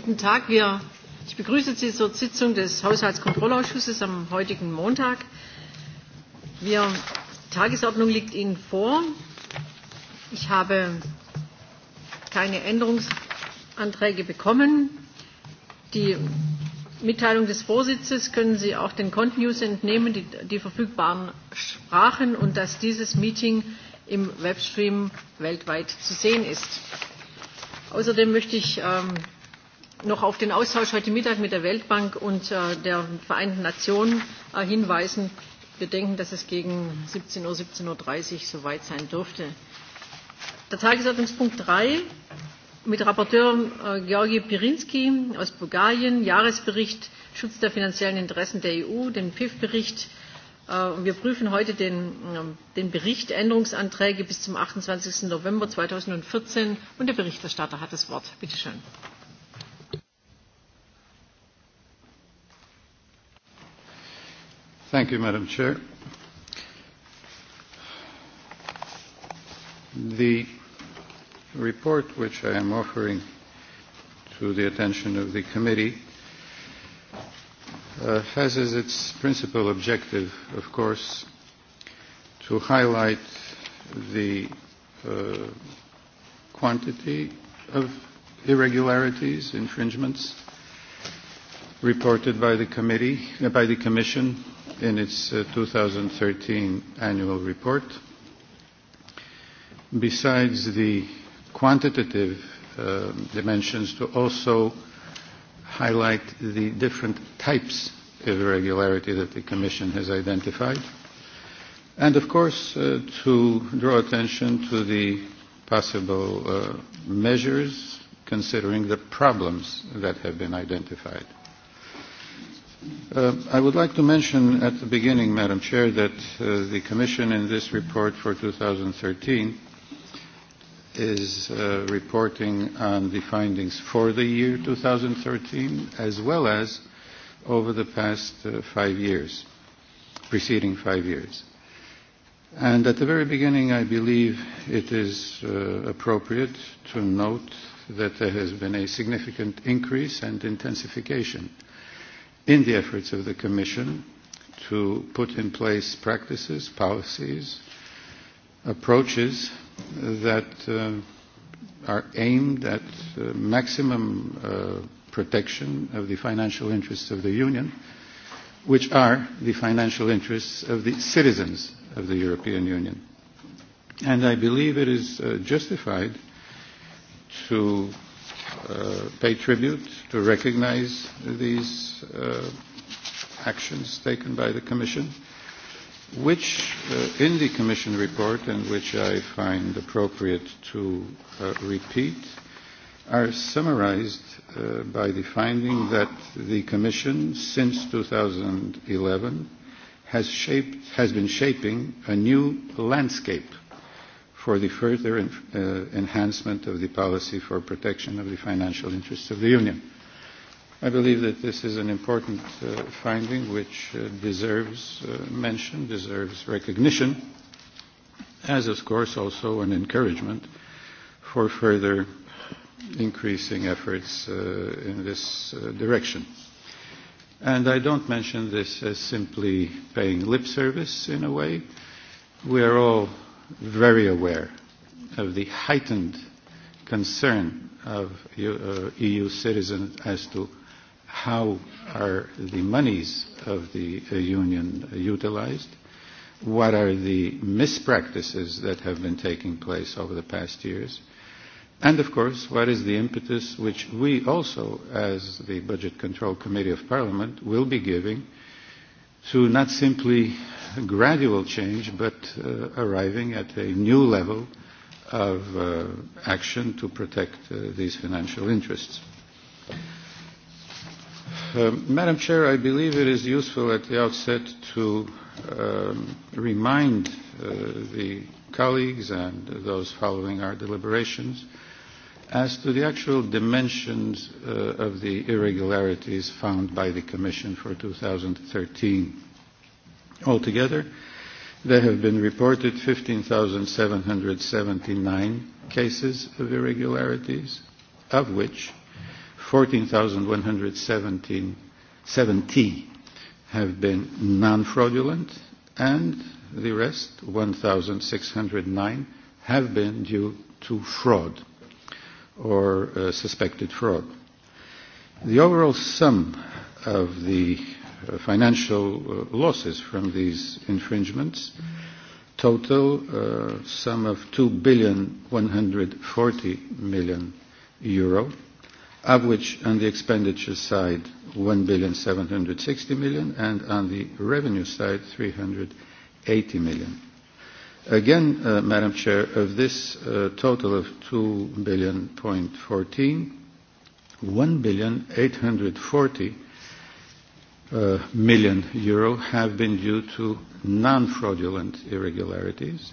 guten Tag. Wir, ich begrüße Sie zur Sitzung des Haushaltskontrollausschusses am heutigen Montag. Wir, Tagesordnung liegt Ihnen vor. Ich habe keine Änderungsanträge bekommen. Die Mitteilung des Vorsitzes können Sie auch den Continues entnehmen, die, die verfügbaren Sprachen und dass dieses Meeting im Webstream weltweit zu sehen ist. Außerdem möchte ich ähm, noch auf den Austausch heute Mittag mit der Weltbank und äh, der Vereinten Nationen äh, hinweisen. Wir denken, dass es gegen 17 Uhr, 17.30 Uhr soweit sein dürfte. Der Tagesordnungspunkt 3 mit Rapporteur äh, Georgi Pirinski aus Bulgarien, Jahresbericht Schutz der finanziellen Interessen der EU, den PIF-Bericht. Äh, wir prüfen heute den, äh, den Bericht Änderungsanträge bis zum 28. November 2014 und der Berichterstatter hat das Wort. Bitte schön. Thank you, Madam Chair. The report which I am offering to the attention of the committee uh, has as its principal objective, of course, to highlight the uh, quantity of irregularities, infringements, reported by the committee uh, by the commission in its uh, 2013 annual report besides the quantitative uh, dimensions to also highlight the different types of irregularity that the commission has identified and of course uh, to draw attention to the possible uh, measures considering the problems that have been identified Uh, I would like to mention at the beginning, Madam Chair, that uh, the Commission in this report for 2013 is uh, reporting on the findings for the year 2013 as well as over the past uh, five years, preceding five years. And at the very beginning, I believe it is uh, appropriate to note that there has been a significant increase and intensification in the efforts of the Commission to put in place practices, policies, approaches that uh, are aimed at uh, maximum uh, protection of the financial interests of the Union, which are the financial interests of the citizens of the European Union. And I believe it is uh, justified to uh, pay tribute, to recognize these uh, actions taken by the Commission, which uh, in the Commission report, and which I find appropriate to uh, repeat, are summarized uh, by the finding that the Commission, since 2011, has, shaped, has been shaping a new landscape for the further in, uh, enhancement of the policy for protection of the financial interests of the Union. I believe that this is an important uh, finding which uh, deserves uh, mention, deserves recognition, as of course also an encouragement for further increasing efforts uh, in this uh, direction. And I don't mention this as simply paying lip service in a way. We are all very aware of the heightened concern of EU uh, e citizens as to how are the monies of the uh, Union utilized, what are the mispractices that have been taking place over the past years, and of course what is the impetus which we also as the Budget Control Committee of Parliament will be giving to not simply gradual change, but uh, arriving at a new level of uh, action to protect uh, these financial interests. Uh, Madam Chair, I believe it is useful at the outset to um, remind uh, the colleagues and those following our deliberations as to the actual dimensions uh, of the irregularities found by the Commission for 2013. Altogether, there have been reported 15,779 cases of irregularities, of which 14,170 have been non-fraudulent and the rest, 1,609, have been due to fraud or uh, suspected fraud. The overall sum of the financial uh, losses from these infringements total uh, sum of 2.140 billion euro, of which on the expenditure side, 1.760 billion, and on the revenue side, 380 million. Again, uh, Madam Chair, of this uh, total of 2 billion point 14, 1 billion 840 Uh, million euro have been due to non-fraudulent irregularities,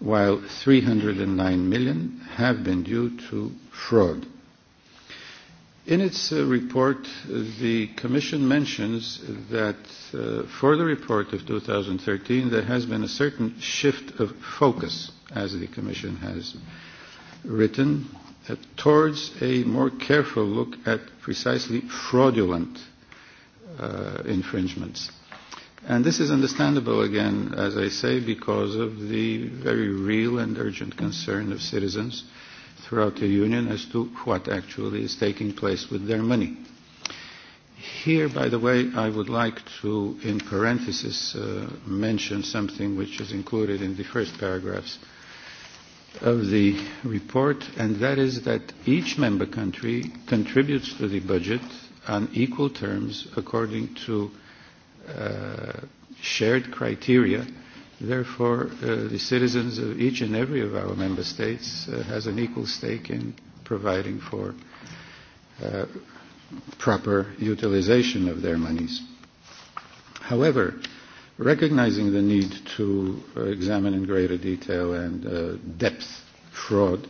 while 309 million have been due to fraud. In its uh, report, the Commission mentions that uh, for the report of 2013, there has been a certain shift of focus, as the Commission has written, uh, towards a more careful look at precisely fraudulent uh, infringements. And this is understandable, again, as I say, because of the very real and urgent concern of citizens throughout the Union as to what actually is taking place with their money. Here, by the way, I would like to, in parenthesis, uh, mention something which is included in the first paragraphs of the report, and that is that each member country contributes to the budget on equal terms according to uh, shared criteria. Therefore, uh, the citizens of each and every of our member states uh, has an equal stake in providing for uh, proper utilization of their monies. However, recognizing the need to uh, examine in greater detail and uh, depth fraud,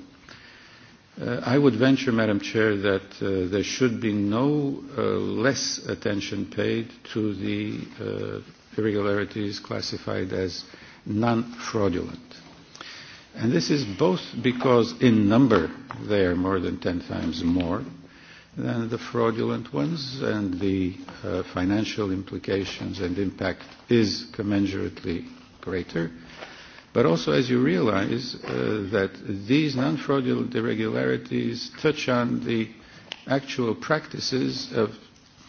Uh, I would venture, Madam Chair, that uh, there should be no uh, less attention paid to the uh, irregularities classified as non-fraudulent. And this is both because in number they are more than 10 times more than the fraudulent ones, and the uh, financial implications and impact is commensurately greater But also, as you realize, uh, that these non-fraudulent irregularities touch on the actual practices of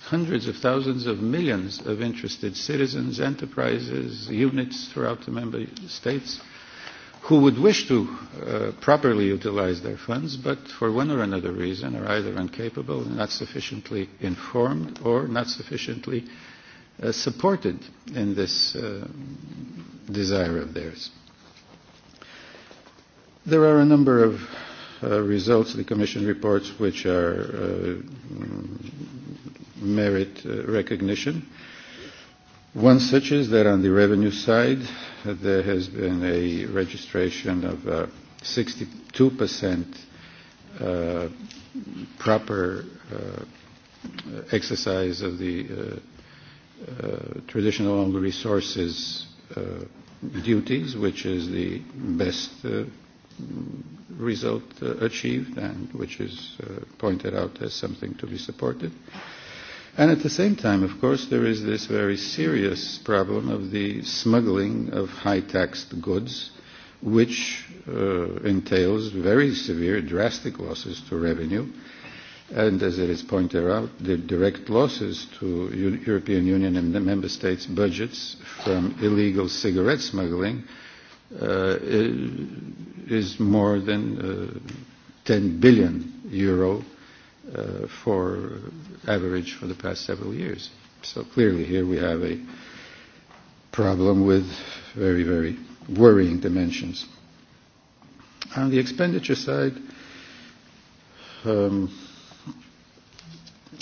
hundreds of thousands of millions of interested citizens, enterprises, units throughout the member states who would wish to uh, properly utilize their funds, but for one or another reason are either incapable, not sufficiently informed, or not sufficiently uh, supported in this uh, desire of theirs. There are a number of uh, results the Commission reports which are uh, merit uh, recognition. One such is that on the revenue side, uh, there has been a registration of uh, 62% uh, proper uh, exercise of the uh, uh, traditional resources uh, duties, which is the best uh, result uh, achieved and which is uh, pointed out as something to be supported. And at the same time, of course, there is this very serious problem of the smuggling of high-taxed goods, which uh, entails very severe, drastic losses to revenue. And as it is pointed out, the direct losses to U- European Union and the member states' budgets from illegal cigarette smuggling uh, is more than uh, 10 billion euro uh, for average for the past several years. So clearly here we have a problem with very, very worrying dimensions. On the expenditure side, um,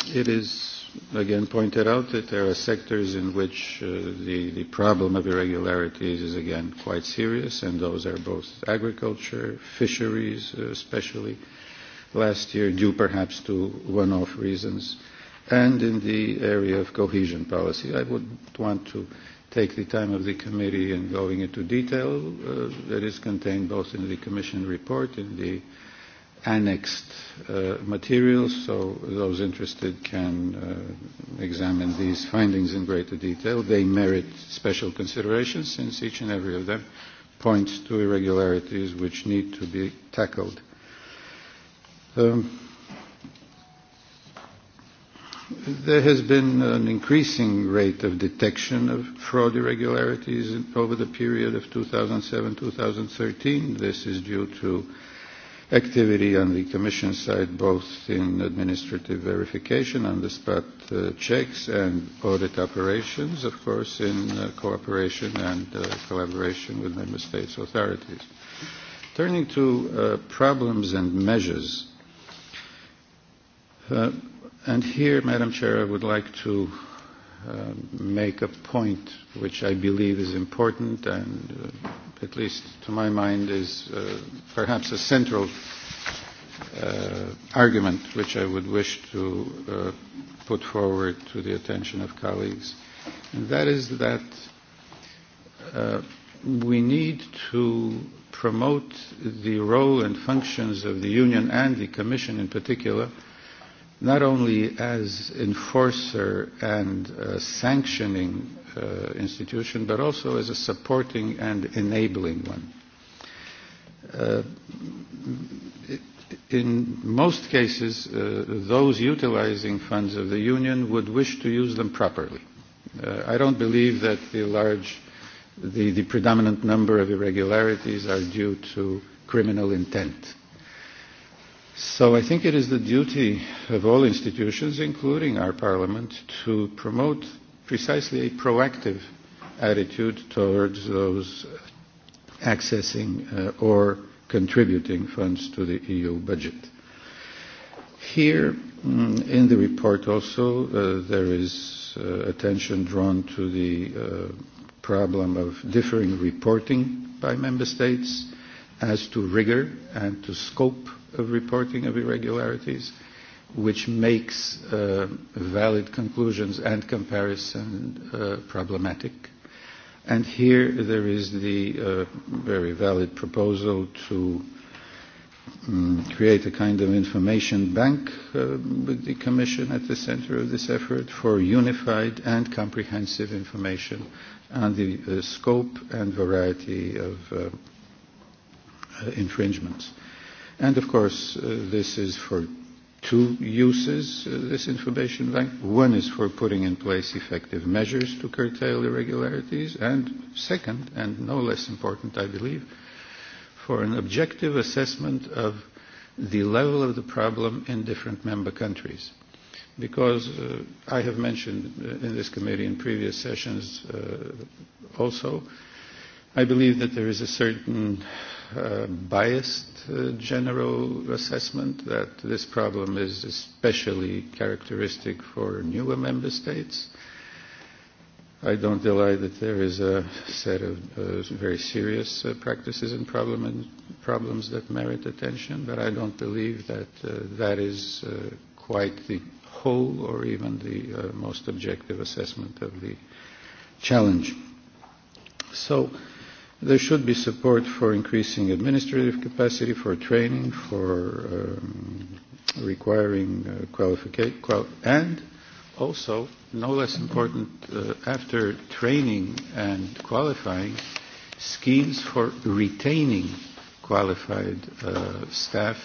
it is again pointed out that there are sectors in which uh, the, the problem of irregularities is again quite serious, and those are both agriculture, fisheries uh, especially, last year due perhaps to one-off reasons, and in the area of cohesion policy. I would want to take the time of the committee in going into detail uh, that is contained both in the Commission report, in the annexed uh, materials, so those interested can uh, examine these findings in greater detail. They merit special consideration since each and every of them points to irregularities which need to be tackled. Um, there has been an increasing rate of detection of fraud irregularities over the period of 2007-2013. This is due to activity on the Commission side, both in administrative verification, on-the-spot uh, checks, and audit operations, of course, in uh, cooperation and uh, collaboration with Member States authorities. Turning to uh, problems and measures, uh, and here, Madam Chair, I would like to Uh, make a point which I believe is important and, uh, at least to my mind, is uh, perhaps a central uh, argument which I would wish to uh, put forward to the attention of colleagues. And that is that uh, we need to promote the role and functions of the Union and the Commission in particular – not only as enforcer and a uh, sanctioning uh, institution, but also as a supporting and enabling one. Uh, in most cases, uh, those utilizing funds of the Union would wish to use them properly. Uh, I don't believe that the large, the, the predominant number of irregularities are due to criminal intent. Uh, So I think it is the duty of all institutions, including our parliament, to promote precisely a proactive attitude towards those accessing uh, or contributing funds to the EU budget. Here mm, in the report also uh, there is uh, attention drawn to the uh, problem of differing reporting by member states as to rigor and to scope of reporting of irregularities, which makes uh, valid conclusions and comparison uh, problematic. And here there is the uh, very valid proposal to um, create a kind of information bank uh, with the Commission at the center of this effort for unified and comprehensive information on the uh, scope and variety of uh, uh, infringements. Uh, And of course, uh, this is for two uses, uh, this information bank. One is for putting in place effective measures to curtail irregularities, and second, and no less important, I believe, for an objective assessment of the level of the problem in different member countries. Because uh, I have mentioned uh, in this committee in previous sessions uh, also, I believe that there is a certain uh, biased uh, general assessment that this problem is especially characteristic for newer member states. I don't deny that there is a set of uh, very serious uh, practices and, problem and problems that merit attention, but I don't believe that uh, that is uh, quite the whole or even the uh, most objective assessment of the challenge. So, uh, There should be support for increasing administrative capacity, for training, for um, requiring uh, qualification, qual and also, no less important, uh, after training and qualifying, schemes for retaining qualified uh, staff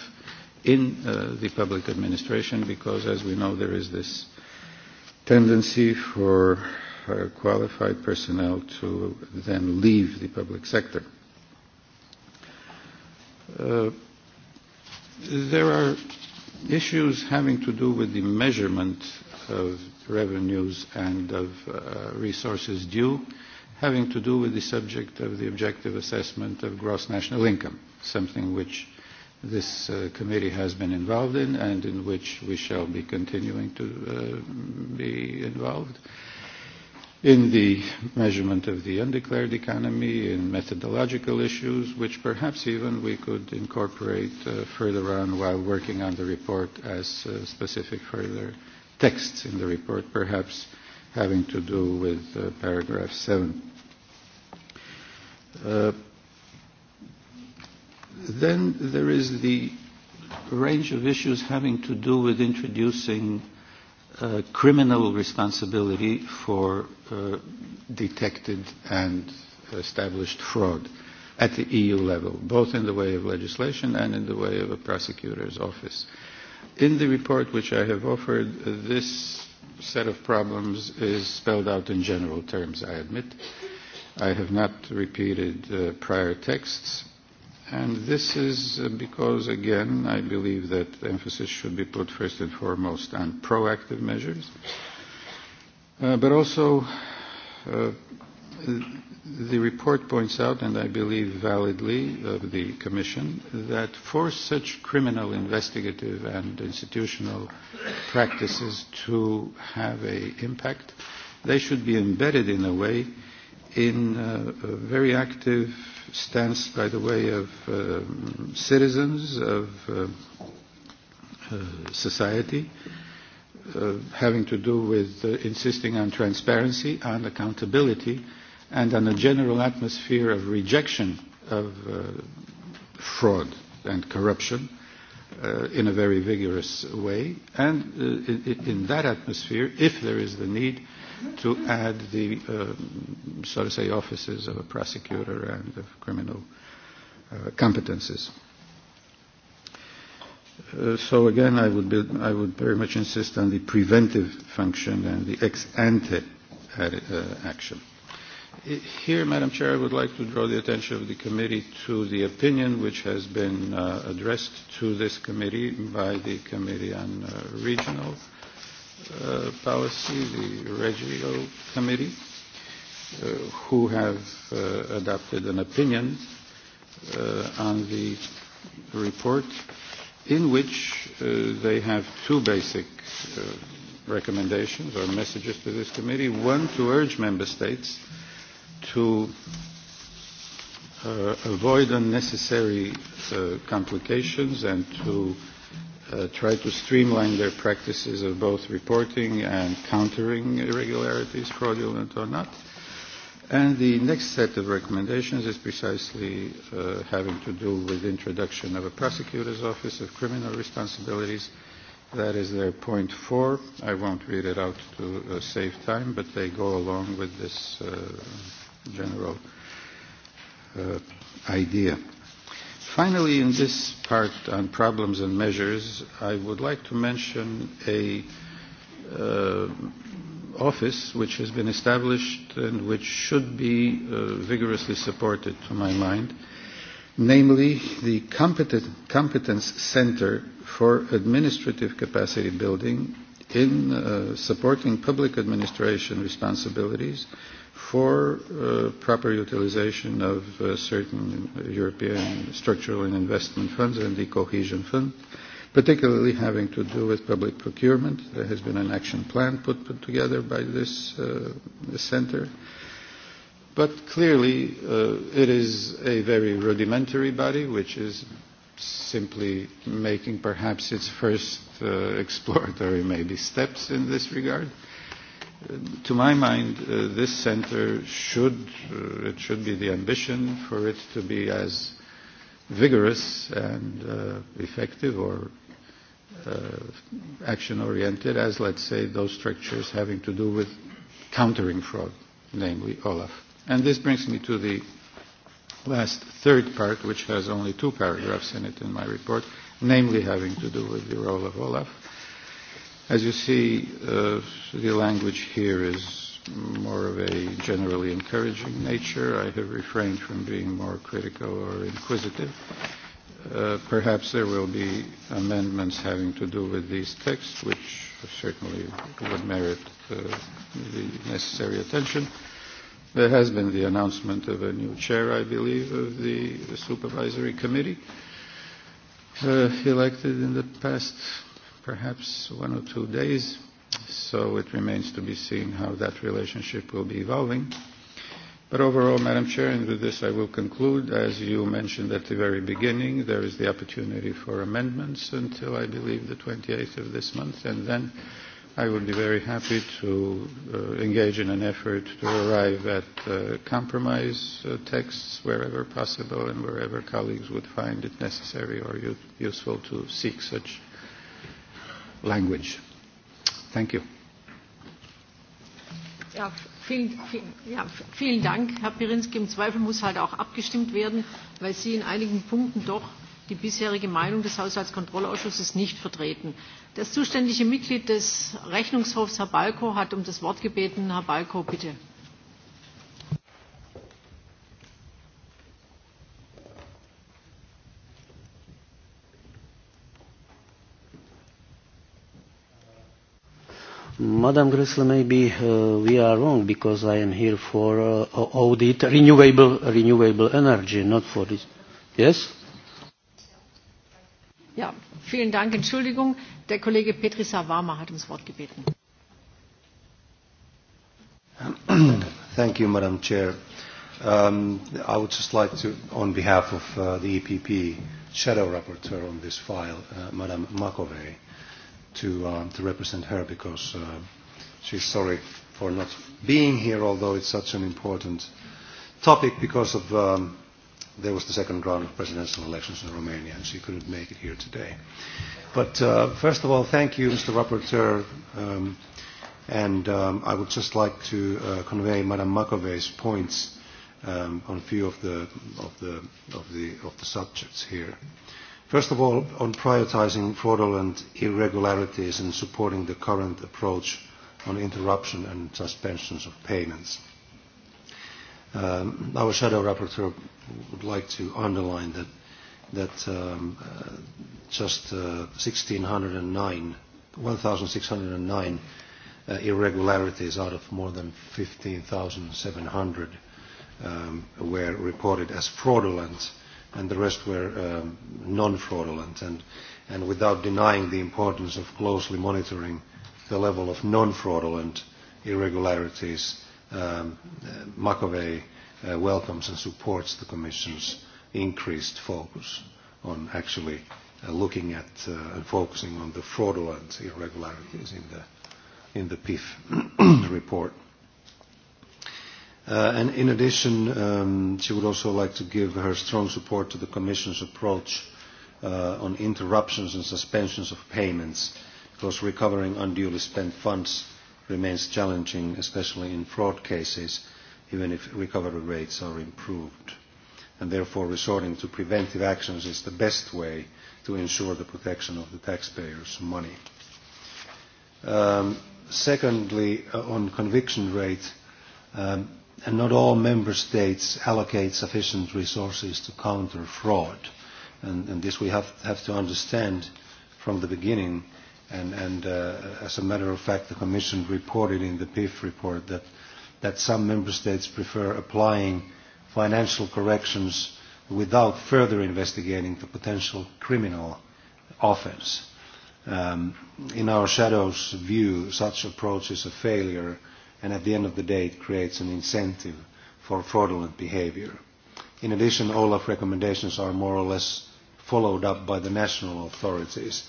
in uh, the public administration, because as we know, there is this tendency for uh, qualified personnel to then leave the public sector. Uh, there are issues having to do with the measurement of revenues and of uh, resources due having to do with the subject of the objective assessment of gross national income, something which this uh, committee has been involved in and in which we shall be continuing to uh, be involved. Uh, in the measurement of the undeclared economy, in methodological issues, which perhaps even we could incorporate uh, further on while working on the report as uh, specific further texts in the report, perhaps having to do with uh, paragraph 7. Uh, then there is the range of issues having to do with introducing Uh, criminal responsibility for uh, detected and established fraud at the EU level, both in the way of legislation and in the way of a prosecutor's office. In the report which I have offered, this set of problems is spelled out in general terms, I admit. I have not repeated uh, prior texts, And this is uh, because, again, I believe that emphasis should be put first and foremost on proactive measures, uh, but also uh, the report points out, and I believe validly of the Commission, that for such criminal investigative and institutional practices to have an impact, they should be embedded in a way in uh, a very active uh, stance, by the way, of uh, citizens, of uh, uh, society, uh, having to do with uh, insisting on transparency and accountability and on a general atmosphere of rejection of uh, fraud and corruption uh, in a very vigorous way. And uh, in, in that atmosphere, if there is the need, uh, to add the, um, so to say, offices of a prosecutor and of criminal uh, competences. Uh, so again, I would, build, I would very much insist on the preventive function and the ex ante ad, uh, action. Here, Madam Chair, I would like to draw the attention of the committee to the opinion which has been uh, addressed to this committee by the Committee on uh, Regional Uh, policy, the Regio Committee, uh, who have uh, adopted an opinion uh, on the report in which uh, they have two basic uh, recommendations or messages to this committee. One, to urge member states to uh, avoid unnecessary uh, complications and to uh, uh, try to streamline their practices of both reporting and countering irregularities, fraudulent or not. And the next set of recommendations is precisely uh, having to do with introduction of a prosecutor's office of criminal responsibilities. That is their point four. I won't read it out to uh, save time, but they go along with this uh, general uh, idea. Finally, in this part on problems and measures, I would like to mention a uh, office which has been established and which should be uh, vigorously supported, to my mind, namely the Competent, Competence Center for Administrative Capacity Building in uh, supporting public administration responsibilities for uh, proper utilization of uh, certain European structural and investment funds and the cohesion fund, particularly having to do with public procurement. There has been an action plan put, put together by this, uh, this center. But clearly, uh, it is a very rudimentary body, which is simply making perhaps its first Uh, exploratory maybe steps in this regard. Uh, to my mind, uh, this center should, uh, it should be the ambition for it to be as vigorous and uh, effective or uh, action-oriented as, let's say, those structures having to do with countering fraud, namely OLAF. And this brings me to the last third part, which has only two paragraphs in it in my report, namely having to do with the role of Olaf. As you see, uh, the language here is more of a generally encouraging nature. I have refrained from being more critical or inquisitive. Uh, perhaps there will be amendments having to do with these texts, which certainly would merit uh, the necessary attention. There has been the announcement of a new chair, I believe, of the Supervisory Committee. Uh, uh, elected in the past perhaps one or two days, so it remains to be seen how that relationship will be evolving. But overall, Madam Chair, and with this I will conclude, as you mentioned at the very beginning, there is the opportunity for amendments until I believe the 28th of this month, and then I would be very happy to uh, engage in an effort to arrive at uh, compromise uh, texts wherever possible and wherever colleagues would find it necessary or u- useful to seek such language. Thank you. Ja, vielen, vielen, ja, vielen Dank, Herr Pirinski. Im Zweifel muss halt auch abgestimmt werden, weil Sie in einigen Punkten doch die bisherige Meinung des Haushaltskontrollausschusses nicht vertreten. Das zuständige Mitglied des Rechnungshofs, Herr Balko, hat um das Wort gebeten. Herr Balko, bitte. Madam Gressler, maybe uh, we are wrong because I am here for uh, audit renewable renewable energy, not for this. Yes. Ja, vielen Dank. Entschuldigung, der Kollege Petri Savama hat ums Wort gebeten. Thank you, Madam Chair. Um, I would just like to, on behalf of uh, the EPP shadow rapporteur on this file, uh, Madam Makovey, to, um, to represent her because uh, she's sorry for not being here, although it's such an important topic because of um, there was the second round of presidential elections in Romania, and she couldn't make it here today. But uh, first of all, thank you, Mr. Rapporteur. Um, and um, I would just like to uh, convey Madame Makove's points um, on a few of the, of, the, of, the, of the subjects here. First of all, on prioritizing fraudulent irregularities and supporting the current approach on interruption and suspensions of payments. Um, our shadow rapporteur would like to underline that, that um, uh, just uh, 1,609, 1,609 uh, irregularities out of more than 15,700 um, were reported as fraudulent and the rest were um, non-fraudulent. And, and without denying the importance of closely monitoring the level of non-fraudulent irregularities, um, uh, McAvey uh, welcomes and supports the Commission's increased focus on actually uh, looking at uh, and focusing on the fraudulent irregularities in the, in the PIF report. Uh, and in addition, um, she would also like to give her strong support to the Commission's approach uh, on interruptions and suspensions of payments, because recovering unduly spent funds remains challenging, especially in fraud cases, even if recovery rates are improved. And therefore, resorting to preventive actions is the best way to ensure the protection of the taxpayers' money. Um, secondly, uh, on conviction rate, um, and not all member states allocate sufficient resources to counter fraud. And, and this we have, have to understand from the beginning And, uh, as a matter of fact, the Commission reported in the PIF report that, some member states prefer applying financial corrections without further investigating the potential criminal offence. Um, in our shadow's view, such approach is a failure and at the end of the day it creates an incentive for fraudulent behaviour. In addition, OLAF recommendations are more or less followed up by the national authorities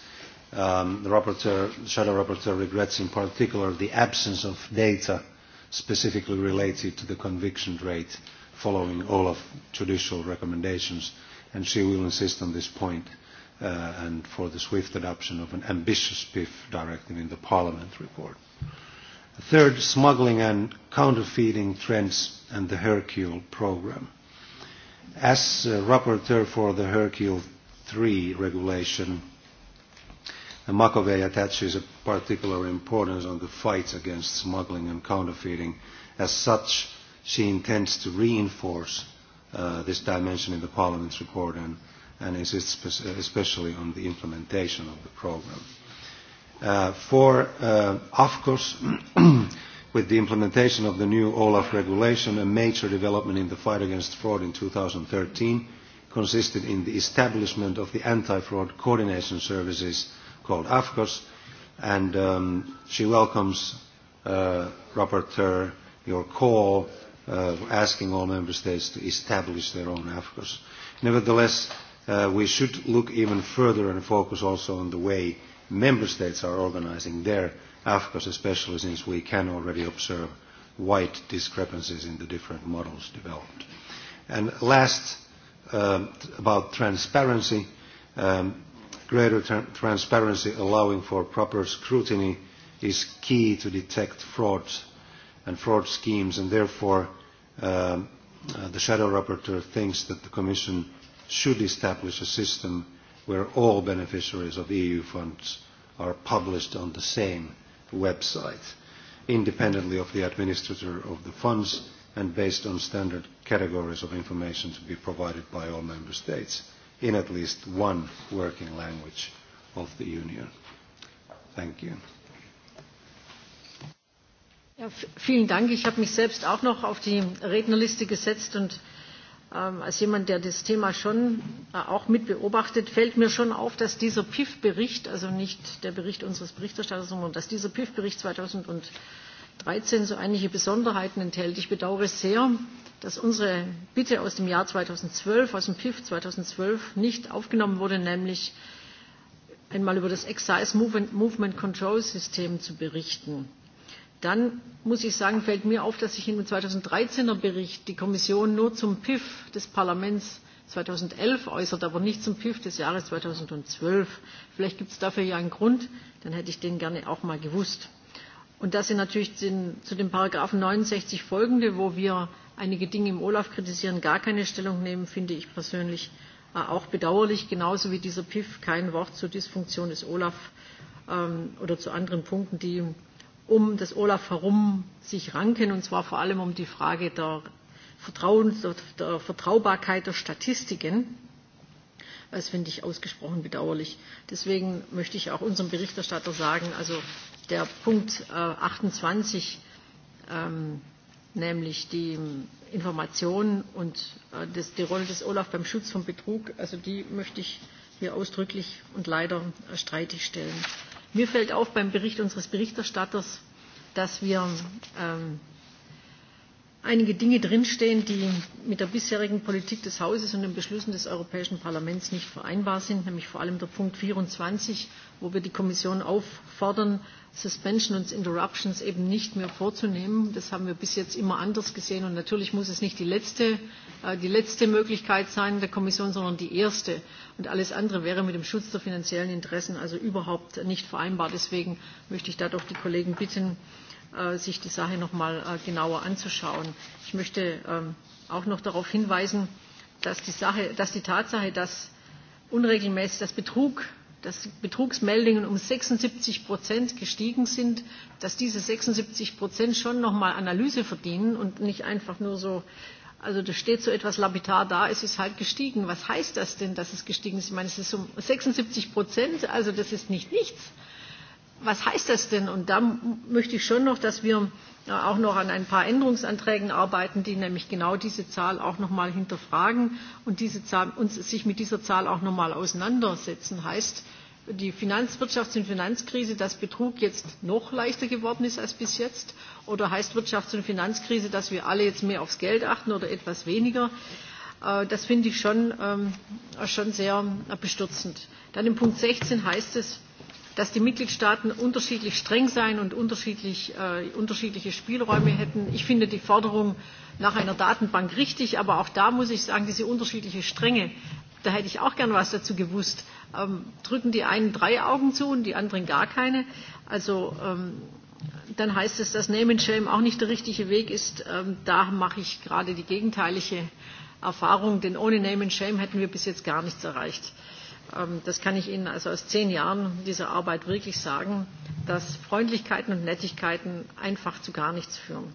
Um, the rapporteur, shadow rapporteur regrets in particular the absence of data specifically related to the conviction rate following all of judicial recommendations, and she will insist on this point uh, and for the swift adoption of an ambitious PIF directive in the Parliament report. Third, smuggling and counterfeiting trends and the Hercule programme. As uh, rapporteur for the Hercule 3 regulation, Makovei attaches a particular importance on the fight against smuggling and counterfeiting. As such, she intends to reinforce uh, this dimension in the Parliament's report and, and insists especially on the implementation of the programme. Uh, for uh, AFCOS, with the implementation of the new OLAF regulation, a major development in the fight against fraud in 2013 consisted in the establishment of the anti-fraud coordination services called AFCOS, and um, she welcomes, uh, Rapporteur, your call uh, asking all member states to establish their own AFCOS. Nevertheless, uh, we should look even further and focus also on the way member states are organizing their AFCOS, especially since we can already observe wide discrepancies in the different models developed. And last, uh, about transparency, um, Greater transparency allowing for proper scrutiny is key to detect fraud and fraud schemes, and therefore um, uh, the Shadow Rapporteur thinks that the Commission should establish a system where all beneficiaries of EU funds are published on the same website, independently of the administrator of the funds and based on standard categories of information to be provided by all member states in at least one working language of the Union. Thank you. Ja, vielen Dank. Ich habe mich selbst auch noch auf die Rednerliste gesetzt und ähm, als jemand, der das Thema schon äh, auch mit beobachtet, fällt mir schon auf, dass dieser PIF-Bericht, also nicht der Bericht unseres Berichterstatters, sondern dass dieser PIF-Bericht 2013 so einige Besonderheiten enthält. Ich bedauere sehr, dass unsere Bitte aus dem Jahr 2012, aus dem PIF 2012 nicht aufgenommen wurde, nämlich einmal über das Excise Movement Control System zu berichten. Dann muss ich sagen, fällt mir auf, dass sich im 2013er Bericht die Kommission nur zum PIF des Parlaments 2011 äußert, aber nicht zum PIF des Jahres 2012. Vielleicht gibt es dafür ja einen Grund, dann hätte ich den gerne auch mal gewusst. Und dass Sie natürlich den, zu dem Paragraphen 69 folgende, wo wir einige Dinge im Olaf kritisieren, gar keine Stellung nehmen, finde ich persönlich äh, auch bedauerlich, genauso wie dieser PIF kein Wort zur Dysfunktion des Olaf ähm, oder zu anderen Punkten, die um das Olaf herum sich ranken, und zwar vor allem um die Frage der, Vertrauens, der Vertraubarkeit der Statistiken. Das finde ich ausgesprochen bedauerlich. Deswegen möchte ich auch unserem Berichterstatter sagen, also der Punkt äh, 28 ähm, nämlich die ähm, Informationen und äh, das, die Rolle des Olaf beim Schutz von Betrug, also die möchte ich hier ausdrücklich und leider äh, streitig stellen. Mir fällt auf beim Bericht unseres Berichterstatters, dass wir ähm, einige Dinge drinstehen, die mit der bisherigen Politik des Hauses und den Beschlüssen des Europäischen Parlaments nicht vereinbar sind, nämlich vor allem der Punkt 24, wo wir die Kommission auffordern, Suspension und Interruptions eben nicht mehr vorzunehmen. Das haben wir bis jetzt immer anders gesehen. Und natürlich muss es nicht die letzte, äh, die letzte Möglichkeit sein der Kommission, sondern die erste. Und alles andere wäre mit dem Schutz der finanziellen Interessen also überhaupt nicht vereinbar. Deswegen möchte ich da doch die Kollegen bitten, äh, sich die Sache noch mal äh, genauer anzuschauen. Ich möchte ähm, auch noch darauf hinweisen, dass die, Sache, dass die Tatsache, dass unregelmäßig, dass Betrug dass Betrugsmeldungen um 76 Prozent gestiegen sind, dass diese 76 Prozent schon nochmal Analyse verdienen und nicht einfach nur so, also da steht so etwas lapidar da, es ist halt gestiegen. Was heißt das denn, dass es gestiegen ist? Ich meine, es ist um 76 Prozent, also das ist nicht nichts was heißt das denn? Und da möchte ich schon noch, dass wir äh, auch noch an ein paar Änderungsanträgen arbeiten, die nämlich genau diese Zahl auch noch nochmal hinterfragen und diese Zahl, uns sich mit dieser Zahl auch noch nochmal auseinandersetzen. Heißt die Finanzwirtschafts- und Finanzkrise, dass Betrug jetzt noch leichter geworden ist als bis jetzt? Oder heißt Wirtschafts- und Finanzkrise, dass wir alle jetzt mehr aufs Geld achten oder etwas weniger? Äh, das finde ich schon, ähm, schon sehr äh, bestürzend. Dann in Punkt 16 heißt es, dass die Mitgliedstaaten unterschiedlich streng seien und unterschiedlich, äh, unterschiedliche Spielräume hätten. Ich finde die Forderung nach einer Datenbank richtig, aber auch da muss ich sagen, diese unterschiedliche Strenge, da hätte ich auch gern was dazu gewusst. Ähm, drücken die einen drei Augen zu und die anderen gar keine? Also ähm, dann heißt es, dass Name and Shame auch nicht der richtige Weg ist. Ähm, da mache ich gerade die gegenteilige Erfahrung, denn ohne Name and Shame hätten wir bis jetzt gar nichts erreicht. Ähm, das kann ich Ihnen also aus zehn Jahren dieser Arbeit wirklich sagen, dass Freundlichkeiten und Nettigkeiten einfach zu gar nichts führen.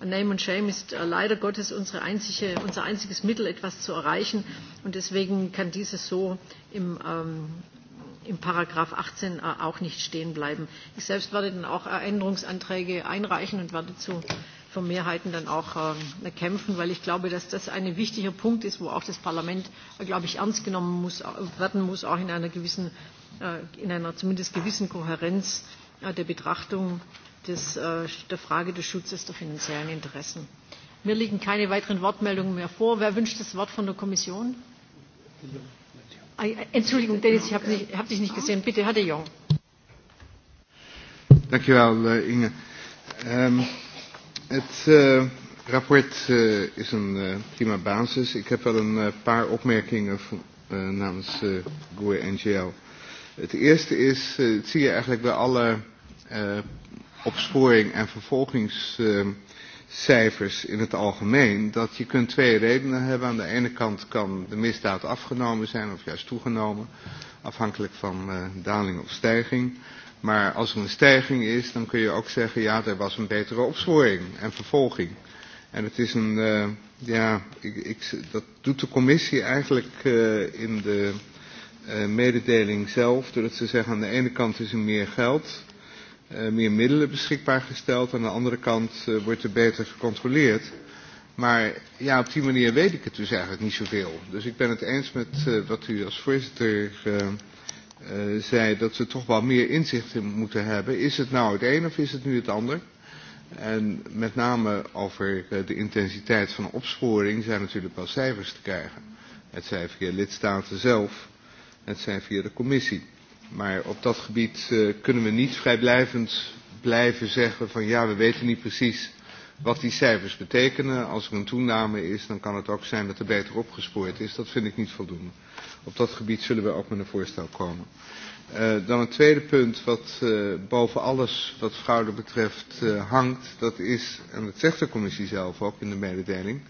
Name and Shame ist äh, leider Gottes unsere einzige, unser einziges Mittel, etwas zu erreichen. Und deswegen kann dieses so im, ähm, im Paragraph 18 äh, auch nicht stehen bleiben. Ich selbst werde dann auch Änderungsanträge einreichen und werde zu für Mehrheiten dann auch äh, kämpfen, weil ich glaube, dass das ein wichtiger Punkt ist, wo auch das Parlament, äh, glaube ich, ernst genommen muss, äh, werden muss, auch in einer gewissen, äh, in einer zumindest gewissen Kohärenz äh, der Betrachtung des, äh, der Frage des Schutzes der finanziellen Interessen. Mir liegen keine weiteren Wortmeldungen mehr vor. Wer wünscht das Wort von der Kommission? Äh, äh, Entschuldigung, Dennis, ich habe hab dich nicht gesehen. Bitte, Herr de Jong. Danke, Herr eh, Inge. Um, Het uh, rapport uh, is een uh, prima basis. Ik heb wel een uh, paar opmerkingen van, uh, namens uh, GUE NGL. Het eerste is, uh, het zie je eigenlijk bij alle uh, opsporing en vervolgingscijfers uh, in het algemeen, dat je kunt twee redenen hebben. Aan de ene kant kan de misdaad afgenomen zijn of juist toegenomen, afhankelijk van uh, daling of stijging. Uh, Maar als er een stijging is, dan kun je ook zeggen, ja, er was een betere opsporing en vervolging. En het is een, uh, ja, ik, ik, dat doet de commissie eigenlijk uh, in de uh, mededeling zelf, doordat ze zeggen aan de ene kant is er meer geld, uh, meer middelen beschikbaar gesteld, aan de andere kant uh, wordt er beter gecontroleerd. Maar ja, op die manier weet ik het dus eigenlijk niet zoveel. Dus ik ben het eens met uh, wat u als voorzitter... Uh, uh, zei dat ze toch wel meer inzicht in moeten hebben. Is het nou het een of is het nu het ander? En met name over eh, de intensiteit van opsporing zijn natuurlijk wel cijfers te krijgen. Het zijn via lidstaten zelf, het zijn via de commissie. Maar op dat gebied uh, kunnen we niet vrijblijvend blijven zeggen van ja, we weten niet precies wat die cijfers betekenen. Als er een toename is, dan kan het ook zijn dat er beter opgespoord is. Dat vind ik niet voldoende op dat gebied zullen we ook met een voorstel komen. Uh, dan een tweede punt wat uh, boven alles wat fraude betreft uh, hangt. Dat is, en dat zegt de commissie zelf ook in de mededeling,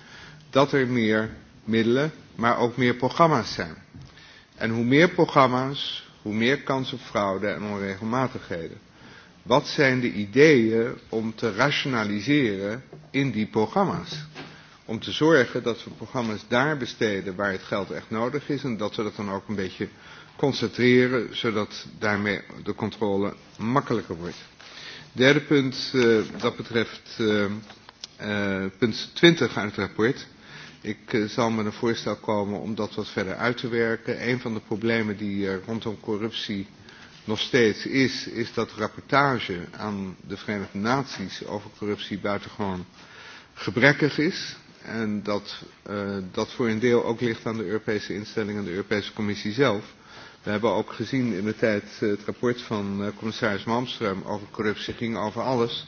dat er meer middelen, maar ook meer programma's zijn. En hoe meer programma's, hoe meer kans op fraude en onregelmatigheden. Wat zijn de ideeën om te rationaliseren in die programma's? om te zorgen dat we programma's daar besteden waar het geld echt nodig is en dat we dat dan ook een beetje concentreren, zodat daarmee de controle makkelijker wordt. Derde punt, uh, dat betreft uh, uh, punt 20 uit het rapport. Ik uh, zal met een voorstel komen om dat wat verder uit te werken. Een van de problemen die uh, rondom corruptie nog steeds is, is dat rapportage aan de Verenigde Naties over corruptie buitengewoon gebrekkig is. En dat, uh, dat voor een deel ook ligt aan de Europese instellingen en de Europese Commissie zelf. We hebben ook gezien in de tijd uh, het rapport van uh, commissaris Malmström over corruptie ging over alles,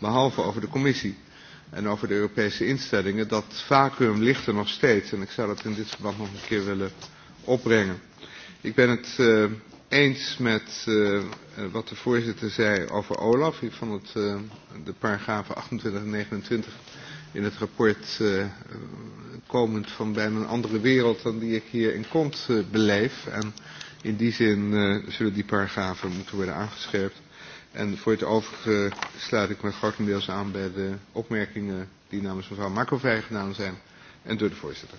behalve over de Commissie en over de Europese instellingen. Dat vacuüm ligt er nog steeds en ik zou dat in dit verband nog een keer willen opbrengen. Ik ben het uh, eens met uh, wat de voorzitter zei over Olaf. Ik vond het, uh, de paragrafen 28 en 29 in het rapport uh, komend van bijna een andere wereld dan die ik hier in Kont uh, beleef. En in die zin uh, zullen die paragrafen moeten worden aangescherpt. En voor het overige sluit ik me grotendeels aan bij de opmerkingen die namens mevrouw Makovij gedaan zijn en door de voorzitter.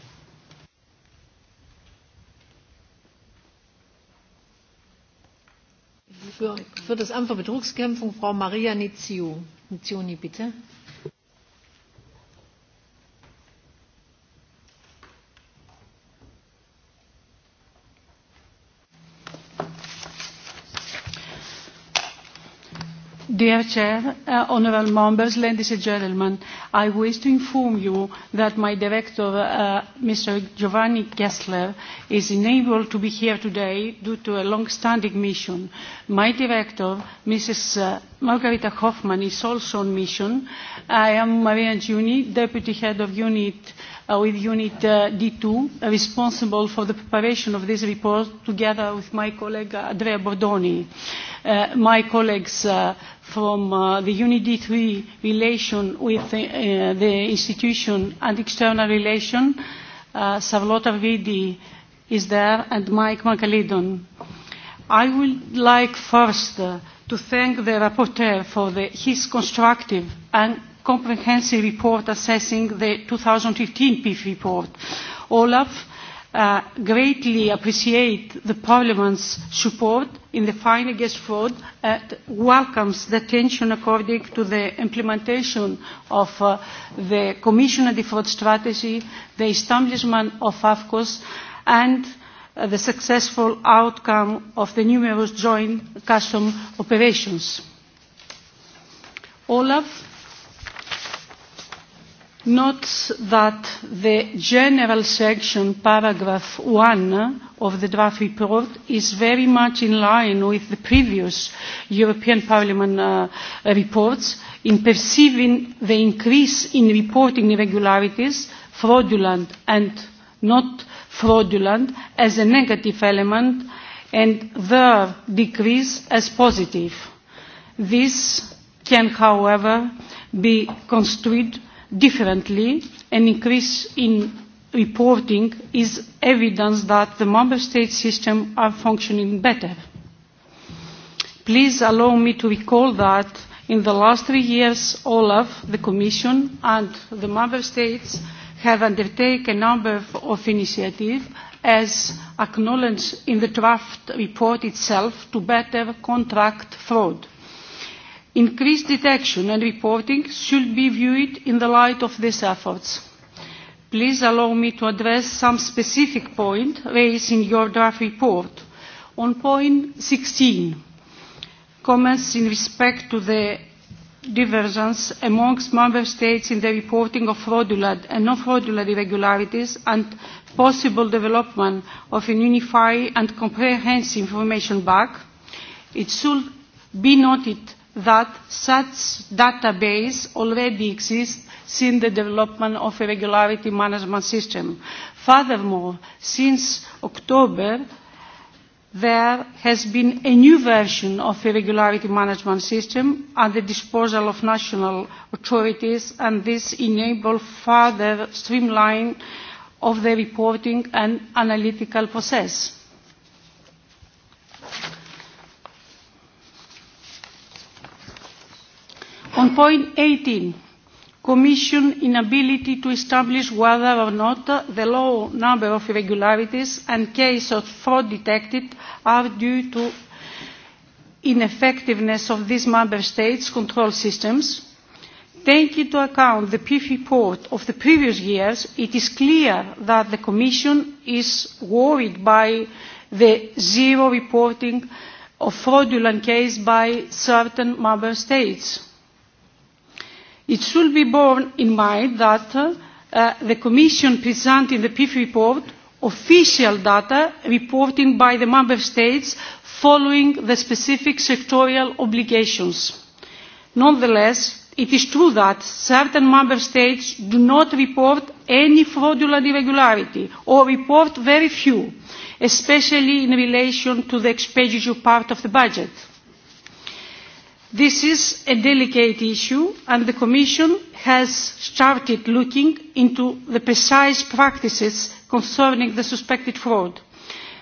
Für, für das Amt für Betrugskämpfung Frau Maria Niziu. Nizioni, bitte. Dear Chair, uh, honourable members, ladies and gentlemen, I wish to inform you that my director, uh, Mr. Giovanni Kessler, is unable to be here today due to a long-standing mission. My director, Mrs. Uh, Margarita Hoffman, is also on mission. I am Maria Giuni, Deputy Head of Unit uh, with Unit uh, D2, uh, responsible for the preparation of this report, together with my colleague uh, Andrea Bordoni. Uh, my colleagues uh, from uh, the Unit D3 relation with uh, the institution and external relation, uh, Savlota Vidi is there, and Mike Macalidon. I would like first uh, to thank the rapporteur for the, his constructive and comprehensive report assessing the 2015 PIF report. Olaf uh, greatly appreciate the Parliament's support in the fight against fraud and welcomes the attention according to the implementation of uh, the Commission anti-fraud strategy, the establishment of AFCOS and uh, the successful outcome of the numerous joint custom operations. Olaf notes that the general section, paragraph 1 of the draft report, is very much in line with the previous European Parliament uh, reports in perceiving the increase in reporting irregularities, fraudulent and not fraudulent, as a negative element and their decrease as positive. This can, however, be construed differently. An increase in reporting is evidence that the member state systems are functioning better. Please allow me to recall that in the last three years, Olaf, the Commission and the member states have undertaken a number of initiatives as acknowledged in the draft report itself to better contract fraud Increased detection and reporting should be viewed in the light of these efforts. Please allow me to address some specific point raised in your draft report. On point 16, comments in respect to the divergence amongst member states in the reporting of fraudulent and non-fraudulent irregularities and possible development of a unified and comprehensive information bank, it should be noted that such database already exists since the development of a regularity management system. Furthermore, since October, there has been a new version of the regularity management system at the disposal of national authorities and this enables further streamlining of the reporting and analytical process. On point 18, Commission inability to establish whether or not the low number of irregularities and cases of fraud detected are due to ineffectiveness of these member states' control systems. Taking into account the PIF report of the previous years, it is clear that the Commission is worried by the zero reporting of fraudulent cases by certain member states it should be borne in mind that uh, the commission presents in the pif report official data reporting by the member states following the specific sectorial obligations. nonetheless it is true that certain member states do not report any fraudulent irregularity or report very few especially in relation to the expenditure part of the budget This is a delicate issue and the Commission has started looking into the precise practices concerning the suspected fraud.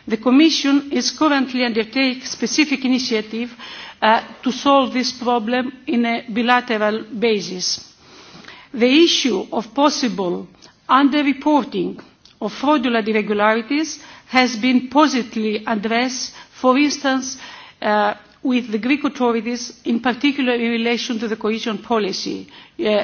The Commission is currently undertaking specific initiative uh, to solve this problem in a bilateral basis. The issue of possible underreporting of fraudulent irregularities has been positively addressed, for instance, uh, with the Greek authorities, in particular in relation to the cohesion policy. Uh,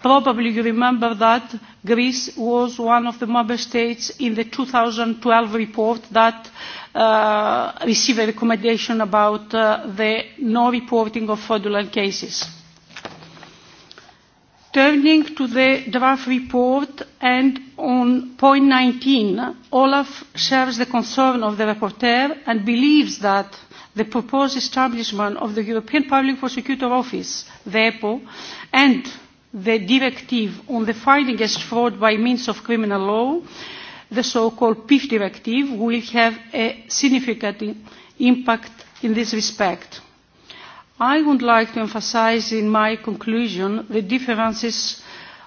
probably you remember that Greece was one of the member states in the 2012 report that uh, received a recommendation about uh, the no reporting of fraudulent cases. Turning to the draft report and on point 19, Olaf shares the concern of the rapporteur and believes that the proposed establishment of the European Public Prosecutor Office, the EPO, and the directive on the fight against fraud by means of criminal law, the so-called PIF directive, will have a significant impact in this respect. I would like to emphasize in my conclusion the differences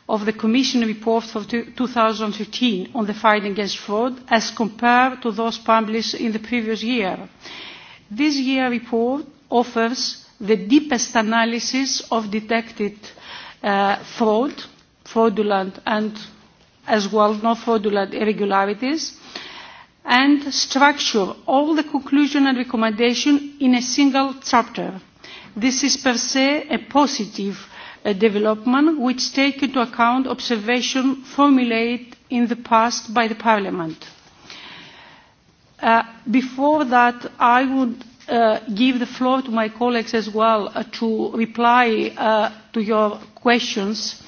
of the Commission report for 2015 on the fight against fraud as compared to those published in the previous year. This year report offers the deepest analysis of detected uh, fraud, fraudulent and as well not fraudulent irregularities and structure all the conclusion and recommendation in a single chapter. This is per se a positive uh, development which take into account observation formulated in the past by the Parliament Uh, before that, I would uh, give the floor to my colleagues as well uh, to reply uh, to your questions.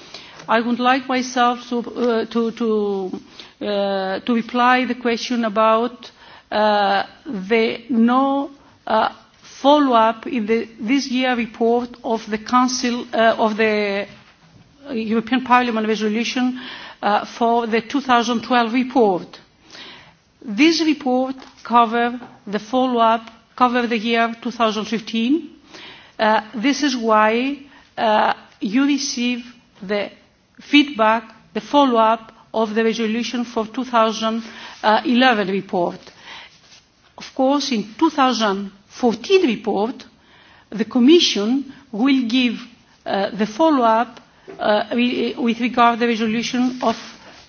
I would like myself to, uh, to, to, uh, to reply the question about uh, the no uh, follow-up in the, this year report of the Council uh, of the European Parliament resolution uh, for the 2012 report This report cover the follow-up, cover the year 2015. Uh, this is why uh, you receive the feedback, the follow-up of the resolution for 2011 report. Of course, in 2014 report, the Commission will give uh, the follow-up uh, with regard to the resolution of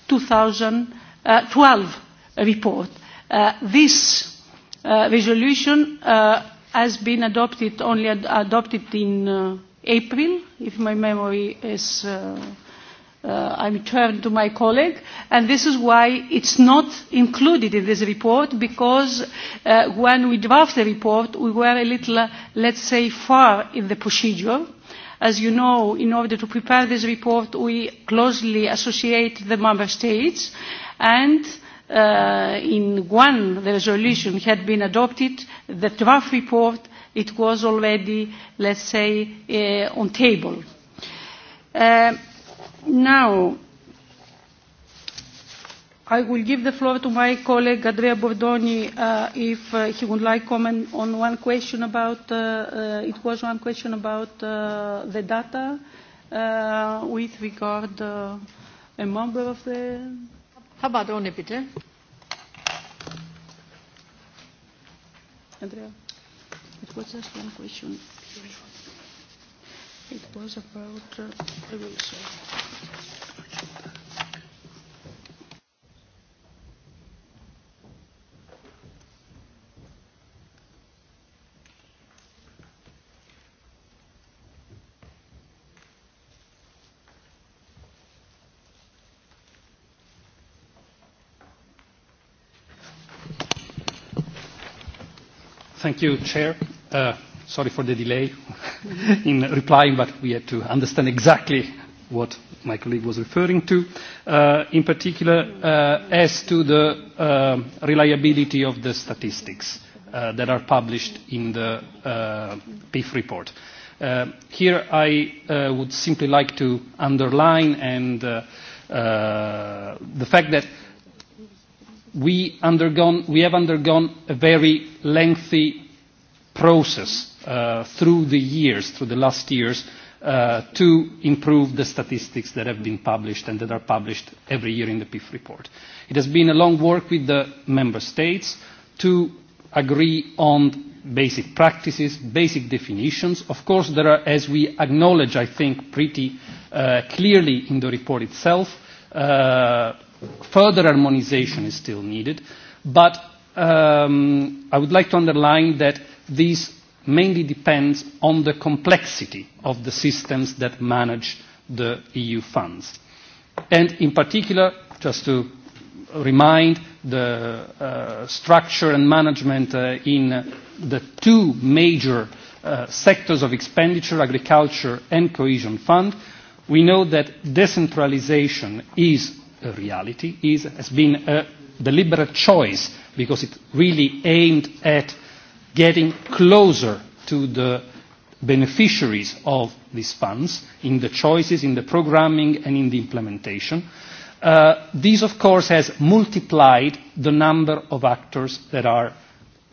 2012 report. Uh, this uh, resolution uh, has been adopted, only ad adopted in uh, April, if my memory is, uh, uh, I'm turned to my colleague, and this is why it's not included in this report, because uh, when we draft the report, we were a little, uh, let's say, far in the procedure. As you know, in order to prepare this report, we closely associate the member states, and uh, in one the resolution had been adopted, the draft report, it was already, let's say, uh, on table. Uh, now, I will give the floor to my colleague Andrea Bordoni uh, if uh, he would like comment on one question about, uh, uh, it was one question about uh, the data uh, with regard uh, a member of the Habadone, bitte. Andrea, it was just one question. It was about, uh, I Thank you, Chair. Uh, sorry for the delay in replying, but we had to understand exactly what my colleague was referring to. Uh, in particular, uh, as to the uh, reliability of the statistics uh, that are published in the uh, PIF report. Uh, here I uh, would simply like to underline and uh, uh, the fact that we, undergone, we have undergone a very lengthy process uh, through the years, through the last years, uh, to improve the statistics that have been published and that are published every year in the PIF report. It has been a long work with the member states to agree on basic practices, basic definitions. Of course, there are, as we acknowledge, I think, pretty uh, clearly in the report itself, uh, further harmonization is still needed, but um, I would like to underline that this mainly depends on the complexity of the systems that manage the EU funds. And in particular, just to remind, the uh, structure and management uh, in the two major uh, sectors of expenditure, agriculture and cohesion fund, we know that decentralization is reality is, has been a deliberate choice because it really aimed at getting closer to the beneficiaries of these funds in the choices, in the programming and in the implementation. Uh, this, of course, has multiplied the number of actors that are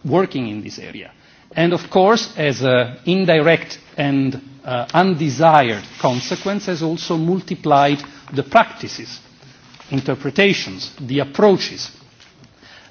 working in this area. And, of course, as an indirect and uh, undesired consequence, has also multiplied the practices interpretations, the approaches.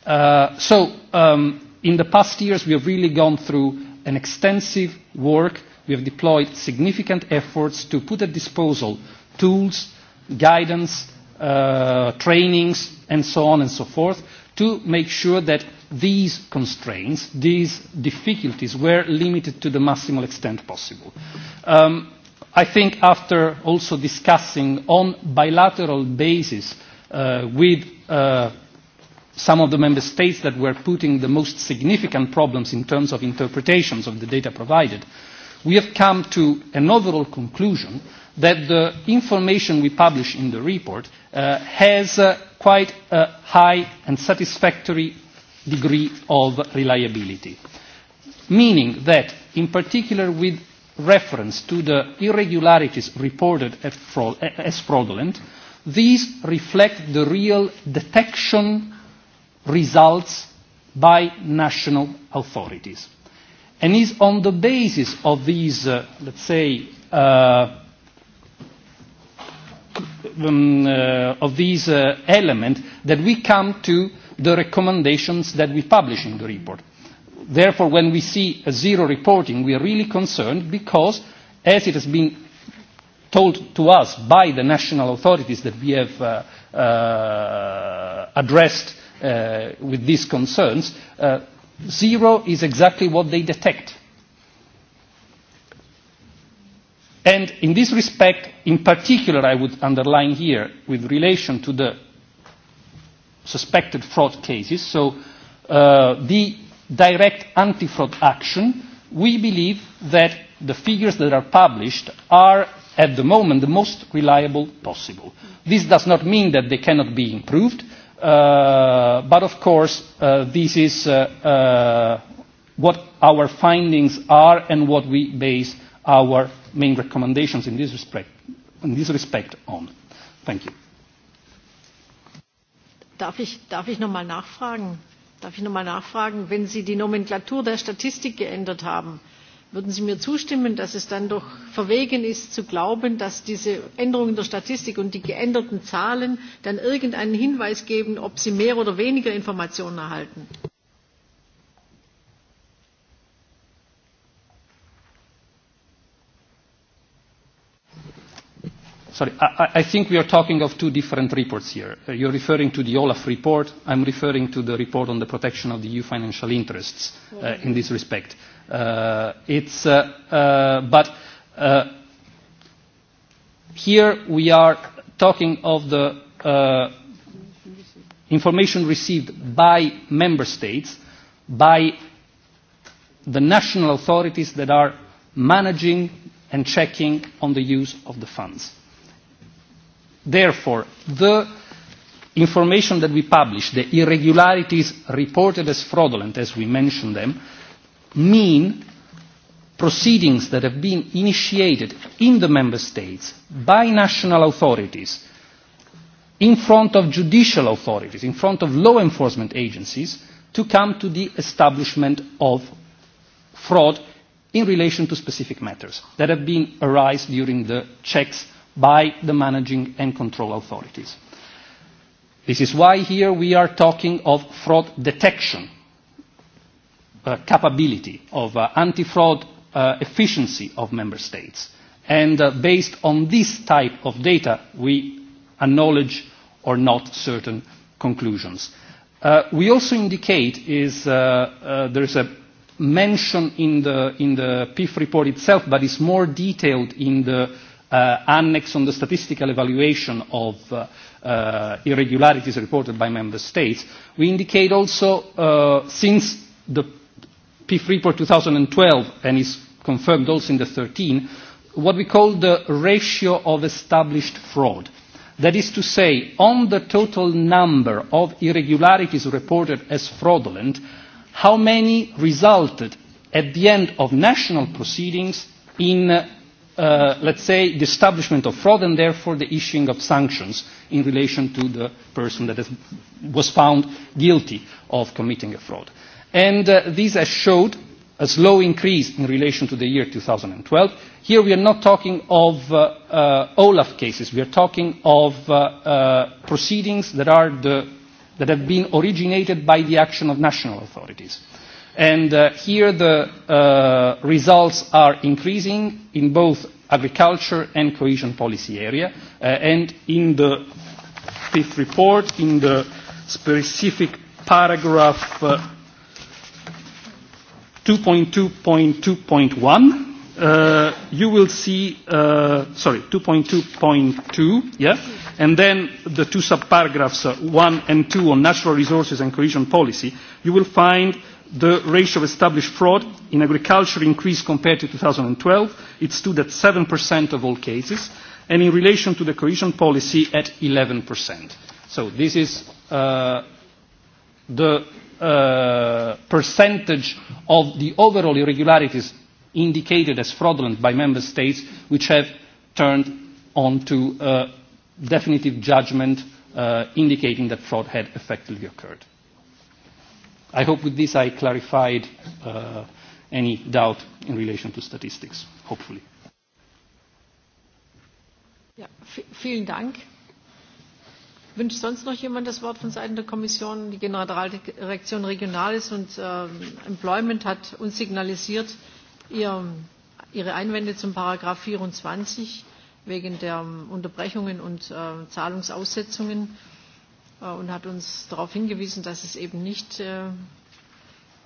Uh, so um, in the past years, we have really gone through an extensive work. We have deployed significant efforts to put at disposal tools, guidance, uh, trainings, and so on and so forth, to make sure that these constraints, these difficulties, were limited to the maximal extent possible. Um, I think after also discussing on bilateral basis uh, with uh, some of the member states that were putting the most significant problems in terms of interpretations of the data provided, we have come to an overall conclusion that the information we publish in the report uh, has uh, quite a high and satisfactory degree of reliability, meaning that, in particular with reference to the irregularities reported as fraudulent, These reflect the real detection results by national authorities. And it's on the basis of these, uh, let's say, uh, um, uh, of these uh, elements that we come to the recommendations that we publish in the report. Therefore, when we see a zero reporting, we are really concerned because, as it has been told to us by the national authorities that we have uh, uh, addressed uh, with these concerns, uh, zero is exactly what they detect. And in this respect, in particular, I would underline here with relation to the suspected fraud cases, so uh, the direct anti-fraud action, we believe that the figures that are published are at the moment the most reliable possible. This does not mean that they cannot be improved, uh, but of course uh, this is uh, uh, what our findings are and what we base our main recommendations in this respect, in this respect on. Thank you. Darf ich, darf ich noch mal nachfragen? Darf ich noch mal nachfragen, wenn Sie die Nomenklatur der Statistik geändert haben, würden sie mir zustimmen dass es dann doch verwegen ist zu glauben dass diese änderungen der statistik und die geänderten zahlen dann irgendeinen hinweis geben ob sie mehr oder weniger informationen erhalten? Sorry, I, I think we are talking of two different reports here. Uh, you're referring to the Olaf report. I'm referring to the report on the protection of the EU financial interests uh, in this respect. Uh, Uh, it's, uh, uh, but uh, here we are talking of the uh, information received by member states, by the national authorities that are managing and checking on the use of the funds. Therefore, the information that we publish, the irregularities reported as fraudulent, as we mentioned them, uh, mean proceedings that have been initiated in the member states by national authorities in front of judicial authorities, in front of law enforcement agencies, to come to the establishment of fraud in relation to specific matters that have been arise during the checks by the managing and control authorities. This is why here we are talking of fraud detection Uh, capability, of uh, anti-fraud uh, efficiency of member states. And uh, based on this type of data, we acknowledge or not certain conclusions. Uh, we also indicate is uh, uh, there is a mention in the, in the PIF report itself, but it's more detailed in the uh, annex on the statistical evaluation of uh, uh, irregularities reported by member states. We indicate also, uh, since the P3 for 2012 and is confirmed also in the 13, what we call the ratio of established fraud. That is to say, on the total number of irregularities reported as fraudulent, how many resulted at the end of national proceedings in, uh, let's say, the establishment of fraud and therefore the issuing of sanctions in relation to the person that was found guilty of committing a fraud and uh, these have showed a slow increase in relation to the year 2012. Here we are not talking of uh, uh, OLAF cases. We are talking of uh, uh, proceedings that, are the, that have been originated by the action of national authorities. And uh, here the uh, results are increasing in both agriculture and cohesion policy area. Uh, and in the fifth report, in the specific paragraph uh, 2.2.2.1, uh, you will see, uh, sorry, 2.2.2, yeah, and then the two subparagraphs uh, 1 and 2 on natural resources and cohesion policy, you will find the ratio of established fraud in agriculture increased compared to 2012. It stood at 7% of all cases, and in relation to the cohesion policy at 11%. So this is uh, the uh, percentage of the overall irregularities indicated as fraudulent by member states which have turned on to uh, definitive judgment uh, indicating that fraud had effectively occurred. I hope with this I clarified uh, any doubt in relation to statistics, hopefully. Ja, vielen Dank. Wünscht sonst noch jemand das Wort von Seiten der Kommission? Die Generaldirektion Regionales und äh, Employment hat uns signalisiert, ihr, ihre Einwände zum Paragraph 24 wegen der äh, Unterbrechungen und äh, Zahlungsaussetzungen äh, und hat uns darauf hingewiesen, dass es eben nicht äh,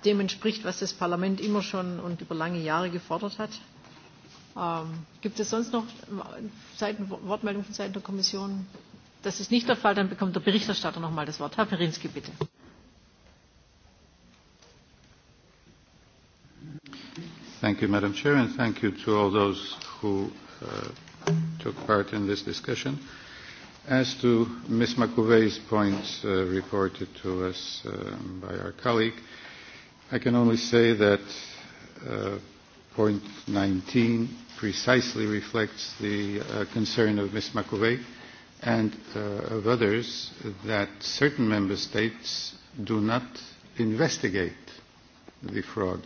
dem entspricht, was das Parlament immer schon und über lange Jahre gefordert hat. Ähm, gibt es sonst noch Seiten, Wortmeldungen von Seiten der Kommission? Das ist nicht der Fall. Dann bekommt der Berichterstatter noch nochmal das Wort. Herr Perinski, bitte. Thank you, Madam Chair, and thank you to all those who uh, took part in this discussion. As to Ms. McAvey's points uh, reported to us um, by our colleague, I can only say that uh, point 19 precisely reflects the uh, concern of Ms. McAvey and uh, of others that certain member states do not investigate the fraud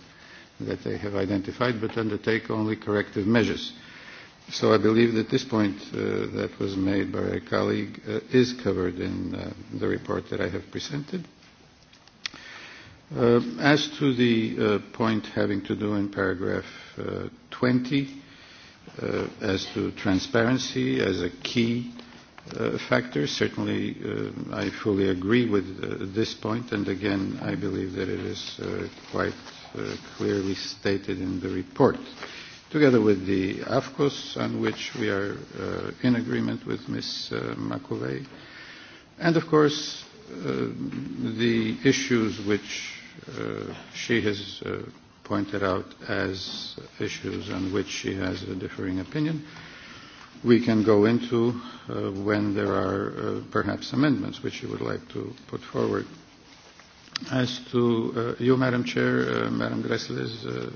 that they have identified but undertake only corrective measures. So I believe that this point uh, that was made by a colleague uh, is covered in uh, the report that I have presented. Uh, as to the uh, point having to do in paragraph uh, 20, uh, as to transparency as a key Uh, factors. Certainly, uh, I fully agree with uh, this point, and again, I believe that it is uh, quite uh, clearly stated in the report. Together with the AFCOS, on which we are uh, in agreement with Ms. Uh, McAvey, and of course, uh, the issues which uh, she has uh, pointed out as issues on which she has a differing opinion. Uh, we can go into uh, when there are uh, perhaps amendments which you would like to put forward. As to uh, you, Madam Chair, uh, Madam Gressler's, uh,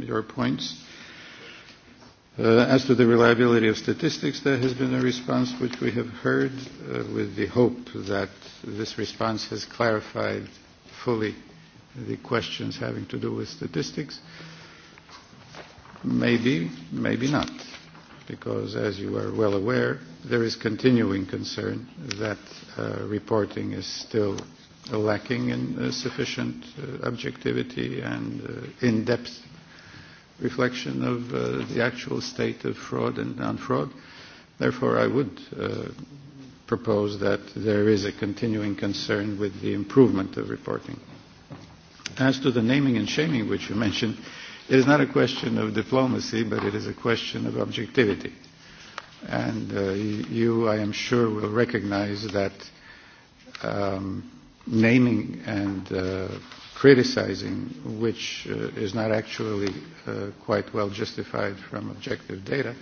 your points. Uh, as to the reliability of statistics, there has been a response which we have heard uh, with the hope that this response has clarified fully the questions having to do with statistics. Maybe, maybe not because, as you are well aware, there is continuing concern that uh, reporting is still lacking in uh, sufficient uh, objectivity and uh, in-depth reflection of uh, the actual state of fraud and non-fraud. Therefore, I would uh, propose that there is a continuing concern with the improvement of reporting. As to the naming and shaming, which you mentioned, uh, It is not a question of diplomacy, but it is a question of objectivity. And uh, you, I am sure, will recognize that um, naming and uh, criticizing, which uh, is not actually uh, quite well justified from objective data,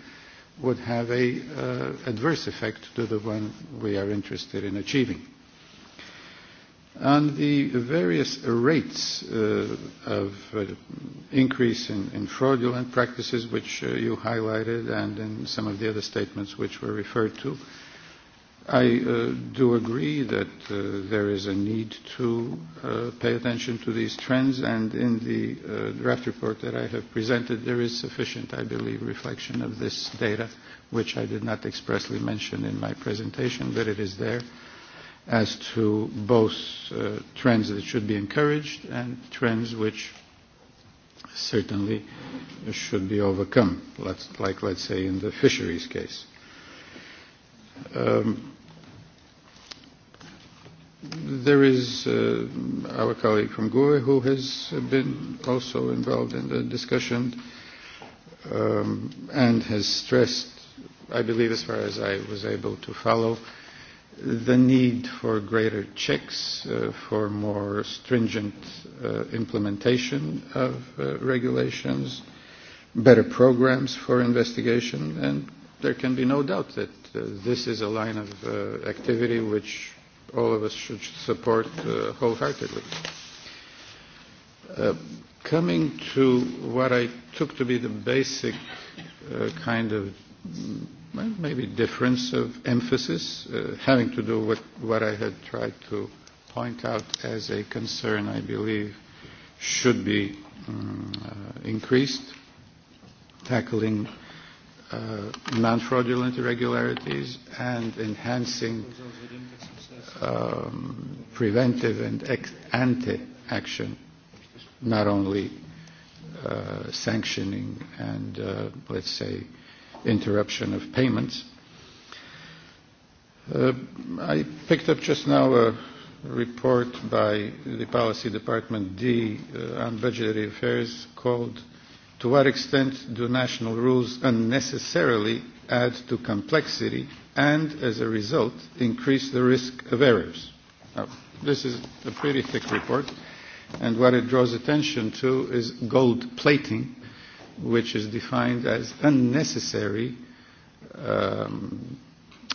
would have an uh, adverse effect to the one we are interested in achieving. On the various rates uh, of uh, increase in, in fraudulent practices, which uh, you highlighted, and in some of the other statements which were referred to, I uh, do agree that uh, there is a need to uh, pay attention to these trends, and in the uh, draft report that I have presented, there is sufficient, I believe, reflection of this data, which I did not expressly mention in my presentation, but it is there. Uh, as to both uh, trends that should be encouraged and trends which certainly should be overcome, let's, like, let's say, in the fisheries case. Um, there is uh, our colleague from GUE who has been also involved in the discussion um, and has stressed, I believe as far as I was able to follow, uh, the need for greater checks, uh, for more stringent uh, implementation of uh, regulations, better programs for investigation, and there can be no doubt that uh, this is a line of uh, activity which all of us should support uh, wholeheartedly. Uh, coming to what I took to be the basic uh, kind of maybe difference of emphasis uh, having to do with what I had tried to point out as a concern I believe should be um, uh, increased, tackling uh, non-fraudulent irregularities and enhancing um, preventive and ex ante action, not only uh, sanctioning and, uh, let's say, interruption of payments. Uh, I picked up just now a report by the Policy Department D uh, on budgetary affairs called To What Extent Do National Rules Unnecessarily Add to Complexity and, as a result, Increase the Risk of Errors? Now, this is a pretty thick report, and what it draws attention to is gold plating which is defined as unnecessary um,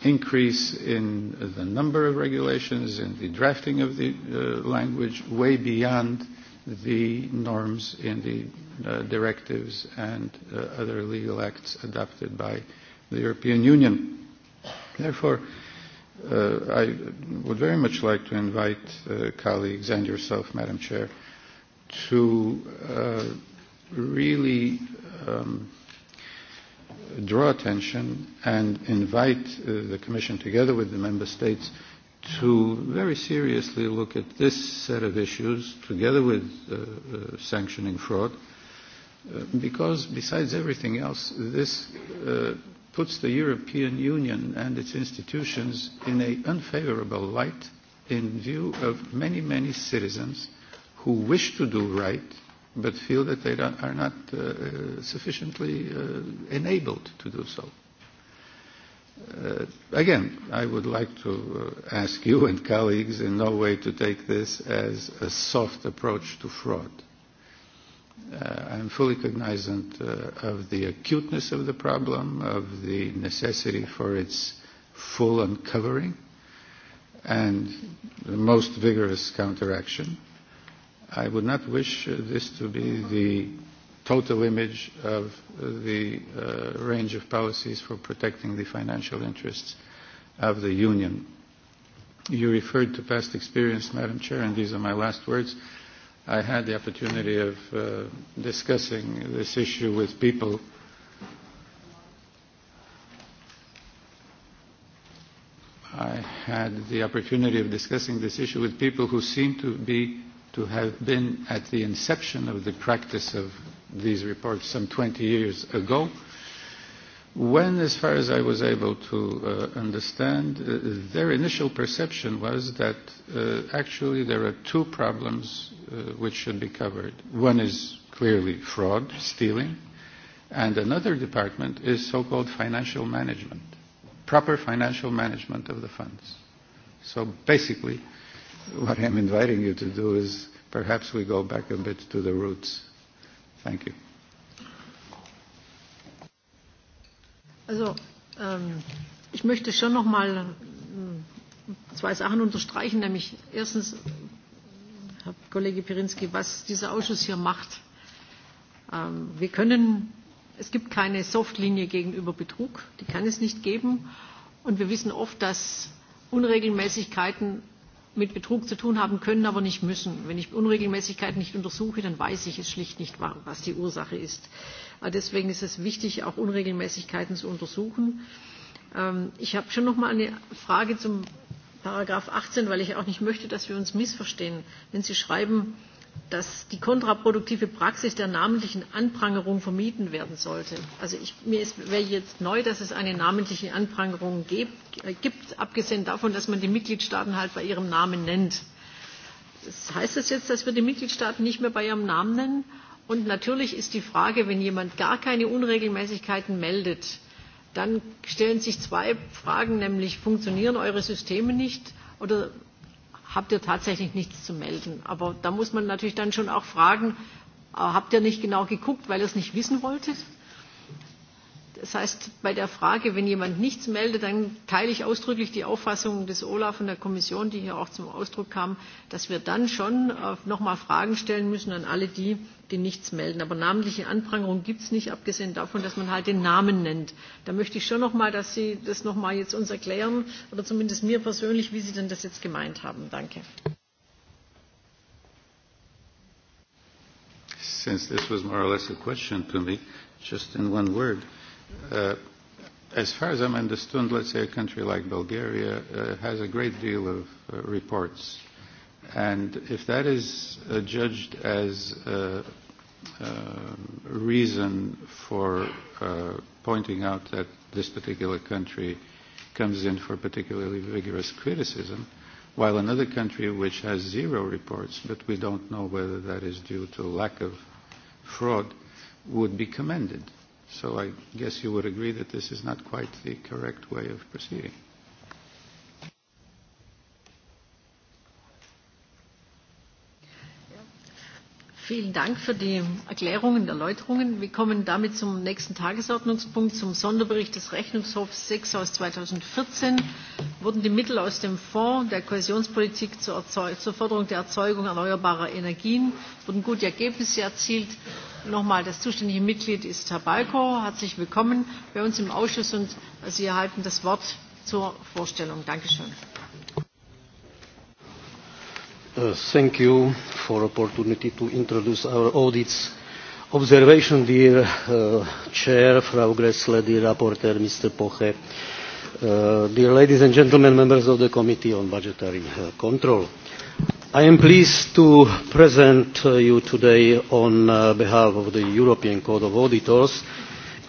increase in the number of regulations, in the drafting of the uh, language, way beyond the norms in the uh, directives and uh, other legal acts adopted by the European Union. Therefore, uh, I would very much like to invite uh, colleagues and yourself, Madam Chair, to uh, really um, draw attention and invite uh, the Commission together with the Member States to very seriously look at this set of issues together with uh, uh, sanctioning fraud uh, because besides everything else this uh, puts the European Union and its institutions in an unfavorable light in view of many, many citizens who wish to do right but feel that they are not uh, uh, sufficiently uh, enabled to do so. Uh, again, I would like to uh, ask you and colleagues in no way to take this as a soft approach to fraud. Uh, I am fully cognizant uh, of the acuteness of the problem, of the necessity for its full uncovering, and the most vigorous counteraction. I would not wish uh, this to be the total image of uh, the uh, range of policies for protecting the financial interests of the Union. You referred to past experience, Madam Chair, and these are my last words. I had the opportunity of uh, discussing this issue with people I had the opportunity of discussing this issue with people who seem to be to have been at the inception of the practice of these reports some 20 years ago, when, as far as I was able to uh, understand, uh, their initial perception was that uh, actually there are two problems uh, which should be covered. One is clearly fraud, stealing, and another department is so-called financial management, proper financial management of the funds. So basically, what I'm inviting you to do is perhaps we go back a bit to the roots. Thank you. Also, ähm, ich möchte schon noch mal ähm, zwei Sachen unterstreichen, nämlich erstens, Herr Kollege Pirinski, was dieser Ausschuss hier macht. Ähm, wir können, es gibt keine Softlinie gegenüber Betrug, die kann es nicht geben. Und wir wissen oft, dass Unregelmäßigkeiten mit Betrug zu tun haben können, aber nicht müssen. Wenn ich Unregelmäßigkeiten nicht untersuche, dann weiß ich es schlicht nicht, was die Ursache ist. Deswegen ist es wichtig, auch Unregelmäßigkeiten zu untersuchen. Ähm, ich habe schon noch mal eine Frage zum Paragraph 18, weil ich auch nicht möchte, dass wir uns missverstehen. Wenn Sie schreiben, dass die kontraproduktive Praxis der namentlichen Anprangerung vermieden werden sollte. Also ich, mir ist, wäre jetzt neu, dass es eine namentliche Anprangerung gibt, äh, gibt, abgesehen davon, dass man die Mitgliedstaaten halt bei ihrem Namen nennt. Das heißt das jetzt, dass wir die Mitgliedstaaten nicht mehr bei ihrem Namen nennen? Und natürlich ist die Frage, wenn jemand gar keine Unregelmäßigkeiten meldet, dann stellen sich zwei Fragen, nämlich funktionieren eure Systeme nicht oder habt ihr tatsächlich nichts zu melden. Aber da muss man natürlich dann schon auch fragen, äh, habt ihr nicht genau geguckt, weil ihr es nicht wissen wolltet? Das heißt, bei der Frage, wenn jemand nichts meldet, dann teile ich ausdrücklich die Auffassung des Olaf und der Kommission, die hier auch zum Ausdruck kam, dass wir dann schon äh, nochmal Fragen stellen müssen an alle die, die nichts melden. Aber namentliche Anprangerung gibt es nicht, abgesehen davon, dass man halt den Namen nennt. Da möchte ich schon nochmal, dass Sie das nochmal jetzt uns erklären, oder zumindest mir persönlich, wie Sie denn das jetzt gemeint haben. Danke. Since this was more or less a question to me, just in one word. Uh, as far as I'm understood, let's say a country like Bulgaria uh, has a great deal of uh, reports. And if that is uh, judged as a uh, uh, reason for uh, pointing out that this particular country comes in for particularly vigorous criticism, while another country which has zero reports, but we don't know whether that is due to lack of fraud, would be commended. So I guess you would agree that this is not quite the correct way of proceeding. Vielen Dank für die Erklärungen und Erläuterungen. Wir kommen damit zum nächsten Tagesordnungspunkt, zum Sonderbericht des Rechnungshofs 6 aus 2014. Wurden die Mittel aus dem Fonds der Kohäsionspolitik zur, Erzeug zur Förderung der Erzeugung erneuerbarer Energien, wurden gute Ergebnisse erzielt. Nochmal, das zuständige Mitglied ist Herr Balko. Herzlich willkommen bei uns im Ausschuss und Sie erhalten das Wort zur Vorstellung. Dankeschön. Uh, thank you for opportunity to introduce our audits observation, dear uh, Chair, Frau Gressler, dear Rapporteur, Mr. Poche, uh, dear ladies and gentlemen, members of the Committee on Budgetary uh, Control. I am pleased to present uh, you today on uh, behalf of the European Court of Auditors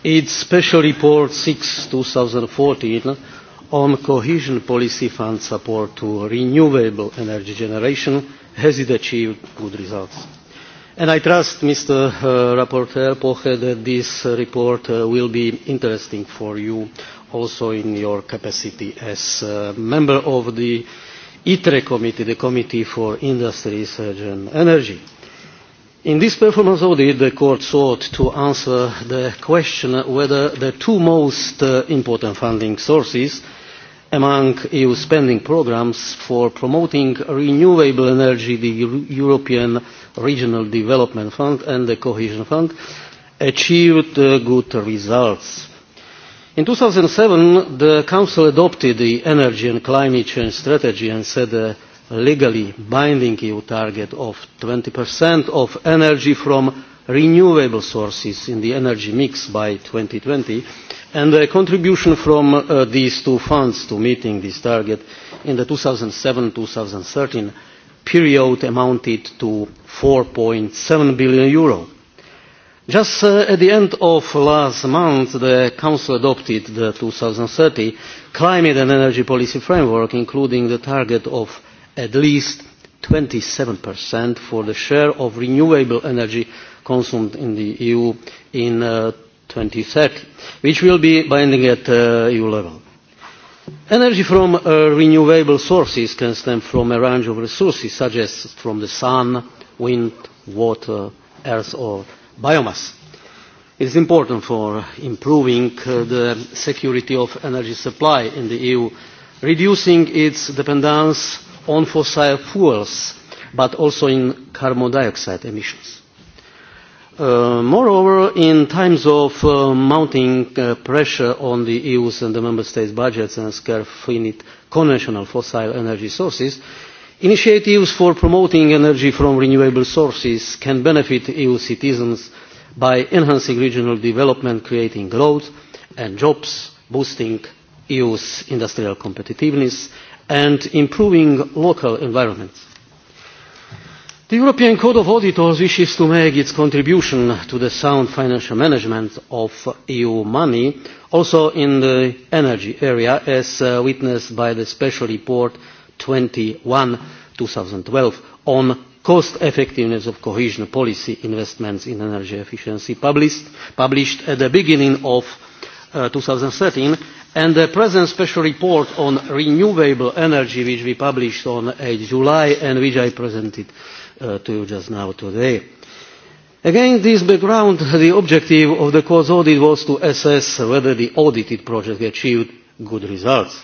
its special report 6 2014 on cohesion policy fund support to renewable energy generation has it achieved good results. And I trust, Mr. Uh, Rapporteur Poche, that this uh, report uh, will be interesting for you also in your capacity as a uh, member of the ITRE committee, the Committee for Industry, Research and Energy. In this performance audit, the court sought to answer the question whether the two most uh, important funding sources – among EU spending programmes for promoting renewable energy, the European Regional Development Fund and the Cohesion Fund achieved uh, good results. In two thousand and seven the Council adopted the Energy and Climate Change Strategy and set a legally binding EU target of twenty of energy from renewable sources in the energy mix by two thousand and twenty and the contribution from uh, these two funds to meeting this target in the 2007-2013 period amounted to 4.7 billion euro. Just uh, at the end of last month, the Council adopted the 2030 climate and energy policy framework, including the target of at least 27% for the share of renewable energy consumed in the EU in uh, 2030, which will be binding at uh, EU level. Energy from uh, renewable sources can stem from a range of resources, such as from the sun, wind, water, earth or biomass. It is important for improving uh, the security of energy supply in the EU, reducing its dependence on fossil fuels, but also in carbon dioxide emissions. Uh, moreover, in times of uh, mounting uh, pressure on the EU's and the Member States' budgets and scarce-finite conventional fossil energy sources, initiatives for promoting energy from renewable sources can benefit EU citizens by enhancing regional development, creating growth and jobs, boosting EU's industrial competitiveness, and improving local environments The European Code of Auditors wishes to make its contribution to the sound financial management of EU money, also in the energy area, as uh, witnessed by the Special Report 21 2012 on cost effectiveness of cohesion policy investments in energy efficiency published, published at the beginning of uh, 2013 and the present special report on renewable energy which we published on 8 uh, July and which I presented uh, to you just now today. Again, this background, the objective of the court's audit was to assess whether the audited project achieved good results.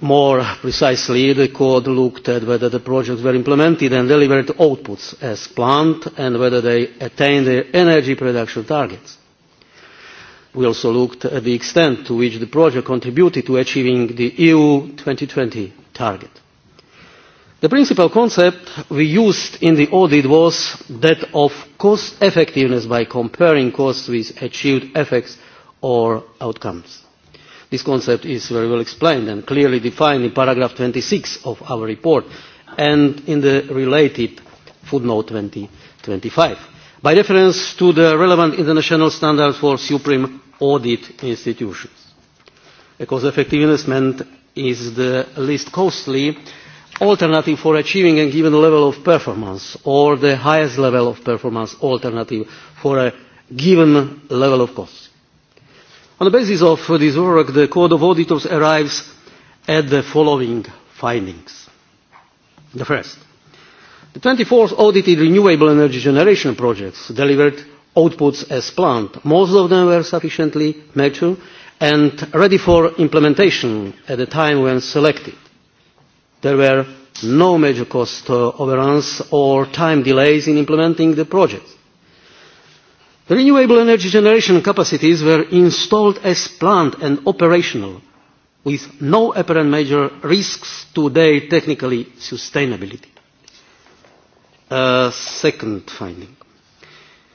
More precisely, the court looked at whether the projects were implemented and delivered outputs as planned and whether they attained their energy production targets. We also looked at the extent to which the project contributed to achieving the EU 2020 target. The principal concept we used in the audit was that of cost effectiveness by comparing costs with achieved effects or outcomes. This concept is very well explained and clearly defined in paragraph 26 of our report and in the related footnote 25, by reference to the relevant international standards for supreme audit institutions. A cost effectiveness meant is the least costly alternative for achieving a given level of performance or the highest level of performance alternative for a given level of cost. On the basis of this work, the Code of Auditors arrives at the following findings. The first, the 24 audited renewable energy generation projects delivered outputs as planned. Most of them were sufficiently mature and ready for implementation at the time when selected there were no major cost uh, overruns or time delays in implementing the project. The renewable energy generation capacities were installed as planned and operational, with no apparent major risks to their technically sustainability. Uh, second finding.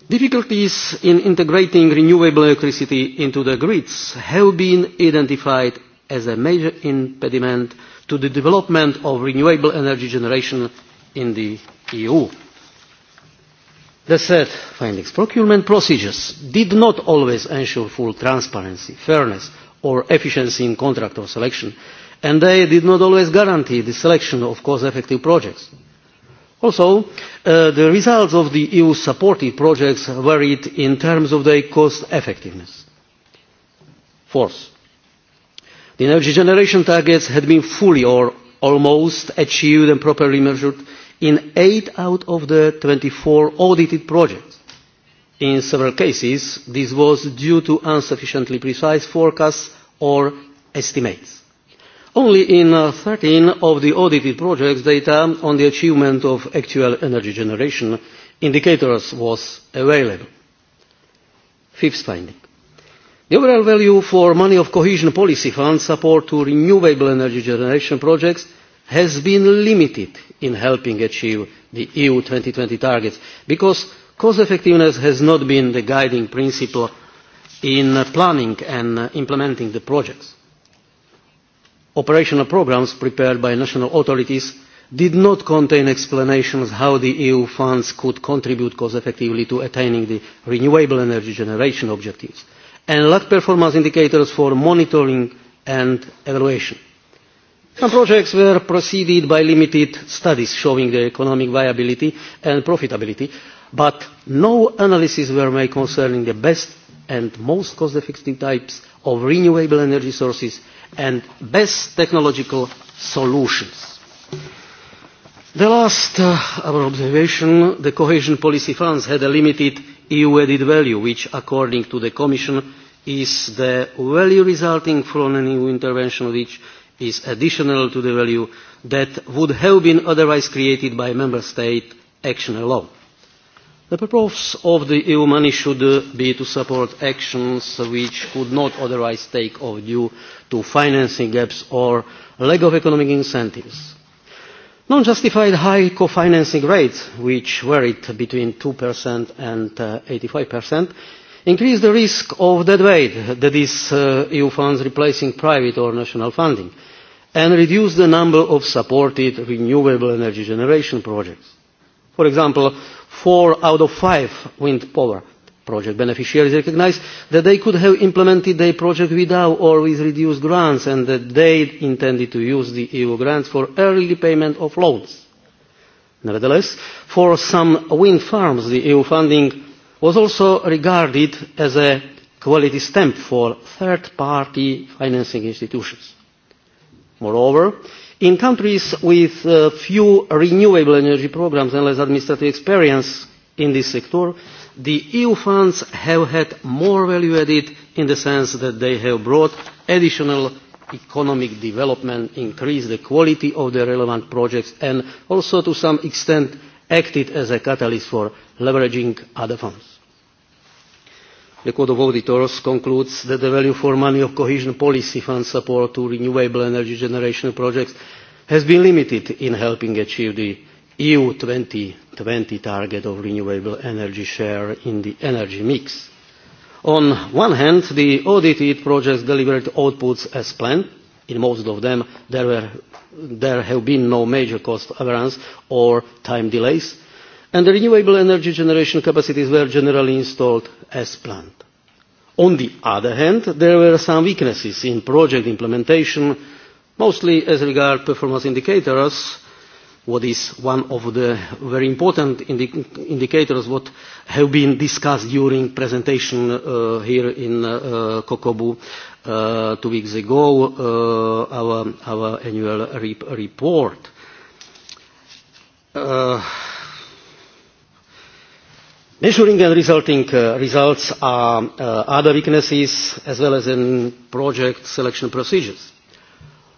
Difficulties in integrating renewable electricity into the grids have been identified as a major impediment to the development of renewable energy generation in the EU. The said, findings. Procurement procedures did not always ensure full transparency, fairness or efficiency in contract or selection, and they did not always guarantee the selection of cost-effective projects. Also, uh, the results of the EU supported projects varied in terms of their cost effectiveness. Fourth, The energy generation targets had been fully or almost achieved and properly measured in eight out of the 24 audited projects. In several cases, this was due to insufficiently precise forecasts or estimates. Only in 13 uh, of the audited projects data on the achievement of actual energy generation indicators was available. Fifth finding the overall value for money of cohesion policy fund support to renewable energy generation projects has been limited in helping achieve the eu two thousand and twenty targets because cost effectiveness has not been the guiding principle in planning and implementing the projects. operational programmes prepared by national authorities did not contain explanations how the eu funds could contribute cost effectively to attaining the renewable energy generation objectives and lack performance indicators for monitoring and evaluation. Some projects were preceded by limited studies showing their economic viability and profitability, but no analysis were made concerning the best and most cost-effective types of renewable energy sources and best technological solutions. The last uh, our observation, the cohesion policy funds had a limited EU added value, which according to the Commission is the value resulting from an EU intervention which is additional to the value that would have been otherwise created by member state action alone. The purpose of the EU money should uh, be to support actions which could not otherwise take off due to financing gaps or lack of economic incentives. Non-justified high co-financing rates, which varied between 2% and uh, 85%, increase the risk of dead weight, that is, uh, EU funds replacing private or national funding, and reduce the number of supported renewable energy generation projects. For example, four out of five wind power project beneficiaries recognise that they could have implemented their project without or with reduced grants and that they intended to use the EU grants for early payment of loans. Nevertheless, for some wind farms, the EU funding was also regarded as a quality stamp for third-party financing institutions. Moreover, in countries with uh, few renewable energy programs and less administrative experience in this sector, the EU funds have had more value added in the sense that they have brought additional economic development, increased the quality of the relevant projects and also to some extent acted as a catalyst for leveraging other funds. The Court of Auditors concludes that the value for money of cohesion policy fund support to renewable energy generation projects has been limited in helping achieve the EU 2020 target of renewable energy share in the energy mix. On one hand, the audited projects delivered outputs as planned. In most of them, there, were, there have been no major cost overruns or time delays, and the renewable energy generation capacities were generally installed as planned. On the other hand, there were some weaknesses in project implementation, mostly as regards performance indicators, what is one of the very important indi indicators what have been discussed during presentation uh, here in uh, Kokobu uh, two weeks ago, uh, our, our annual re report. Uh, measuring and resulting uh, results are uh, other weaknesses as well as in project selection procedures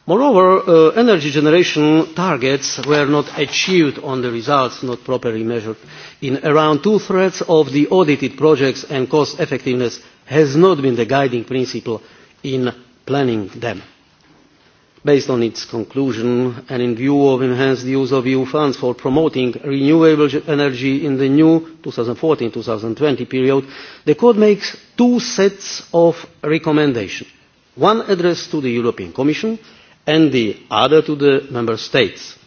Moreover, uh, energy generation targets were not achieved on the results not properly measured. In around two-thirds of the audited projects and cost effectiveness has not been the guiding principle in planning them. Based on its conclusion and in view of enhanced use of EU funds for promoting renewable energy in the new 2014-2020 period, the Code makes two sets of recommendations. One addressed to the European Commission and the other to the member states.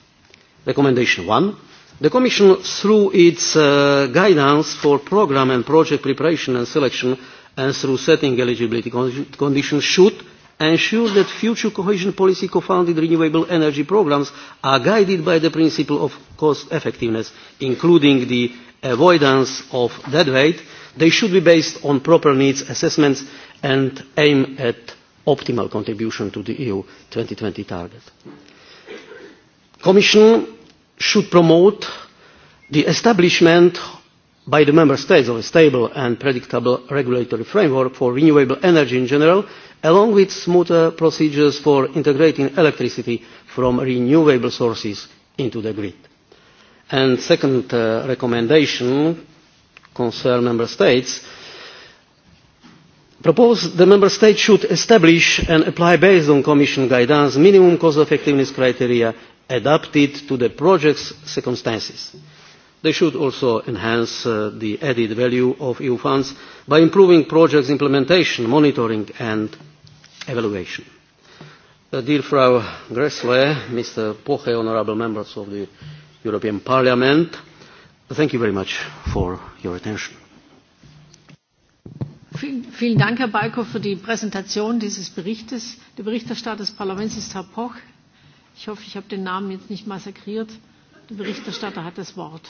Recommendation 1. The Commission, through its uh, guidance for programme and project preparation and selection and through setting eligibility con conditions, should ensure that future cohesion policy co-funded renewable energy programmes are guided by the principle of cost effectiveness, including the avoidance of dead weight. They should be based on proper needs assessments and aim at optimal contribution to the EU 2020 target. Commission should promote the establishment by the member states of a stable and predictable regulatory framework for renewable energy in general along with smoother procedures for integrating electricity from renewable sources into the grid. and second uh, recommendation concerns member states proposed the member states should establish and apply based on commission guidance minimum cost effectiveness criteria adapted to the project's circumstances. they should also enhance uh, the added value of eu funds by improving projects' implementation monitoring and evaluation. dear frau grle mr poche honourable members of the european parliament thank you very much for your attention. Vielen Dank, Herr Balko, für die Präsentation dieses Berichtes. Der Berichterstatter des Parlaments ist Herr Poch. Ich hoffe, ich habe den Namen jetzt nicht massakriert. Der Berichterstatter hat das Wort.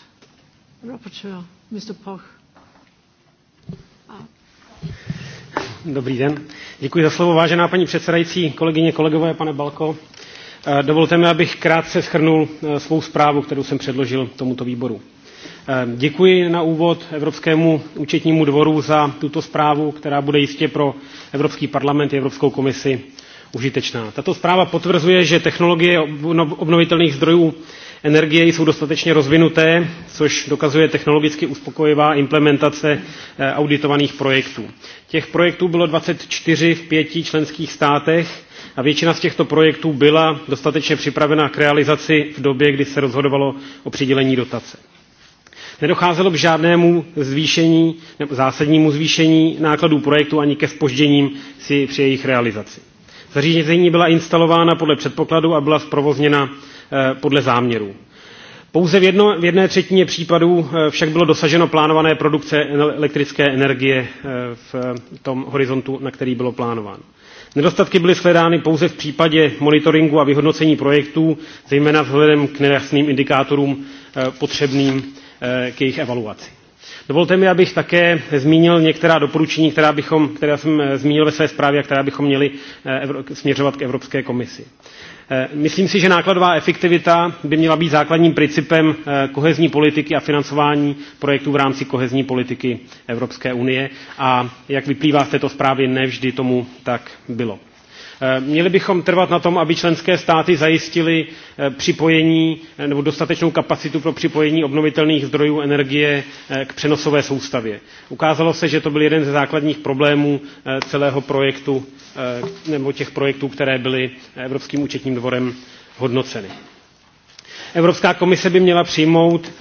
Rapporteur, Mr. Poch. Ah. Dobrý den. Děkuji za slovo, vážená paní předsedající, kolegyně, kolegové, pane Balko. Eh, dovolte mi, abych krátce schrnul eh, svou zprávu, kterou jsem předložil tomuto výboru. Ehm, děkuji na úvod Evropskému účetnímu dvoru za tuto zprávu, která bude jistě pro Evropský parlament i Evropskou komisi užitečná. Tato zpráva potvrzuje, že technologie obnovitelných zdrojů energie jsou dostatečně rozvinuté, což dokazuje technologicky uspokojivá implementace eh, auditovaných projektů. Těch projektů bylo 24 v pěti členských státech a většina z těchto projektů byla dostatečně připravena k realizaci v době, kdy se rozhodovalo o přidělení dotace. Nedocházelo k žádnému zvýšení, nebo zásadnímu zvýšení nákladů projektu ani ke spožděním si při jejich realizaci. Zařízení byla instalována podle předpokladu a byla zprovozněna eh, podle záměrů. Pouze v, jedno, v jedné třetině případů eh, však bylo dosaženo plánované produkce elektrické energie eh, v tom horizontu, na který bylo plánováno. Nedostatky byly shledány pouze v případě monitoringu a vyhodnocení projektů, zejména vzhledem k nejasným indikátorům potřebným Eh, k jejich evaluaci. Dovolte mi, abych také zmínil některá doporučení, která, bychom, která jsem eh, zmínil ve své zprávě a která bychom měli eh, směřovat k Evropské komisi. Myslím si, že nákladová efektivita by měla být základním principem kohezní politiky a financování projektů v rámci kohezní politiky Evropské unie a jak vyplývá z této zprávy, nevždy tomu tak bylo. Eh, měli bychom trvat na tom, aby členské státy zajistily eh, připojení eh, nebo dostatečnou kapacitu pro připojení obnovitelných zdrojů energie k přenosové soustavě. Ukázalo se, že to byl jeden ze základních problémů celého projektu nebo těch projektů, které byly Evropským účetním dvorem hodnoceny. Evropská komise by měla přijmout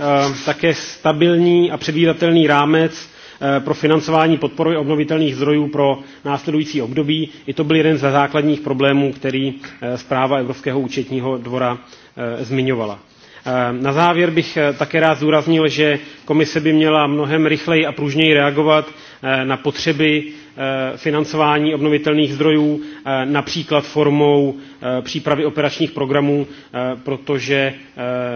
také stabilní a předvídatelný rámec Eh, pro financování podpory obnovitelných zdrojů pro následující období. I to byl jeden ze základních problémů, který eh, zpráva Evropského účetního dvora eh, zmiňovala. Eh, na závěr bych eh, také rád zdůraznil, že komise by měla mnohem rychleji a pružněji reagovat eh, na potřeby financování obnovitelných zdrojů, například formou přípravy operačních programů, protože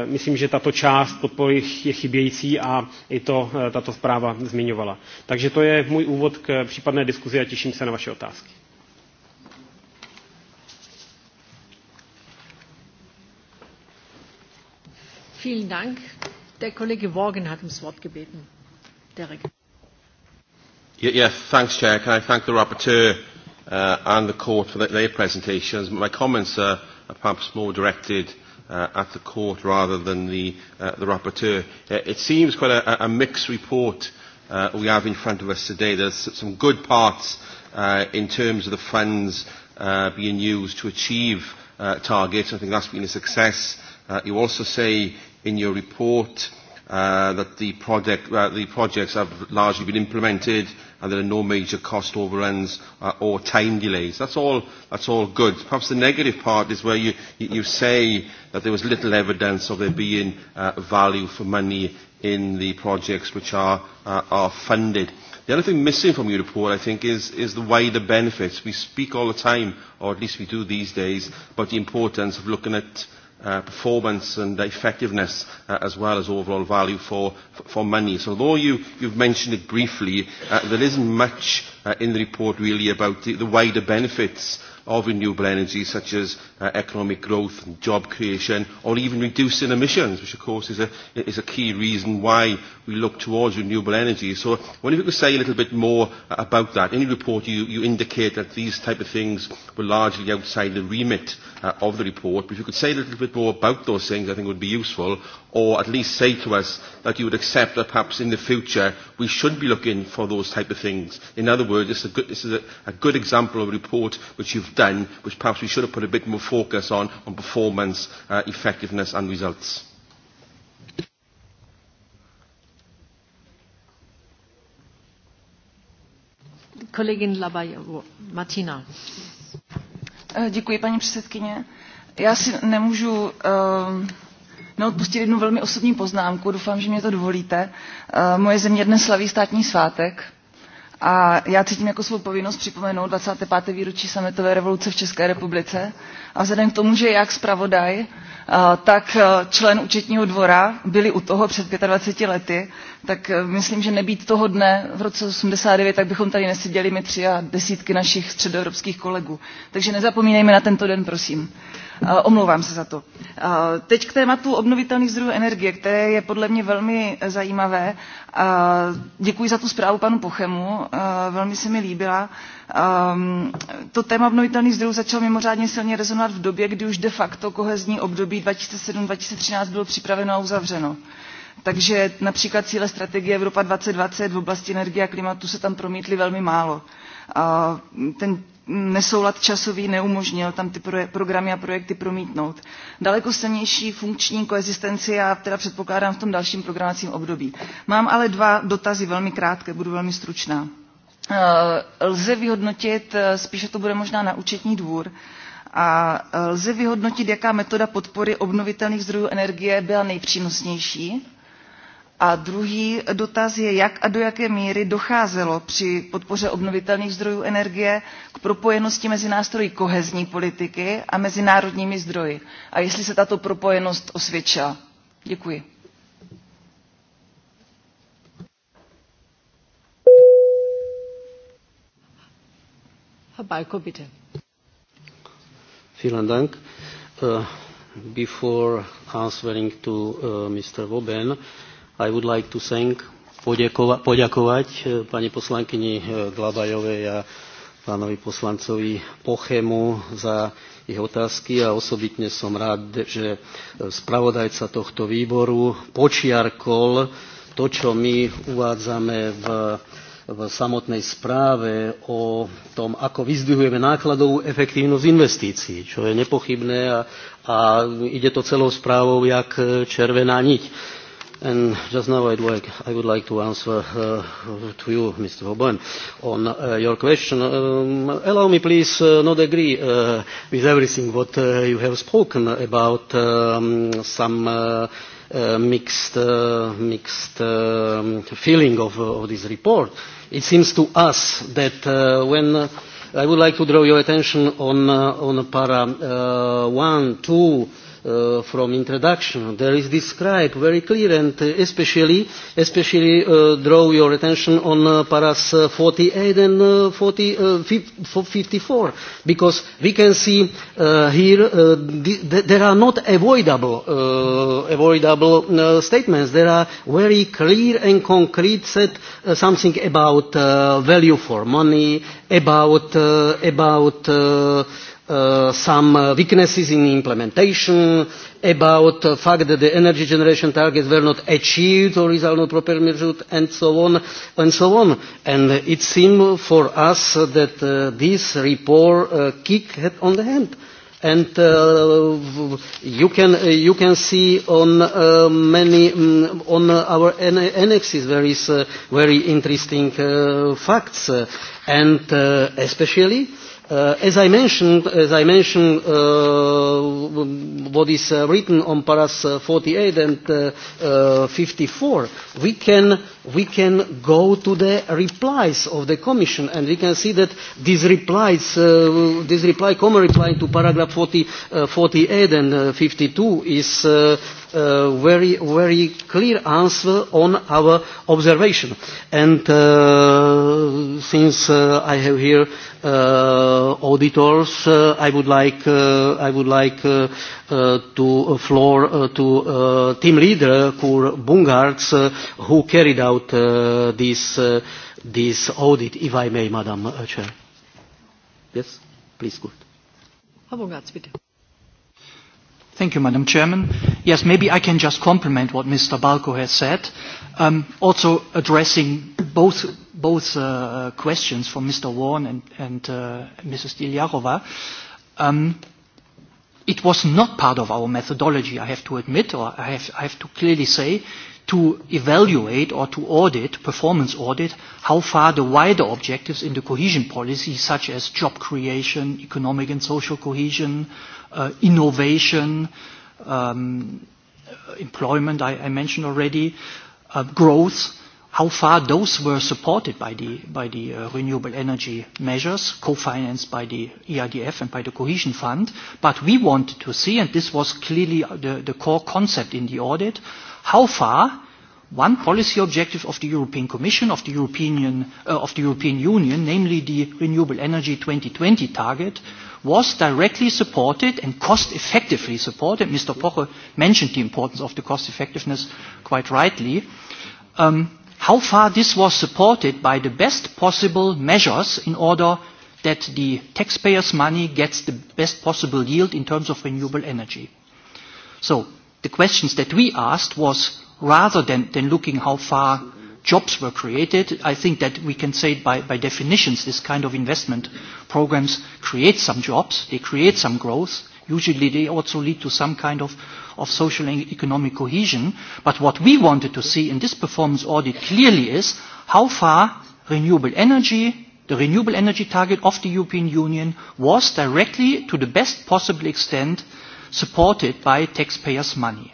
myslím, že tato část podpory je chybějící a i to tato zpráva zmiňovala. Takže to je můj úvod k případné diskuzi a těším se na vaše otázky. Vielen Dank. Der Kollege Worgen hat ums Wort gebeten. Derek. Yeah, yeah, thanks, Chair. Can I thank the Rapporteur uh, and the Court for their presentations? My comments are, are perhaps more directed uh, at the Court rather than the, uh, the Rapporteur. Uh, it seems quite a, a mixed report uh, we have in front of us today. There's some good parts uh, in terms of the funds uh, being used to achieve uh, targets. I think that's been a success. Uh, you also say in your report uh, that the, project, uh, the projects have largely been implemented and there are no major cost overruns uh, or time delays. That's all, that's all good. Perhaps the negative part is where you, you say that there was little evidence of there being uh, value for money in the projects which are, uh, are funded. The other thing missing from your report, I think, is, is the wider benefits. We speak all the time, or at least we do these days, about the importance of looking at Uh, performance and effectiveness uh, as well as overall value for, for money. So although you, you've mentioned it briefly, uh, there isn't much uh, in the report really about the, the wider benefits of renewable energy, such as uh, economic growth and job creation, or even reducing emissions, which of course is a, is a key reason why we look towards renewable energy. So I wonder if you could say a little bit more about that. In your report, you, you indicate that these type of things were largely outside the remit uh, of the report. But if you could say a little bit more about those things, I think it would be useful, or at least say to us that you would accept that perhaps in the future we should be looking for those type of things. In other words, is a good, this is a, a good example of a report which you've we've done, which perhaps we should have put a bit more focus on, on performance, uh, effectiveness and results. Kollegin Labajová, Martina. Eh, děkuji, paní předsedkyně. Já si nemůžu uh, neodpustit jednu velmi osobní poznámku. Doufám, že mě to dovolíte. Uh, moje země dnes slaví státní svátek A já cítím jako svou povinnost připomenout 25. výročí sametové revoluce v České republice. A vzhledem k tomu, že jak zpravodaj, eh, tak eh, člen účetního dvora byli u toho před 25 lety, tak eh, myslím, že nebýt toho dne v roce 89, tak bychom tady neseděli my tři a desítky našich středoevropských kolegů. Takže nezapomínejme na tento den, prosím. Eh, omlouvám se za to. Eh, teď k tématu obnovitelných zdrojů energie, které je podle mě velmi zajímavé. Eh, děkuji za tu zprávu panu Pochemu, velmi se mi líbila. to téma obnovitelných zdrojů začalo mimořádně silně rezonovat v době, kdy už de facto kohezní období 2007-2013 bylo připraveno a uzavřeno. Takže například cíle strategie Evropa 2020 v oblasti energie a klimatu se tam promítly velmi málo. ten nesoulad časový neumožnil tam ty programy a projekty promítnout. Daleko silnější funkční koexistenci já teda předpokládám v tom dalším programacím období. Mám ale dva dotazy velmi krátké, budu velmi stručná. Eh, lze vyhodnotit, eh, spíše to bude možná na účetní dvůr, a eh, lze vyhodnotit, jaká metoda podpory obnovitelných zdrojů energie byla nejpřínosnější A druhý dotaz je, jak a do jaké míry docházelo při podpoře obnovitelných zdrojů energie k propojenosti mezi nástroji kohezní politiky a mezinárodními zdroji. A jestli se tato propojenost osvědčila. Děkuji. Herr bitte. Vielen Dank. Uh, before answering to uh, Mr. Woben, I would like to thank, poďakova, poďakovať eh, pani poslankyni eh, Glabajovej a pánovi poslancovi Pochemu za ich otázky a osobitne som rád, že eh, spravodajca tohto výboru počiarkol to, čo my uvádzame v v samotnej správe o tom, ako vyzdvihujeme nákladovú efektívnosť investícií, čo je nepochybné a, a ide to celou správou jak červená niť. And just now I'd like, I would like to answer uh, to you, Mr. Hoban, on uh, your question. Um, allow me please uh, not agree uh, with everything what uh, you have spoken about um, some uh, uh, mixed, uh, mixed um, feeling of, uh, of this report. It seems to us that uh, when uh, I would like to draw your attention on, uh, on para uh, one, two, uh, from introduction. There is described very clear and especially, especially uh, draw your attention on uh, paras 48 uh, and uh, 40, uh, 54 because we can see uh, here uh, th there are not avoidable, uh, avoidable uh, statements. There are very clear and concrete said uh, something about uh, value for money, about, uh, about uh, uh, some uh, weaknesses in implementation, about the fact that the energy generation targets were not achieved or is not properly measured, and so on, and so on. And it seemed for us that uh, this report uh, kick had on the hand. And uh, you can uh, you can see on uh, many um, on our annexes there is uh, very interesting uh, facts, uh, and uh, especially Uh, as I mentioned, as I mentioned, uh, what is uh, written on paras 48 uh, and uh, uh, 54, we can we can go to the replies of the Commission and we can see that these replies, uh, this reply, common reply to paragraph 40, uh, 48 and uh, 52 is uh, uh, very, very clear answer on our observation. And uh, since uh, I have here uh, auditors, uh, I would like, uh, I would like uh, uh, to uh, floor uh, to uh, team leader Kur Bungarts uh, who carried out about uh, this, uh, this audit, if I may, Madam uh, Chair. Yes, please, good. Thank you, Madam Chairman. Yes, maybe I can just compliment what Mr. Balko has said, um, also addressing both, both uh, questions from Mr. Warren and, and uh, Mrs. Dilyarova. Um, it was not part of our methodology, I have to admit, or I have, I have to clearly say to evaluate or to audit, performance audit, how far the wider objectives in the cohesion policy, such as job creation, economic and social cohesion, uh, innovation, um, employment, I, I mentioned already, uh, growth, how far those were supported by the, by the uh, renewable energy measures co-financed by the EIDF and by the cohesion fund. But we wanted to see, and this was clearly the, the core concept in the audit, how far one policy objective of the European Commission, of the European, Union, uh, of the European Union, namely the Renewable Energy 2020 target, was directly supported and cost effectively supported. Mr. Poche mentioned the importance of the cost effectiveness quite rightly. Um, how far this was supported by the best possible measures in order that the taxpayers' money gets the best possible yield in terms of renewable energy. So the questions that we asked was rather than, than looking how far jobs were created, I think that we can say by, by definitions this kind of investment programs create some jobs, they create some growth, usually they also lead to some kind of, of social and economic cohesion. But what we wanted to see in this performance audit clearly is how far renewable energy, the renewable energy target of the European Union was directly to the best possible extent supported by taxpayers' money.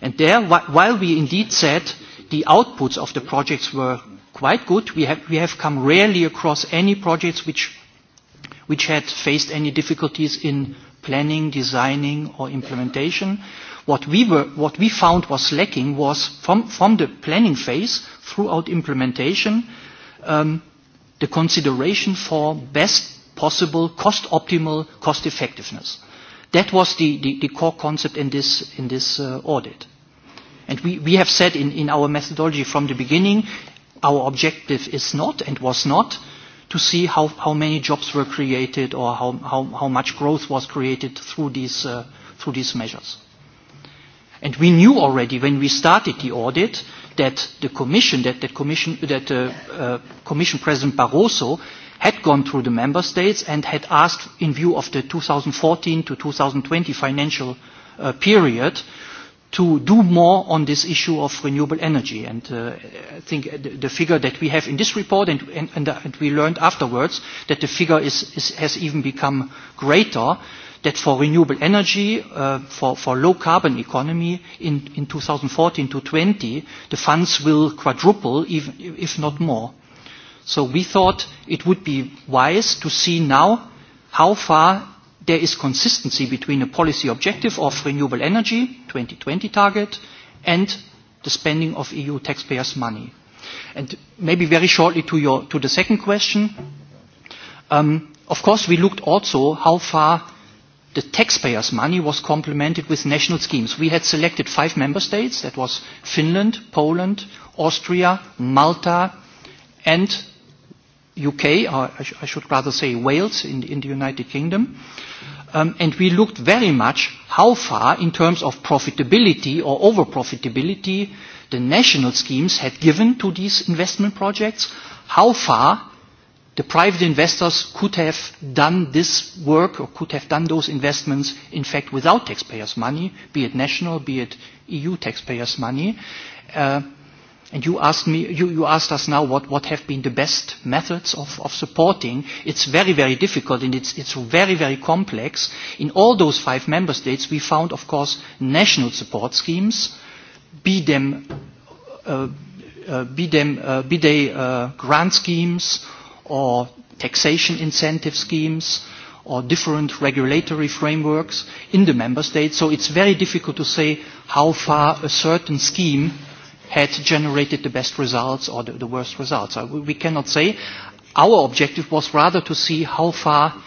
And there, while we indeed said the outputs of the projects were quite good, we have, we have come rarely across any projects which, which had faced any difficulties in planning, designing, or implementation. What we, were, what we found was lacking was from, from the planning phase throughout implementation, um, the consideration for best possible cost optimal cost effectiveness. That was the, the, the core concept in this, in this uh, audit. And we, we have said in, in our methodology from the beginning, our objective is not and was not to see how, how many jobs were created or how, how, how much growth was created through these, uh, through these measures. And we knew already when we started the audit that the Commission, that, that, commission, that uh, uh, Commission President Barroso had gone through the member states and had asked in view of the 2014 to 2020 financial uh, period to do more on this issue of renewable energy. And uh, I think the, the figure that we have in this report, and, and, and, uh, and we learned afterwards that the figure is, is, has even become greater, that for renewable energy, uh, for, for low carbon economy in, in 2014 to 20, the funds will quadruple, even, if not more. So we thought it would be wise to see now how far there is consistency between a policy objective of renewable energy, 2020 target, and the spending of EU taxpayers' money. And maybe very shortly to, your, to the second question. Um, of course, we looked also how far the taxpayers' money was complemented with national schemes. We had selected five member states. That was Finland, Poland, Austria, Malta, and UK, or I, sh I should rather say Wales in the, in the United Kingdom. Um, and we looked very much how far, in terms of profitability or over-profitability, the national schemes had given to these investment projects, how far the private investors could have done this work or could have done those investments, in fact, without taxpayers' money, be it national, be it EU taxpayers' money. Uh, And you asked me, you, you asked us now what, what have been the best methods of, of supporting. It's very, very difficult and it's, it's very, very complex. In all those five member states, we found, of course, national support schemes, be them, uh, uh, be them, uh, be they uh, grant schemes or taxation incentive schemes or different regulatory frameworks in the member states. So it's very difficult to say how far a certain scheme had generated the best results or the, the worst results. So we cannot say. Our objective was rather to see how far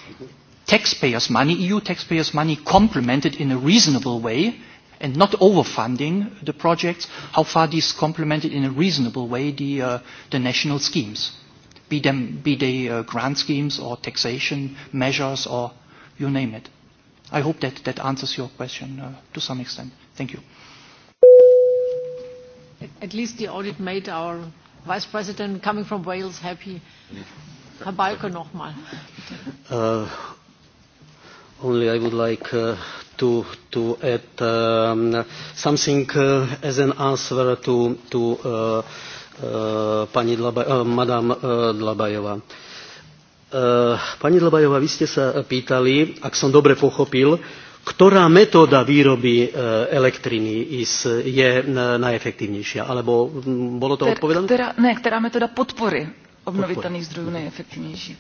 taxpayers' money, EU taxpayers' money, complemented in a reasonable way and not overfunding the projects, how far these complemented in a reasonable way the, uh, the national schemes, be, them, be they uh, grant schemes or taxation measures or you name it. I hope that, that answers your question uh, to some extent. Thank you. At least the audit made our Vice President coming from Wales happy. Herr Balko nochmal. Uh, only I would like uh, to, to add um, something uh, as an answer to, to uh, uh, pani Dlaba, uh, Madame uh, Dlabajová. Uh, pani Dlabajová, vy ste sa pýtali, ak som dobre pochopil, uh, ktorá metóda výroby e, elektriny je e, najefektívnejšia? Alebo mm, bolo to odpovedané? Která, ne, ktorá metóda podpory obnovitelných zdrojov najefektívnejšia?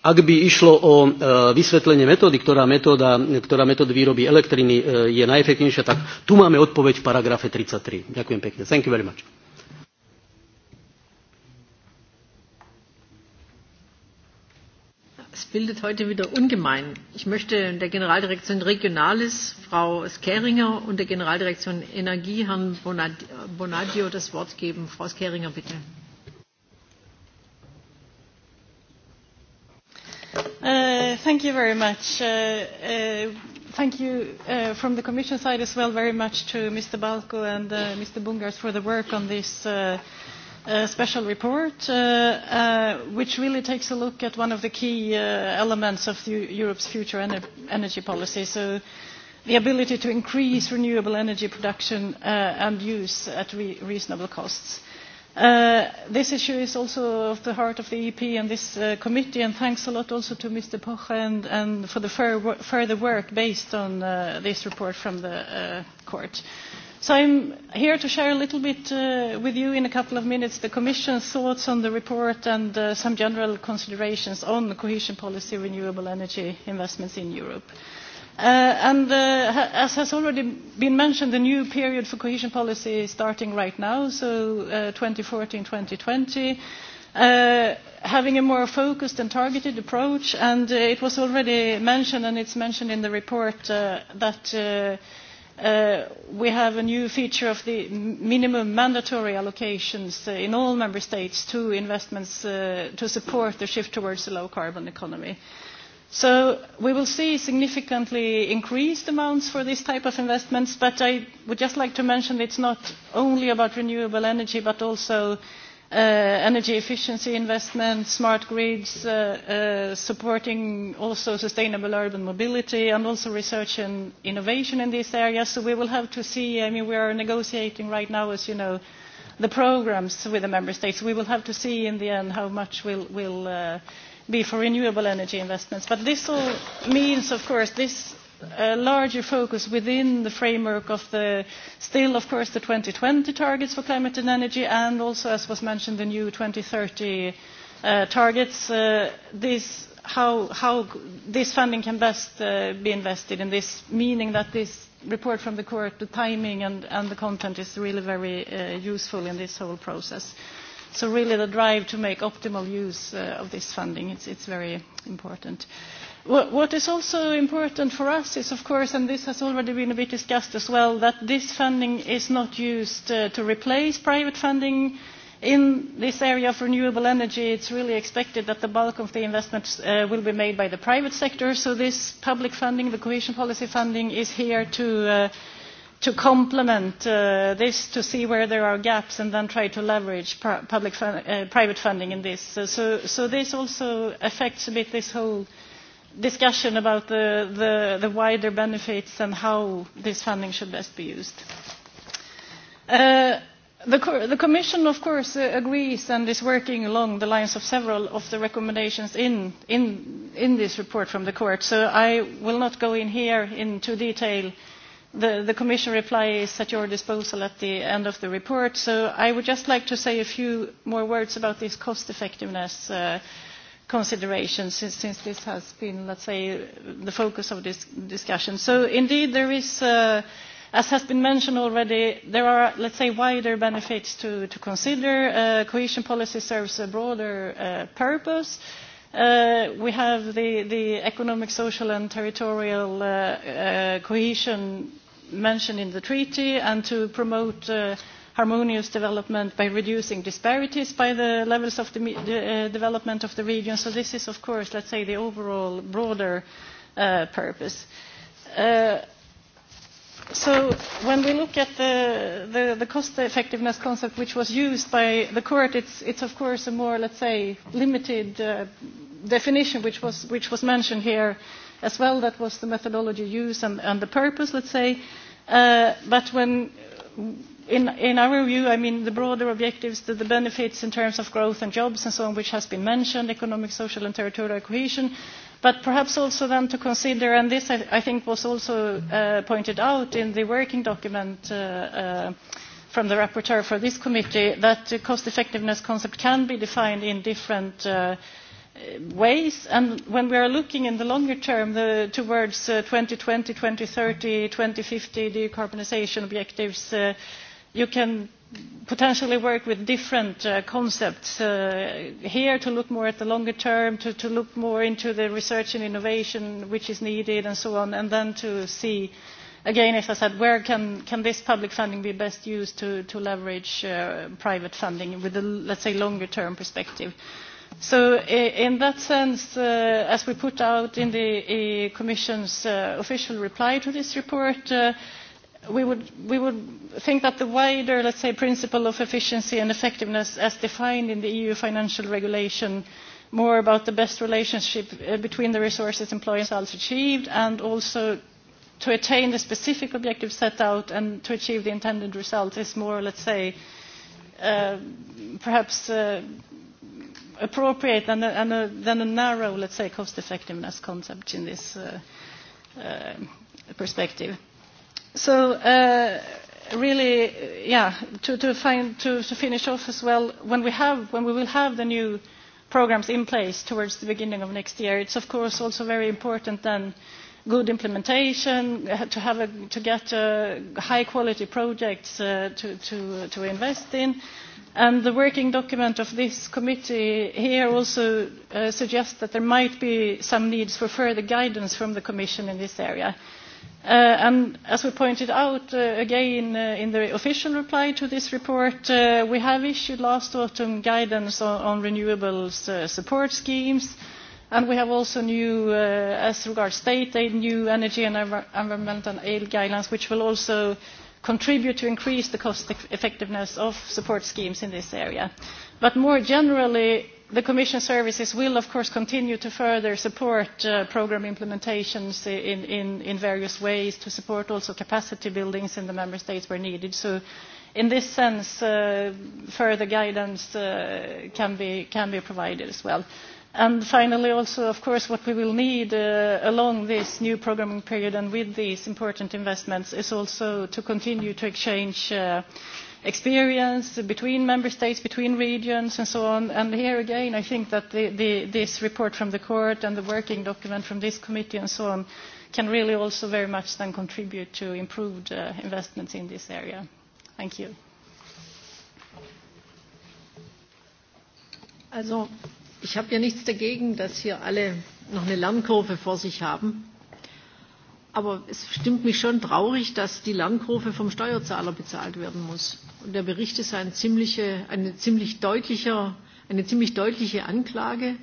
Ak by išlo o e, vysvetlenie metódy, ktorá metóda, ktorá metóda výroby elektriny je najefektívnejšia, tak tu máme odpoveď v paragrafe 33. Ďakujem pekne. Thank you very much. Es bildet heute wieder ungemein. Ich möchte der Generaldirektion Regionalis, Frau Skeringer, und der Generaldirektion Energie, Herrn Bonadio, das Wort geben. Frau Skeringer, bitte. Uh, thank you very much. Uh, uh, thank you uh, from the Commission side as well very much to Mr. Balko and uh, Mr. Bungars for the work on this uh, special report, uh, uh, which really takes a look at one of the key uh, elements of the, Europe's future ener energy policy, so the ability to increase renewable energy production uh, and use at re reasonable costs. Uh, this issue is also of the heart of the EP and this uh, committee, and thanks a lot also to Mr. Poche and, and for the fur further work based on uh, this report from the uh, court. Uh, So I'm here to share a little bit uh, with you in a couple of minutes the Commission's thoughts on the report and uh, some general considerations on the cohesion policy, renewable energy investments in Europe. Uh, and uh, as has already been mentioned, the new period for cohesion policy is starting right now, so uh, 2014-2020. Uh, having a more focused and targeted approach, and uh, it was already mentioned, and it's mentioned in the report, uh, that uh, Uh, we have a new feature of the minimum mandatory allocations uh, in all member states to investments uh, to support the shift towards a low carbon economy. So we will see significantly increased amounts for this type of investments, but I would just like to mention it's not only about renewable energy, but also uh, energy efficiency investments, smart grids, uh, uh, supporting also sustainable urban mobility and also research and innovation in these areas. So we will have to see, I mean, we are negotiating right now, as you know, the programs with the member states. We will have to see in the end how much will, will uh, be for renewable energy investments. But this all means, of course, this a larger focus within the framework of the still of course the 2020 targets for climate and energy and also as was mentioned the new 2030 uh, targets uh, this how, how this funding can best uh, be invested in this meaning that this report from the court the timing and, and the content is really very uh, useful in this whole process so really the drive to make optimal use uh, of this funding it's, it's very important uh, What is also important for us is, of course, and this has already been a bit discussed as well, that this funding is not used uh, to replace private funding. In this area of renewable energy, it's really expected that the bulk of the investments uh, will be made by the private sector. So this public funding, the cohesion policy funding, is here to, uh, to complement uh, this, to see where there are gaps, and then try to leverage public fun uh, private funding in this. so, so this also affects a bit this whole discussion about the, the, the wider benefits and how this funding should best be used. Uh, the, co the Commission, of course, uh, agrees and is working along the lines of several of the recommendations in, in, in this report from the court, so I will not go in here into detail. The, the Commission reply is at your disposal at the end of the report, so I would just like to say a few more words about this cost effectiveness uh, consideration since, since this has been, let's say, the focus of this discussion. So indeed, there is, uh, as has been mentioned already, there are, let's say, wider benefits to, to consider. Uh, cohesion policy serves a broader uh, purpose. Uh, we have the, the economic, social and territorial uh, uh, cohesion mentioned in the treaty and to promote uh, harmonious development by reducing disparities by the levels of the uh, development of the region. So this is, of course, let's say, the overall broader uh, purpose. Uh, so when we look at the, the, the cost effectiveness concept which was used by the court, it's, it's of course a more, let's say, limited uh, definition which was, which was mentioned here as well. That was the methodology used and, and the purpose, let's say. Uh, but when in, our view, I mean, the broader objectives, the, the benefits in terms of growth and jobs and so on, which has been mentioned, economic, social and territorial cohesion, but perhaps also then to consider, and this I, I think was also uh, pointed out in the working document uh, uh, from the rapporteur for this committee, that the cost effectiveness concept can be defined in different uh, uh ways. And when we are looking in the longer term the, towards uh, 2020, 2030, 2050 decarbonisation objectives, uh, you can potentially work with different uh, concepts uh, here to look more at the longer term, to, to look more into the research and innovation which is needed and so on, and then to see, again, as I said, where can, can this public funding be best used to, to leverage uh, private funding with a, let's say, longer term perspective. So in that sense, uh, as we put out in the uh, Commission's uh, official reply to this report, uh, we would, think that the wider, let's say, principle of efficiency and effectiveness as defined in the EU financial regulation, more about the best relationship uh, between the resources employed and results achieved, and also to attain the specific objective set out and to achieve the intended result is more, let's say, uh, perhaps uh, appropriate than a, and a, than a narrow, let's say, cost effectiveness concept in this uh, uh, perspective. So uh, really, yeah, to, to, find, to, to finish off as well, when we, have, when we will have the new programs in place towards the beginning of next year, it's of course also very important then good implementation, to, have a, to get a uh, high quality projects uh, to, to, to invest in. And the working document of this committee here also uh, suggests that there might be some needs for further guidance from the Commission in this area Uh, and as we pointed out uh, again uh, in the official reply to this report, uh, we have issued last autumn guidance on, on renewables uh, support schemes, and we have also new, uh, as regards state aid, new energy and environmental aid guidelines, which will also contribute to increase the cost effectiveness of support schemes in this area. But more generally, the Commission services will, of course, continue to further support uh, program implementations in, in, in various ways to support also capacity buildings in the member states where needed. So, in this sense, uh, further guidance uh, can, be, can be provided as well. And finally, also, of course, what we will need uh, along this new programming period and with these important investments is also to continue to exchange. Uh, experience between member states, between regions, and so on. And here again, I think that the, the, this report from the court and the working document from this committee and so on can really also very much then contribute to improved uh, investments in this area. Thank you. Also, ich habe ja nichts dagegen, dass hier alle noch eine Lernkurve vor sich haben Aber es stimmt mich schon traurig, dass die Lernkurve vom Steuerzahler bezahlt werden muss. Und der Bericht ist ein ziemliche, eine, ziemlich deutlicher, eine ziemlich deutliche Anklage,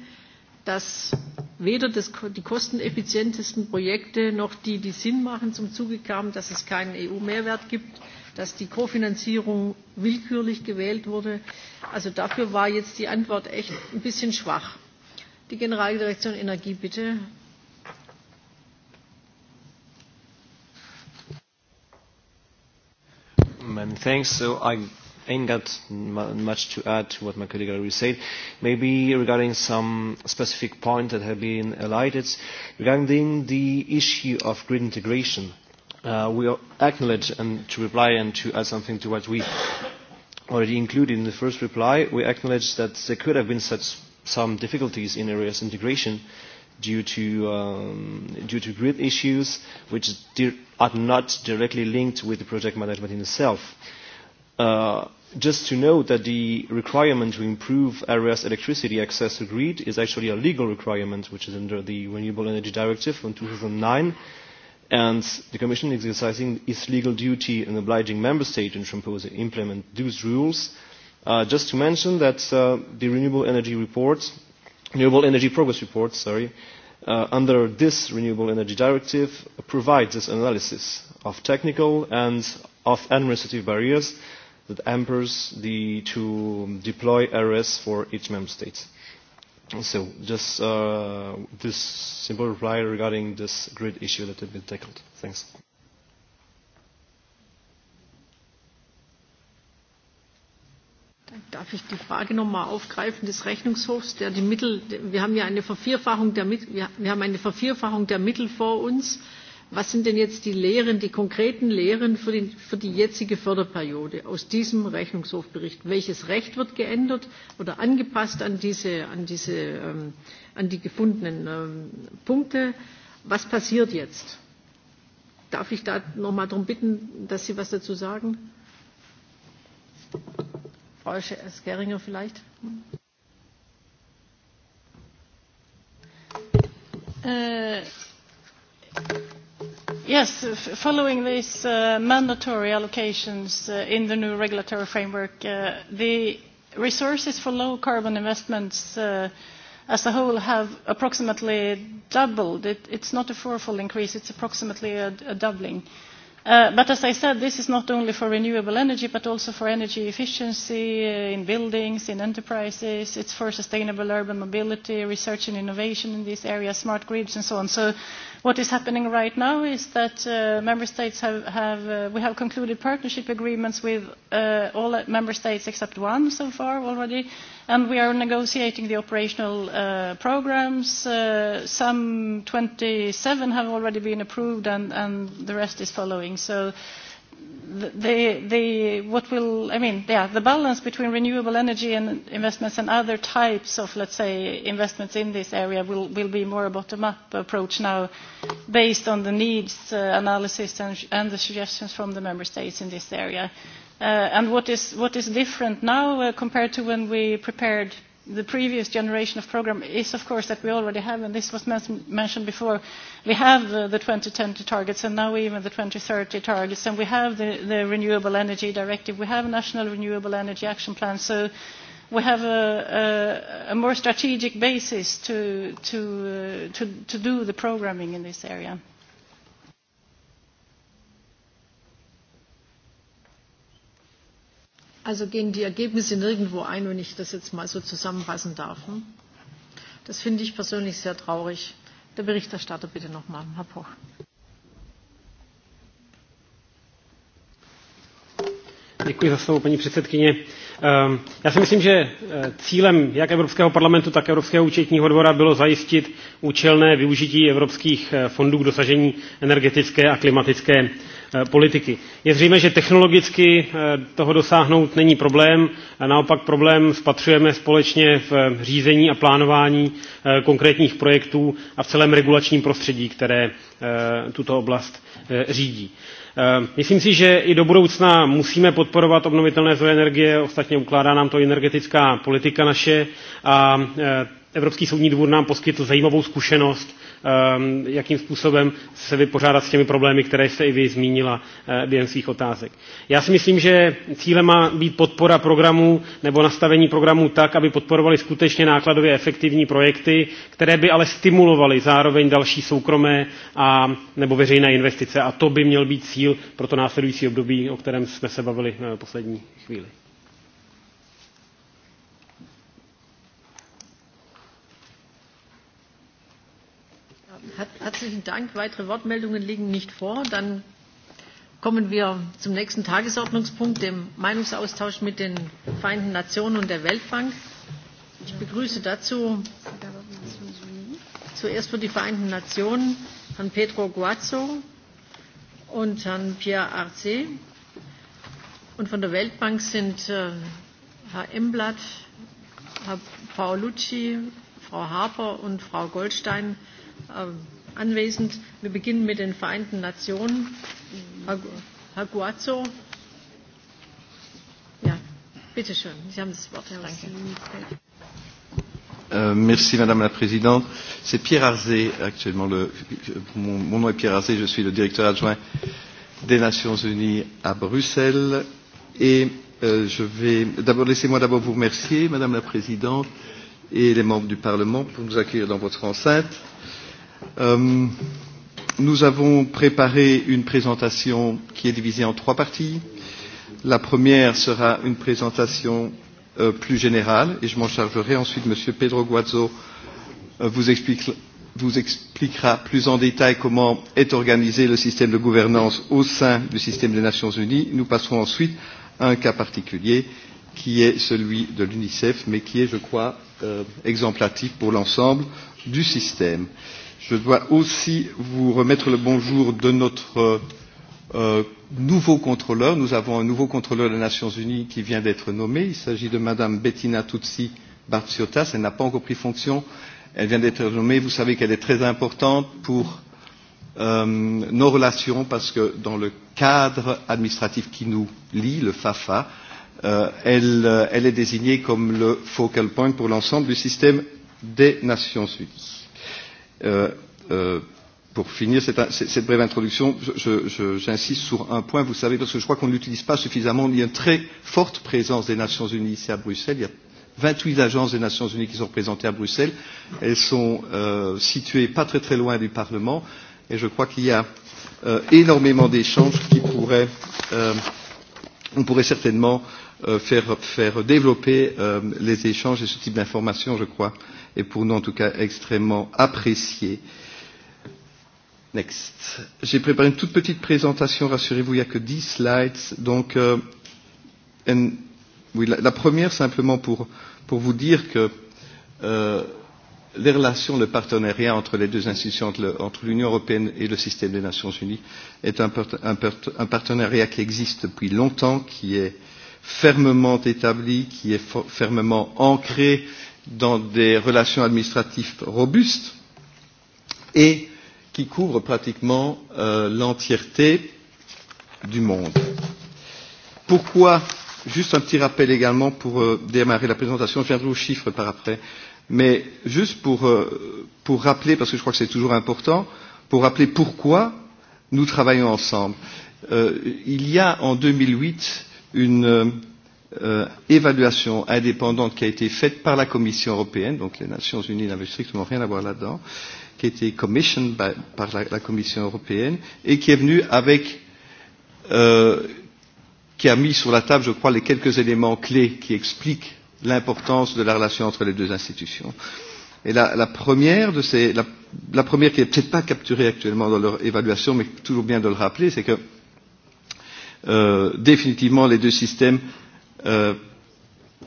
dass weder das, die kosteneffizientesten Projekte noch die, die Sinn machen, zum Zuge kamen, dass es keinen EU-Mehrwert gibt, dass die Kofinanzierung willkürlich gewählt wurde. Also dafür war jetzt die Antwort echt ein bisschen schwach. Die Generaldirektion Energie, bitte. Many thanks. So I ain't got much to add to what my colleague already said. Maybe regarding some specific points that have been highlighted. Regarding the issue of grid integration, uh, we acknowledge and to reply and to add something to what we already included in the first reply, we acknowledge that there could have been such some difficulties in areas integration due to um, due to grid issues, which are not directly linked with the project management in itself. Uh, just to note that the requirement to improve areas' electricity access to grid is actually a legal requirement, which is under the Renewable Energy Directive from 2009, and the Commission is exercising its legal duty in obliging member states to impose and implement those rules. Uh, just to mention that uh, the Renewable Energy Report renewable energy progress report sorry, uh, under this renewable energy directive provides this analysis of technical and of administrative barriers that hampers the to deploy RS for each member state. So just uh, this simple reply regarding this grid issue that has been tackled. Thanks. Darf ich die Frage nochmal aufgreifen des Rechnungshofs, der die Mittel, wir haben ja eine Vervierfachung der wir haben eine Vervierfachung der Mittel vor uns. Was sind denn jetzt die Lehren, die konkreten Lehren für die, für die jetzige Förderperiode aus diesem Rechnungshofbericht? Welches Recht wird geändert oder angepasst an diese, an diese, ähm, an die gefundenen ähm, Punkte? Was passiert jetzt? Darf ich da nochmal darum bitten, dass Sie was dazu sagen? Frau Scheringer vielleicht. Uh, yes, following these uh, mandatory allocations uh, in the new regulatory framework, uh, the resources for low carbon investments uh, as a whole have approximately doubled. It, it's not a fourfold increase, it's approximately a, a doubling. Uh, Uh, but as I said, this is not only for renewable energy, but also for energy efficiency uh, in buildings, in enterprises. It's for sustainable urban mobility, research and innovation in these areas, smart grids, and so on. So What is happening right now is that uh, member states have, have uh, we have concluded partnership agreements with uh, all member states except one so far already, and we are negotiating the operational uh, programs. Uh, some 27 have already been approved, and, and the rest is following. So the, the, what will, I mean, yeah, the balance between renewable energy and investments and other types of, let's say, investments in this area will, will be more a bottom-up approach now based on the needs uh, analysis and, and the suggestions from the member states in this area. Uh, and what is, what is different now uh, compared to when we prepared the previous generation of program is, of course, that we already have, and this was mentioned before. We have the, the 2020 targets, and now even the 2030 targets, and we have the, the Renewable Energy Directive. We have National Renewable Energy Action Plan. So we have a, a, a more strategic basis to, to, uh, to, to do the programming in this area. Also gehen die Ergebnisse nirgendwo ein, wenn ich das jetzt mal so zusammenfassen darf. Hm? Das finde ich persönlich sehr traurig. Der Berichterstatter bitte nochmal, Herr Poch. Děkuji za slovo, paní předsedkyně. Ehm, já si myslím, že eh, cílem jak Evropského parlamentu, tak Evropského účetního dvora bylo zajistit účelné využití evropských eh, fondů k dosažení energetické a klimatické Eh, politiky. Je zřejmé, že technologicky eh, toho dosáhnout není problém, a naopak problém spatřujeme společně v eh, řízení a plánování konkrétních projektů a v celém regulačním prostředí, které tuto oblast řídí. Myslím si, že i do budoucna musíme podporovat obnovitelné zdroje energie, ostatně ukládá nám to energetická politika naše a Evropský soudní dvůr nám poskytl zajímavou zkušenost Ehm, jakým způsobem se vypořádat s těmi problémy, které jste i vy zmínila eh, během svých otázek. Já si myslím, že cílem má být podpora programů nebo nastavení programů tak, aby podporovali skutečně nákladově efektivní projekty, které by ale stimulovaly zároveň další soukromé a nebo veřejné investice. A to by měl být cíl pro to následující období, o kterém jsme se bavili v eh, poslední chvíli. Herzlichen Dank. Weitere Wortmeldungen liegen nicht vor. Dann kommen wir zum nächsten Tagesordnungspunkt, dem Meinungsaustausch mit den Vereinten Nationen und der Weltbank. Ich begrüße dazu zuerst für die Vereinten Nationen Herrn Pedro Guazzo und Herrn Pierre Arce. Und von der Weltbank sind äh, Herr Emblatt, Herr Paolucci, Frau Harper und Frau Goldstein Äh, anwesend. Wir beginnen mit den Vereinten Nationen. Herr, Herr Guazzo. Ja, bitte schön. Sie haben das Wort, Herr Danke. Euh, merci Madame la Présidente. C'est Pierre Arzé, actuellement le, mon, mon nom est Pierre Arzé, je suis le directeur adjoint des Nations Unies à Bruxelles et euh, je vais d'abord laissez-moi d'abord vous remercier Madame la Présidente et les membres du Parlement pour nous accueillir dans votre enceinte. Euh, Euh, nous avons préparé une présentation qui est divisée en trois parties. La première sera une présentation euh, plus générale et je m'en chargerai. Ensuite, M. Pedro Guazzo euh, vous, explique, vous expliquera plus en détail comment est organisé le système de gouvernance au sein du système des Nations Unies. Nous passerons ensuite à un cas particulier qui est celui de l'UNICEF, mais qui est, je crois, euh, exemplatif pour l'ensemble du système. Euh, Je dois aussi vous remettre le bonjour de notre euh, nouveau contrôleur. Nous avons un nouveau contrôleur des Nations Unies qui vient d'être nommé. Il s'agit de Madame Bettina Tutsi Barciotas. Elle n'a pas encore pris fonction. Elle vient d'être nommée. Vous savez qu'elle est très importante pour euh, nos relations parce que dans le cadre administratif qui nous lie, le FAFA, euh, elle, euh, elle est désignée comme le focal point pour l'ensemble du système des Nations Unies. Euh, euh, pour finir cette, cette brève introduction, j'insiste sur un point, vous savez, parce que je crois qu'on ne l'utilise pas suffisamment. Il y a une très forte présence des Nations Unies ici à Bruxelles. Il y a 28 agences des Nations Unies qui sont représentées à Bruxelles. Elles sont euh, situées pas très très loin du Parlement. Et je crois qu'il y a euh, énormément d'échanges qui pourraient, euh, on pourrait certainement euh, faire, faire développer euh, les échanges et ce type d'informations, je crois, euh, et pour nous en tout cas extrêmement apprécié. Next. J'ai préparé une toute petite présentation, rassurez-vous, il n'y a que 10 slides. Donc, euh, and, oui, la, la première simplement pour, pour vous dire que euh, les relations, le partenariat entre les deux institutions, entre l'Union européenne et le système des Nations unies, est un, un, un partenariat qui existe depuis longtemps, qui est fermement établi, qui est fermement ancré euh, dans des relations administratives robustes et qui couvre pratiquement euh, l'entièreté du monde. Pourquoi Juste un petit rappel également pour euh, démarrer la présentation. Je viendrai aux chiffres par après. Mais juste pour, euh, pour rappeler, parce que je crois que c'est toujours important, pour rappeler pourquoi nous travaillons ensemble. Euh, il y a en 2008 une euh, euh, évaluation indépendante qui a été faite par la Commission européenne, donc les Nations unies n'avaient strictement rien à voir là-dedans, qui a été commissioned by, par la, la Commission européenne et qui est venue avec, euh, qui a mis sur la table, je crois, les quelques éléments clés qui expliquent l'importance de la relation entre les deux institutions. Et la, la première de ces, la, la première qui n'est peut-être pas capturée actuellement dans leur évaluation, mais toujours bien de le rappeler, c'est que euh, définitivement les deux systèmes euh,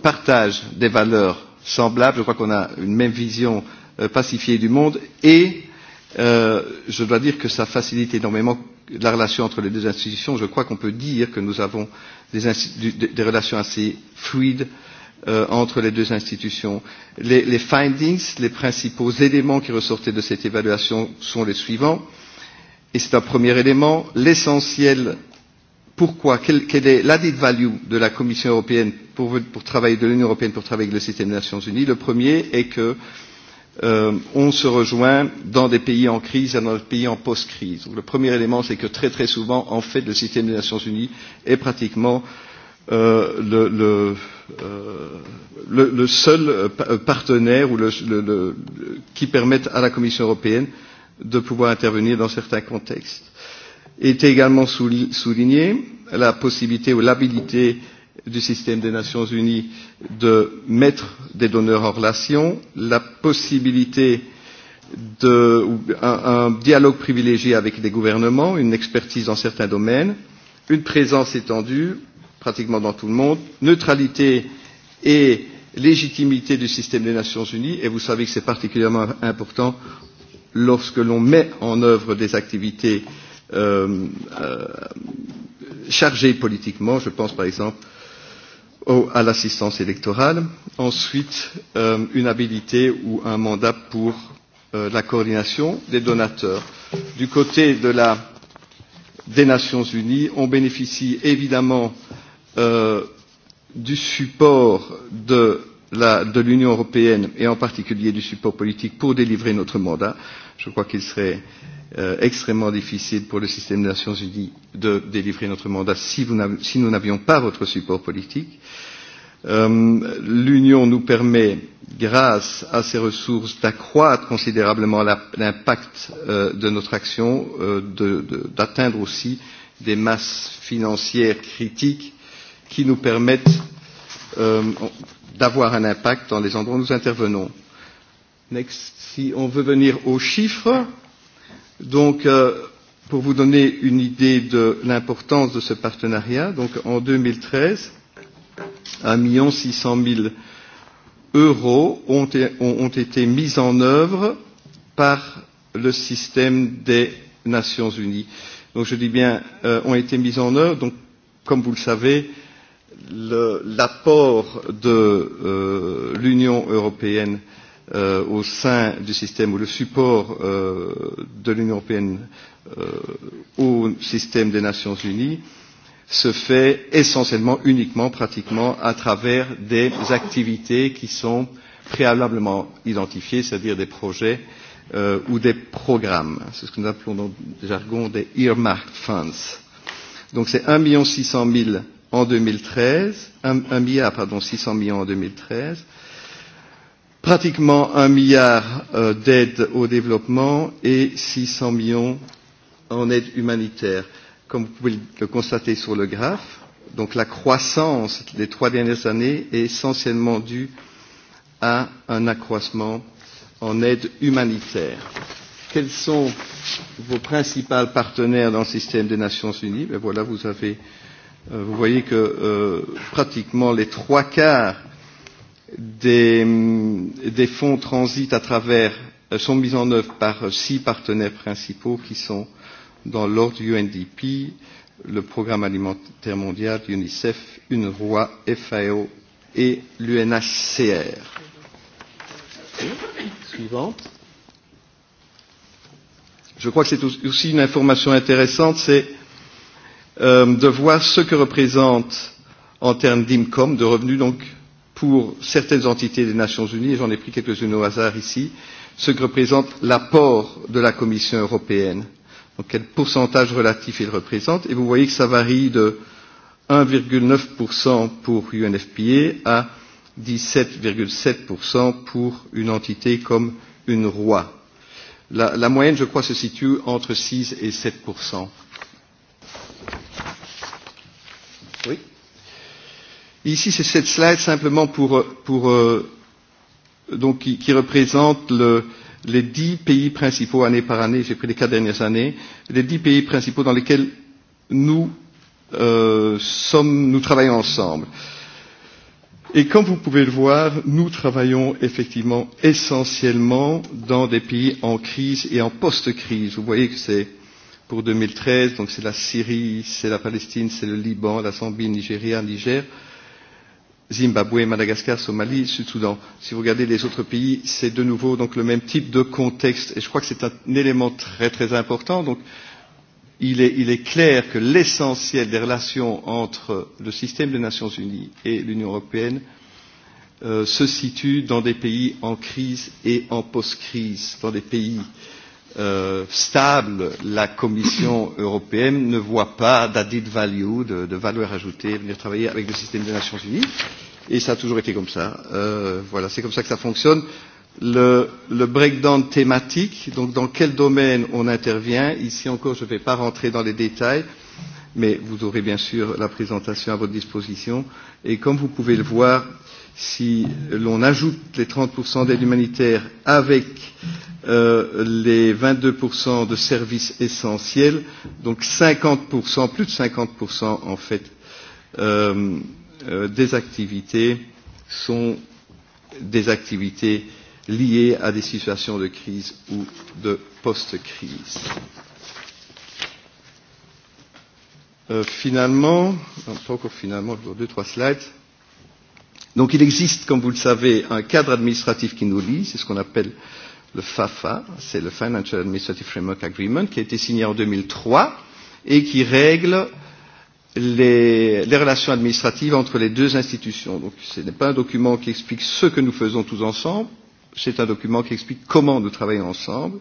partagent des valeurs semblables, je crois qu'on a une même vision euh, pacifiée du monde et euh, je dois dire que ça facilite énormément la relation entre les deux institutions. Je crois qu'on peut dire que nous avons des, des relations assez fluides euh, entre les deux institutions. Les, les findings, les principaux éléments qui ressortaient de cette évaluation sont les suivants. Et c'est un premier élément. L'essentiel pourquoi, quelle, quelle est l'added value de la Commission européenne pour, pour travailler, de l'Union européenne pour travailler avec le système des Nations unies Le premier est que euh, on se rejoint dans des pays en crise et dans des pays en post-crise. Donc, Le premier élément, c'est que très très souvent, en fait, le système des Nations unies est pratiquement euh, le, le, euh, le, le seul euh, partenaire ou le, le, le, qui permette à la Commission européenne de pouvoir intervenir dans certains contextes est également souligné la possibilité ou l'habilité du système des Nations Unies de mettre des donneurs en relation, la possibilité de, un, un dialogue privilégié avec les gouvernements, une expertise dans certains domaines, une présence étendue pratiquement dans tout le monde, neutralité et légitimité du système des Nations Unies, et vous savez que c'est particulièrement important lorsque l'on met en œuvre des activités euh, euh, euh chargés politiquement. Je pense par exemple au, à l'assistance électorale. Ensuite, euh, une habilité ou un mandat pour euh, la coordination des donateurs. Du côté de la, des Nations Unies, on bénéficie évidemment euh, du support de la, de l'Union européenne et en particulier du support politique pour délivrer notre mandat. Je crois qu'il serait euh, extrêmement difficile pour le système des Nations Unies de délivrer notre mandat si, vous si nous n'avions pas votre support politique. Euh, L'Union nous permet, grâce à ses ressources, d'accroître considérablement l'impact euh, de notre action, euh, d'atteindre de, de, aussi des masses financières critiques qui nous permettent euh, d'avoir un impact dans les endroits où nous intervenons. Next, si on veut venir aux chiffres, donc euh, pour vous donner une idée de l'importance de ce partenariat, donc en 2013, 1 600 000 euros ont, ont été mis en œuvre par le système des Nations Unies. Donc je dis bien euh, ont été mis en œuvre, donc comme vous le savez, euh, l'apport de euh, l'Union européenne euh, au sein du système ou le support euh, de l'Union européenne euh, au système des Nations unies se fait essentiellement, uniquement, pratiquement à travers des activités qui sont préalablement identifiées, c'est-à-dire des projets euh, ou des programmes. C'est ce que nous appelons dans le jargon des earmarked funds. Donc c'est 1 600 000 en 2013, 1, milliard, pardon, 600 millions en 2013, pratiquement 1 milliard euh, d'aide au développement et 600 millions en aide humanitaire. Comme vous pouvez le constater sur le graphe, donc la croissance des trois dernières années est essentiellement due à un accroissement en aide humanitaire. Quels sont vos principaux partenaires dans le système des Nations Unies ben Voilà, vous avez euh, Euh, vous voyez que euh, pratiquement les trois quarts des, mm, des fonds transitent à travers, euh, sont mis en œuvre par euh, six partenaires principaux qui sont dans l'ordre UNDP, le Programme alimentaire mondial, UNICEF, UNRWA, FAO et l'UNHCR. Suivante. Je crois que c'est aussi une information intéressante, c'est euh, Euh, de voir ce que représente en termes d'IMCOM, de revenus donc pour certaines entités des Nations Unies, j'en ai pris quelques-unes au hasard ici, ce que représente l'apport de la Commission européenne. Donc quel pourcentage relatif il représente. Et vous voyez que ça varie de 1,9% pour UNFPA à 17,7% pour une entité comme une ROI. La, la moyenne, je crois, se situe entre 6 et 7%. Oui. Ici, c'est cette slide simplement pour, euh, pour euh, donc qui, qui représente le, les dix pays principaux année par année. J'ai pris les quatre dernières années. Les dix pays principaux dans lesquels nous euh, sommes, nous travaillons ensemble. Et comme vous pouvez le voir, nous travaillons effectivement essentiellement dans des pays en crise et en post-crise. Vous voyez que c'est pour 2013, donc c'est la Syrie, c'est la Palestine, c'est le Liban, la Zambie, Nigeria, Niger, Zimbabwe, Madagascar, Somalie, Sud-Soudan. Si vous regardez les autres pays, c'est de nouveau donc le même type de contexte. Et je crois que c'est un, un élément très très important. Donc, il est, il est clair que l'essentiel des relations entre le système des Nations Unies et l'Union européenne euh, se situe dans des pays en crise et en post-crise, dans des pays euh, Euh, stable, la Commission européenne ne voit pas d'added value, de, de valeur ajoutée, venir travailler avec le système des Nations Unies. Et ça a toujours été comme ça. Euh, voilà, c'est comme ça que ça fonctionne. Le, le breakdown thématique, donc dans quel domaine on intervient, ici encore je ne vais pas rentrer dans les détails, mais vous aurez bien sûr la présentation à votre disposition. Et comme vous pouvez le voir, si l'on ajoute les 30% d'aide humanitaire avec euh, les 22% de services essentiels, donc 50%, plus de 50% en fait, euh, euh, des activités sont des activités liées à des situations de crise ou de post-crise. Euh, finalement, pas encore finalement, je dois deux, trois slides. Donc il existe, comme vous le savez, un cadre administratif qui nous lie, c'est ce qu'on appelle le FAFA, c'est le Financial Administrative Framework Agreement, qui a été signé en 2003 et qui règle les, les relations administratives entre les deux institutions. Donc ce n'est pas un document qui explique ce que nous faisons tous ensemble, c'est un document qui explique comment nous travaillons ensemble.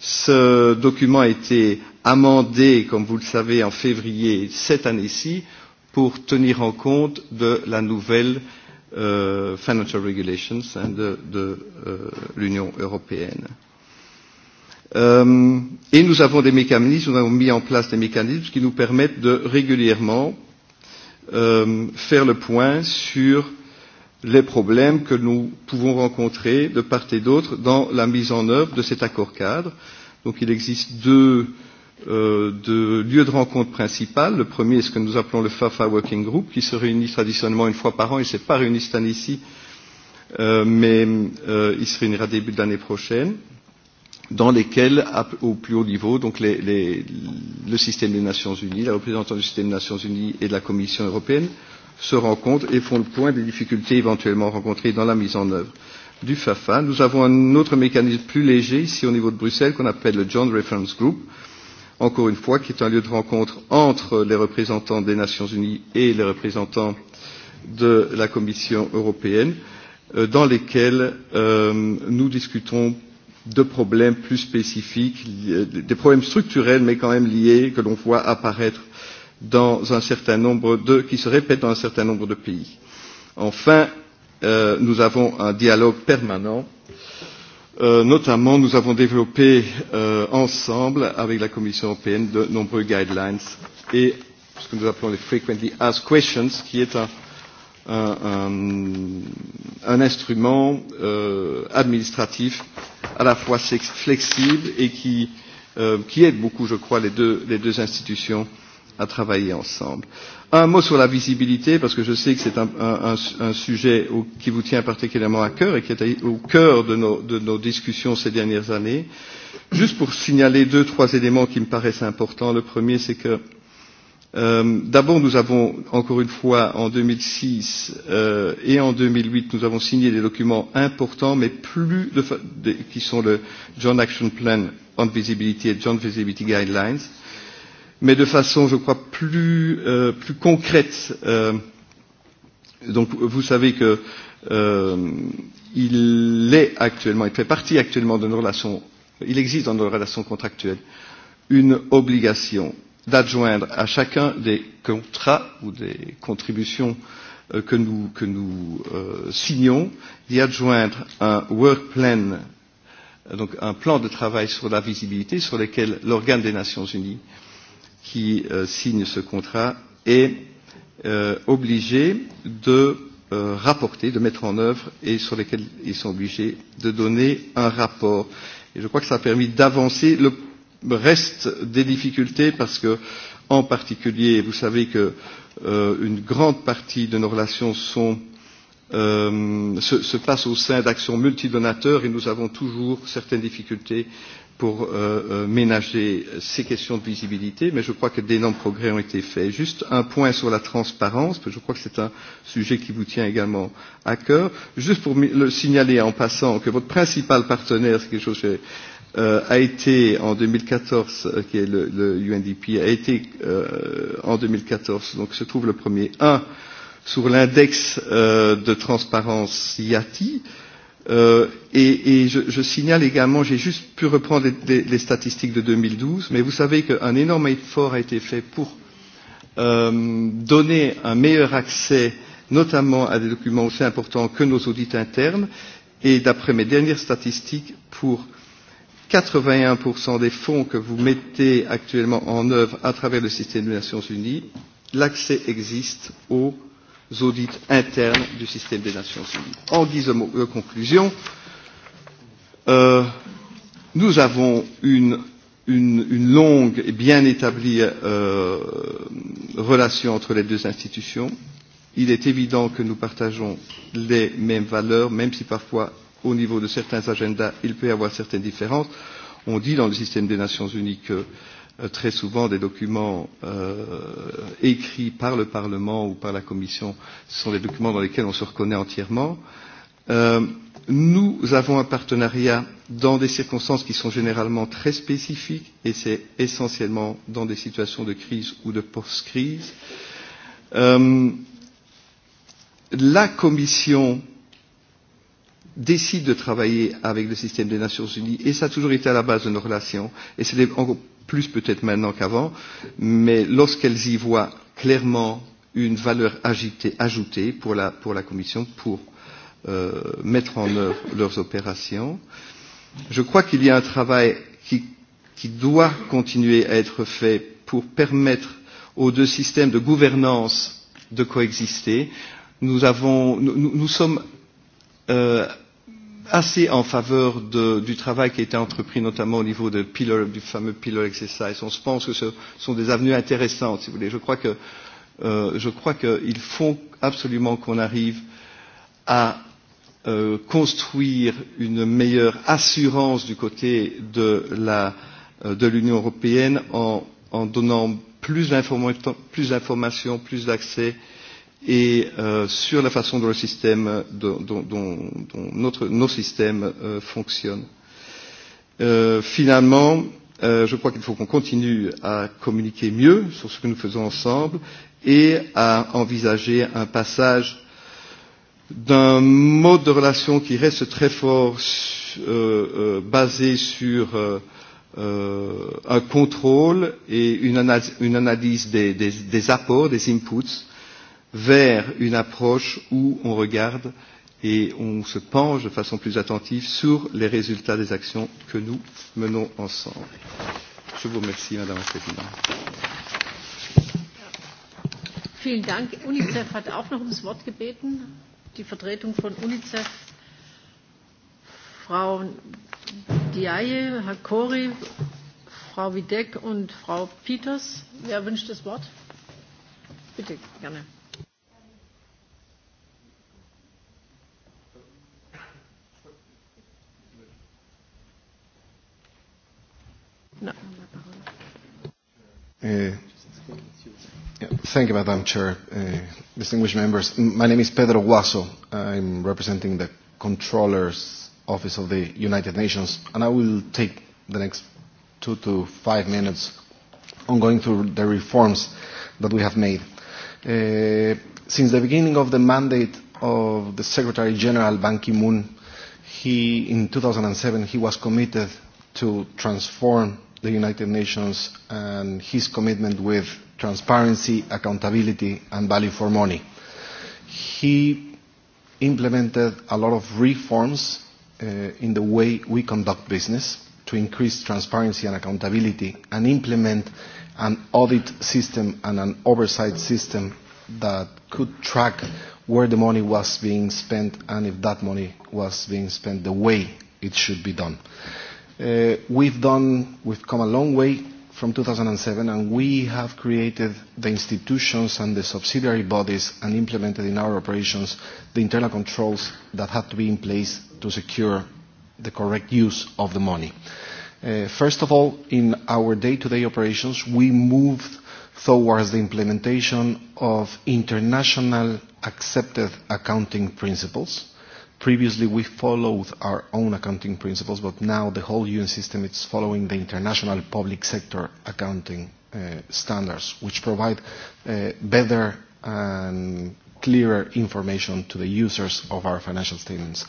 Ce document a été amendé, comme vous le savez, en février cette année-ci pour tenir en compte de la nouvelle euh, uh, financial regulations hein, de, de euh, l'Union européenne. Euh, et nous avons des mécanismes, nous avons mis en place des mécanismes qui nous permettent de régulièrement euh, faire le point sur les problèmes que nous pouvons rencontrer de part et d'autre dans la mise en œuvre de cet accord cadre. Donc il existe deux euh, Euh, de lieux de rencontre principal. Le premier est ce que nous appelons le FAFA Working Group, qui se réunit traditionnellement une fois par an. Il ne s'est pas réuni cette année-ci, euh, mais euh, il se réunira début de l'année prochaine, dans lesquels, au plus haut niveau, donc les, les, le système des Nations Unies, la représentante du système des Nations Unies et de la Commission européenne se rencontrent et font le point des difficultés éventuellement rencontrées dans la mise en œuvre du FAFA. Nous avons un autre mécanisme plus léger ici au niveau de Bruxelles qu'on appelle le Joint Reference Group, euh, encore une fois, qui est un lieu de rencontre entre les représentants des Nations Unies et les représentants de la Commission européenne, euh, dans lesquels euh, nous discutons de problèmes plus spécifiques, euh, des problèmes structurels mais quand même liés que l'on voit apparaître dans un certain nombre de, qui se répètent dans un certain nombre de pays. Enfin, euh, nous avons un dialogue permanent euh, Euh, notamment, nous avons développé euh, ensemble avec la Commission européenne de nombreux guidelines et ce que nous appelons les frequently asked questions, qui est un, un, un, un instrument euh, administratif à la fois flexible et qui, euh, qui aide beaucoup, je crois, les deux, les deux institutions euh, à travailler ensemble. Un mot sur la visibilité, parce que je sais que c'est un, un, un sujet au, qui vous tient particulièrement à cœur et qui est au cœur de nos, de nos discussions ces dernières années. Juste pour signaler deux, trois éléments qui me paraissent importants. Le premier, c'est que euh, d'abord, nous avons, encore une fois, en 2006 euh, et en 2008, nous avons signé des documents importants, mais plus de, de, qui sont le Joint Action Plan on Visibility et Joint Visibility Guidelines. Euh, mais de façon, je crois, plus, euh, plus concrète. Euh, donc, vous savez que euh, il est actuellement, il fait partie actuellement de nos relations, il existe dans nos relations contractuelles une obligation d'adjoindre à chacun des contrats ou des contributions euh, que nous, que nous euh, signons, d'y adjoindre un work plan, donc un plan de travail sur la visibilité sur lequel l'organe des Nations Unies euh, qui euh, signe ce contrat est euh, obligé de euh, rapporter, de mettre en œuvre et sur lesquels ils sont obligés de donner un rapport. Et je crois que ça a permis d'avancer le reste des difficultés parce que, en particulier, vous savez que euh, une grande partie de nos relations sont euh, se, se passe au sein d'actions multidonateurs et nous avons toujours certaines difficultés euh, pour euh, euh, ménager ces questions de visibilité, mais je crois que d'énormes progrès ont été faits. Juste un point sur la transparence, parce que je crois que c'est un sujet qui vous tient également à cœur. Juste pour le signaler en passant que votre principal partenaire, c'est quelque chose que euh, a été en 2014, euh, qui est le, le UNDP, a été euh, en 2014, donc se trouve le premier, 1 sur l'index euh, de transparence IATI, euh, Euh, et et je, je signale également, j'ai juste pu reprendre les, les, les statistiques de 2012, mais vous savez qu'un énorme effort a été fait pour euh, donner un meilleur accès, notamment à des documents aussi importants que nos audits internes. Et d'après mes dernières statistiques, pour 81% des fonds que vous mettez actuellement en œuvre à travers le système des Nations Unies, l'accès existe aux audits internes du système des Nations Unies. En guise de euh, conclusion, euh, nous avons une, une, une longue et bien établie euh, relation entre les deux institutions. Il est évident que nous partageons les mêmes valeurs, même si parfois, au niveau de certains agendas, il peut y avoir certaines différences. On dit dans le système des Nations Unies que euh, Euh, très souvent des documents euh, écrits par le Parlement ou par la Commission, ce sont des documents dans lesquels on se reconnaît entièrement. Euh, nous avons un partenariat dans des circonstances qui sont généralement très spécifiques et c'est essentiellement dans des situations de crise ou de post-crise. Euh, la Commission euh, décide de travailler avec le système des Nations Unies, et ça a toujours été à la base de nos relations, et c'est encore plus peut-être maintenant qu'avant, mais lorsqu'elles y voient clairement une valeur agitée, ajoutée pour la, pour la Commission pour euh, mettre en œuvre leurs opérations. Je crois qu'il y a un travail qui, qui doit continuer à être fait pour permettre aux deux systèmes de gouvernance de coexister. Nous, avons, nous, nous sommes euh, assez en faveur de, du travail qui a été entrepris, notamment au niveau de pillar, du fameux pillar exercise. On se pense que ce sont des avenues intéressantes, si vous voulez. Je crois que euh, je crois qu'il faut absolument qu'on arrive à euh, construire une meilleure assurance du côté de la euh, de l'Union européenne en, en donnant plus d'informations, plus d'accès euh, et euh, sur la façon dont, le système, dont, dont, dont notre, nos systèmes euh, fonctionnent. Euh, finalement, euh, je crois qu'il faut qu'on continue à communiquer mieux sur ce que nous faisons ensemble et à envisager un passage d'un mode de relation qui reste très fort euh, euh, basé sur euh, euh, un contrôle et une analyse, une analyse des, des, des apports, des inputs, euh, vers une approche où on regarde et on se penche de façon plus attentive sur les résultats des actions que nous menons ensemble. Je vous remercie, Madame la Présidente. Vielen Dank. UNICEF hat auch noch ums Wort gebeten. Die Vertretung von UNICEF, Frau Diaye, Herr Kori, Frau Wiedeck und Frau Peters. Wer wünscht das Wort? Bitte, gerne. No. Uh, yeah, thank you, Madam Chair. Uh, distinguished members, my name is Pedro Guaso. I'm representing the Controller's Office of the United Nations, and I will take the next two to five minutes on going through the reforms that we have made. Uh, since the beginning of the mandate of the Secretary General Ban Ki-moon, he, in 2007, he was committed to transform the United Nations and his commitment with transparency, accountability, and value for money. He implemented a lot of reforms uh, in the way we conduct business to increase transparency and accountability and implement an audit system and an oversight system that could track where the money was being spent and if that money was being spent the way it should be done. Uh, Uh, we've done, we've come a long way from 2007 and we have created the institutions and the subsidiary bodies and implemented in our operations the internal controls that have to be in place to secure the correct use of the money. Uh, first of all, in our day-to-day -day operations, we moved towards the implementation of international accepted accounting principles Previously, we followed our own accounting principles, but now the whole UN system is following the international public sector accounting uh, standards, which provide uh, better and clearer information to the users of our financial statements.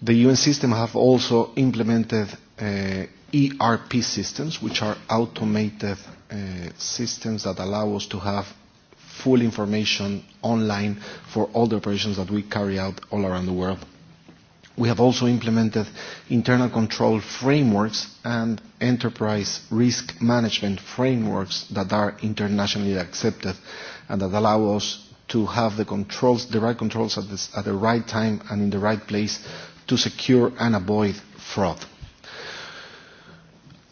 The UN system have also implemented uh, ERP systems, which are automated uh, systems that allow us to have full information online for all the operations that we carry out all around the world. We have also implemented internal control frameworks and enterprise risk management frameworks that are internationally accepted and that allow us to have the controls, the right controls at, this, at the right time and in the right place to secure and avoid fraud.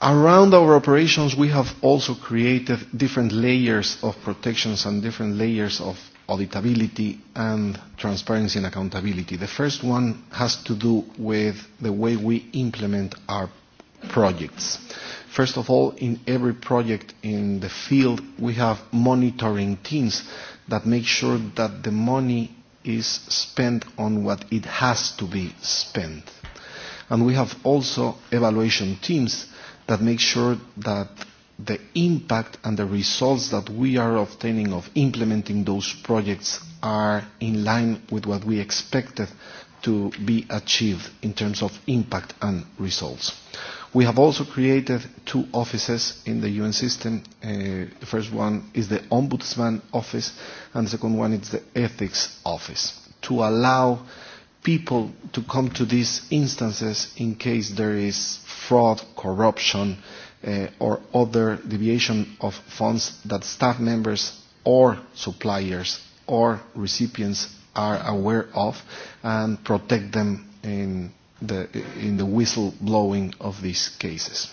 Around our operations, we have also created different layers of protections and different layers of auditability and transparency and accountability. The first one has to do with the way we implement our projects. First of all, in every project in the field, we have monitoring teams that make sure that the money is spent on what it has to be spent. And we have also evaluation teams that make sure that the impact and the results that we are obtaining of implementing those projects are in line with what we expected to be achieved in terms of impact and results. We have also created two offices in the UN system. Uh, the first one is the Ombudsman Office and the second one is the Ethics Office to allow people to come to these instances in case there is fraud, corruption, uh, or other deviation of funds that staff members or suppliers or recipients are aware of and protect them in the, in the whistle blowing of these cases.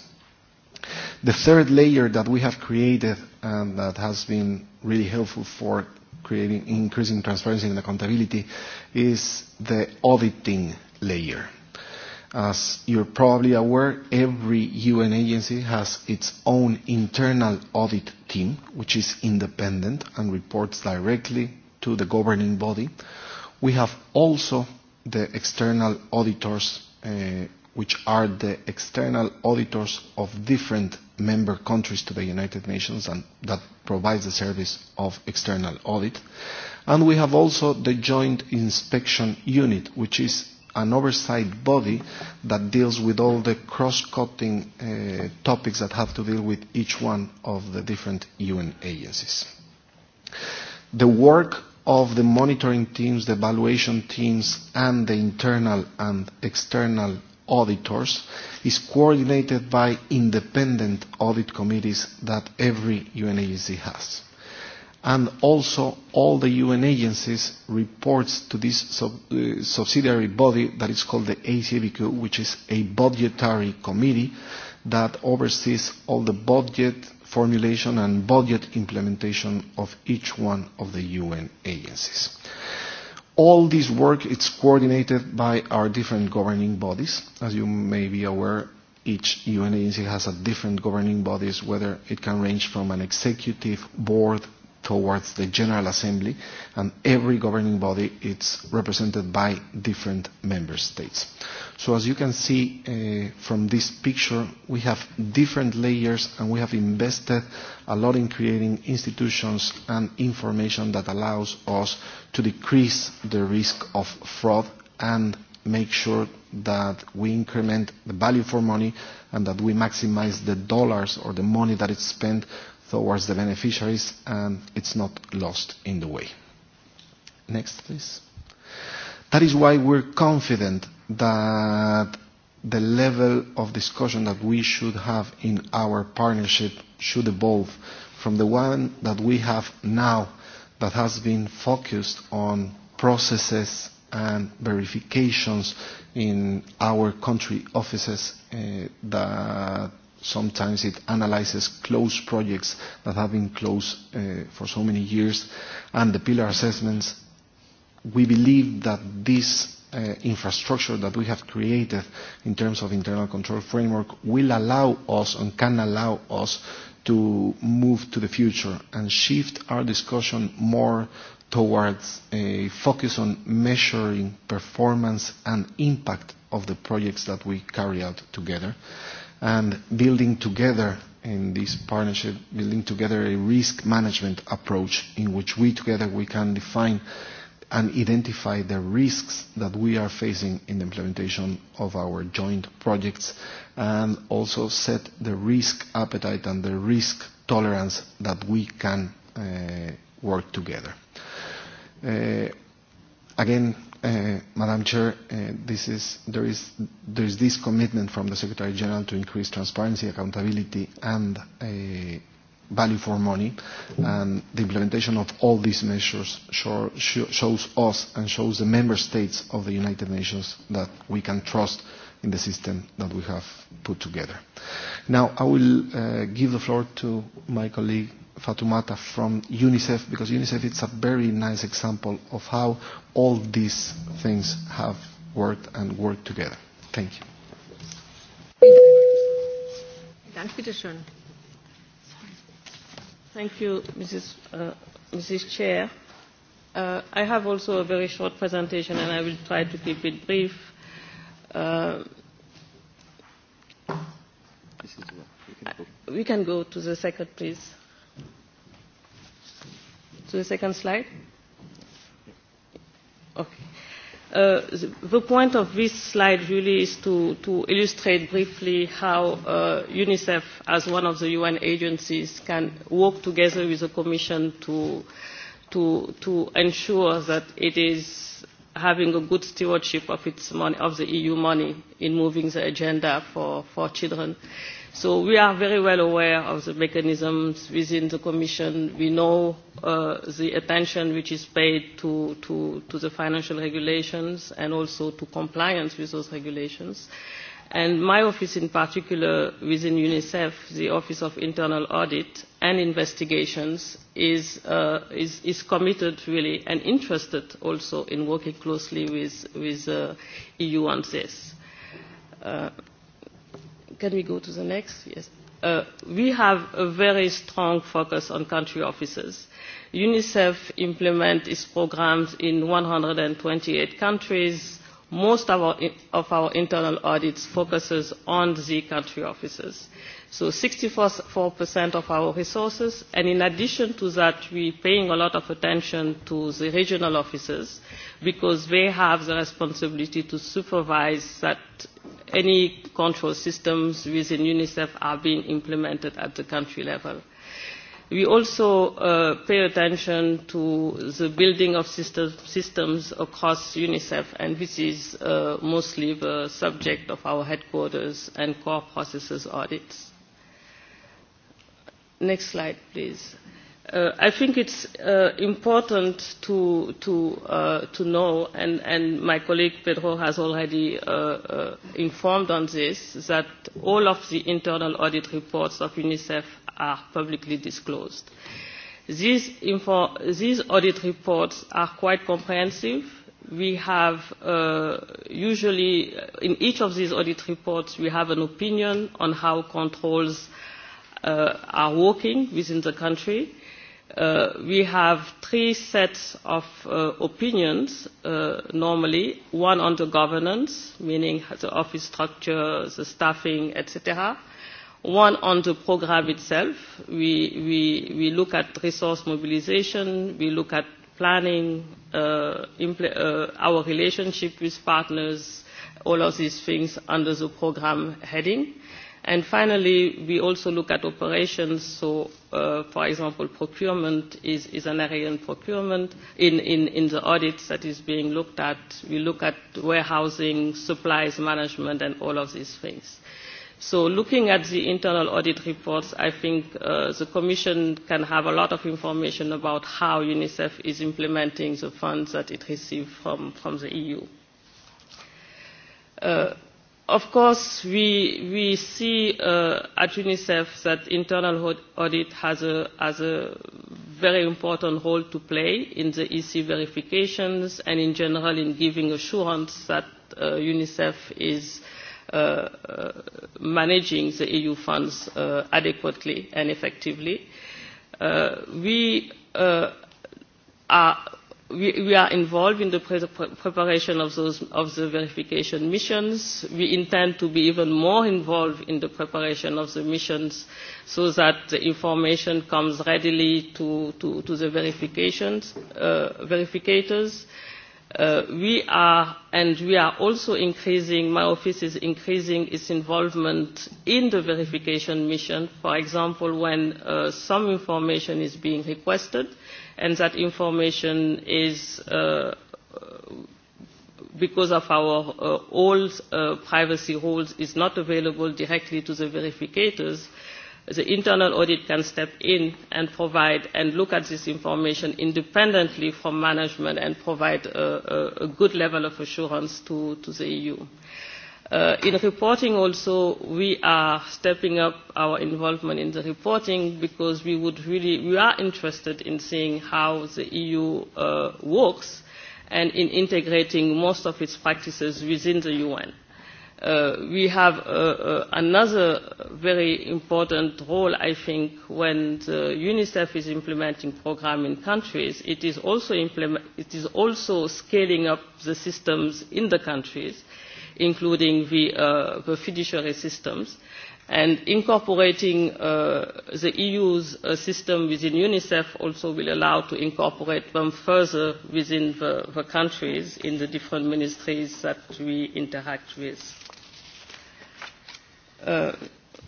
The third layer that we have created and that has been really helpful for creating increasing transparency and accountability is the auditing layer. As you're probably aware, every UN agency has its own internal audit team, which is independent and reports directly to the governing body. We have also the external auditors, uh, which are the external auditors of different member countries to the United Nations and that provides the service of external audit. And we have also the Joint Inspection Unit, which is an oversight body that deals with all the cross-cutting uh, topics that have to deal with each one of the different UN agencies. The work of the monitoring teams, the evaluation teams, and the internal and external auditors is coordinated by independent audit committees that every UN agency has. And also all the UN agencies reports to this sub, uh, subsidiary body that is called the ACBQ, which is a budgetary committee that oversees all the budget formulation and budget implementation of each one of the UN agencies. Uh, All this work is coordinated by our different governing bodies. As you may be aware, each UN agency has a different governing bodies, whether it can range from an executive board towards the General Assembly, and every governing body is represented by different member states. So as you can see uh, from this picture, we have different layers and we have invested a lot in creating institutions and information that allows us to decrease the risk of fraud and make sure that we increment the value for money and that we maximize the dollars or the money that is spent towards the beneficiaries and it's not lost in the way. Next, please. That is why we're confident that the level of discussion that we should have in our partnership should evolve from the one that we have now that has been focused on processes and verifications in our country offices uh, that sometimes it analyzes closed projects that have been closed uh, for so many years, and the pillar assessments. We believe that this uh, infrastructure that we have created in terms of internal control framework will allow us and can allow us to move to the future and shift our discussion more towards a focus on measuring performance and impact of the projects that we carry out together and building together in this partnership, building together a risk management approach in which we together we can define and identify the risks that we are facing in the implementation of our joint projects and also set the risk appetite and the risk tolerance that we can uh, work together. Uh, again, uh, Madam Chair, uh, this is, there, is, there is this commitment from the Secretary General to increase transparency, accountability, and uh, value for money. And the implementation of all these measures show, show, shows us and shows the member states of the United Nations that we can trust in the system that we have put together. Now, I will uh, give the floor to my colleague, Fatumata from UNICEF because UNICEF is a very nice example of how all these things have worked and worked together. Thank you. Thank you, Mrs. Uh, Mrs. Chair. Uh, I have also a very short presentation and I will try to keep it brief. Uh, uh we can go to the second, please to the second slide. Okay. Uh, the point of this slide really is to, to illustrate briefly how uh, UNICEF, as one of the UN agencies, can work together with the Commission to, to, to ensure that it is having a good stewardship of, its money, of the EU money in moving the agenda for, for children. Uh, So we are very well aware of the mechanisms within the Commission. We know uh, the attention which is paid to, to, to the financial regulations and also to compliance with those regulations. And my office in particular within UNICEF, the Office of Internal Audit and Investigations, is, uh, is, is committed really and interested also in working closely with, with uh, EU on this. Uh, Can we go to the next? Yes. Uh, we have a very strong focus on country offices. UNICEF implements its programs in 128 countries. Most of our, of our internal audits focuses on the country offices. So 64% of our resources, and in addition to that, we're paying a lot of attention to the regional offices, because they have the responsibility to supervise that any control systems within UNICEF are being implemented at the country level. We also uh, pay attention to the building of system, systems across UNICEF, and this is uh, mostly the subject of our headquarters and core processes audits. Next slide, please. Uh, I think it's uh, important to, to, uh, to know, and, and my colleague Pedro has already uh, uh, informed on this, that all of the internal audit reports of UNICEF are publicly disclosed. These, info, these audit reports are quite comprehensive. We have uh, usually, in each of these audit reports, we have an opinion on how controls uh, uh, are working within the country. Uh, we have three sets of uh, opinions uh, normally, one on the governance, meaning the office structure, the staffing, etc. One on the program itself. We, we, we look at resource mobilization, we look at planning, uh, impl- uh, our relationship with partners, all of these things under the program heading And finally, we also look at operations. So, uh, for example, procurement is, is an area in procurement. In, in, in the audits that is being looked at, we look at warehousing, supplies management, and all of these things. So looking at the internal audit reports, I think uh, the Commission can have a lot of information about how UNICEF is implementing the funds that it receives from, from the EU. Uh, of course, we, we see uh, at UNICEF that internal audit has a, has a very important role to play in the EC verifications and in general in giving assurance that uh, UNICEF is uh, uh, managing the EU funds uh, adequately and effectively. Uh, we uh, are we, we are involved in the pre preparation of, those, of the verification missions. We intend to be even more involved in the preparation of the missions so that the information comes readily to, to, to the verifications, uh, verificators. Uh, we are, and we are also increasing, my office is increasing its involvement in the verification mission. For example, when uh, some information is being requested, uh, and that information is uh, because of our uh, old uh, privacy rules is not available directly to the verificators, the internal audit can step in and provide and look at this information independently from management and provide a, a, a good level of assurance to, to the EU. Uh, in reporting also, we are stepping up our involvement in the reporting because we would really, we are interested in seeing how the EU uh, works and in integrating most of its practices within the UN. Uh, we have uh, uh, another very important role, I think, when the UNICEF is implementing program in countries. It is also, implement, it is also scaling up the systems in the countries. Uh, including the, uh, the fiduciary systems. And incorporating uh, the EU's uh, system within UNICEF also will allow to incorporate them further within the, the countries in the different ministries that we interact with. Uh,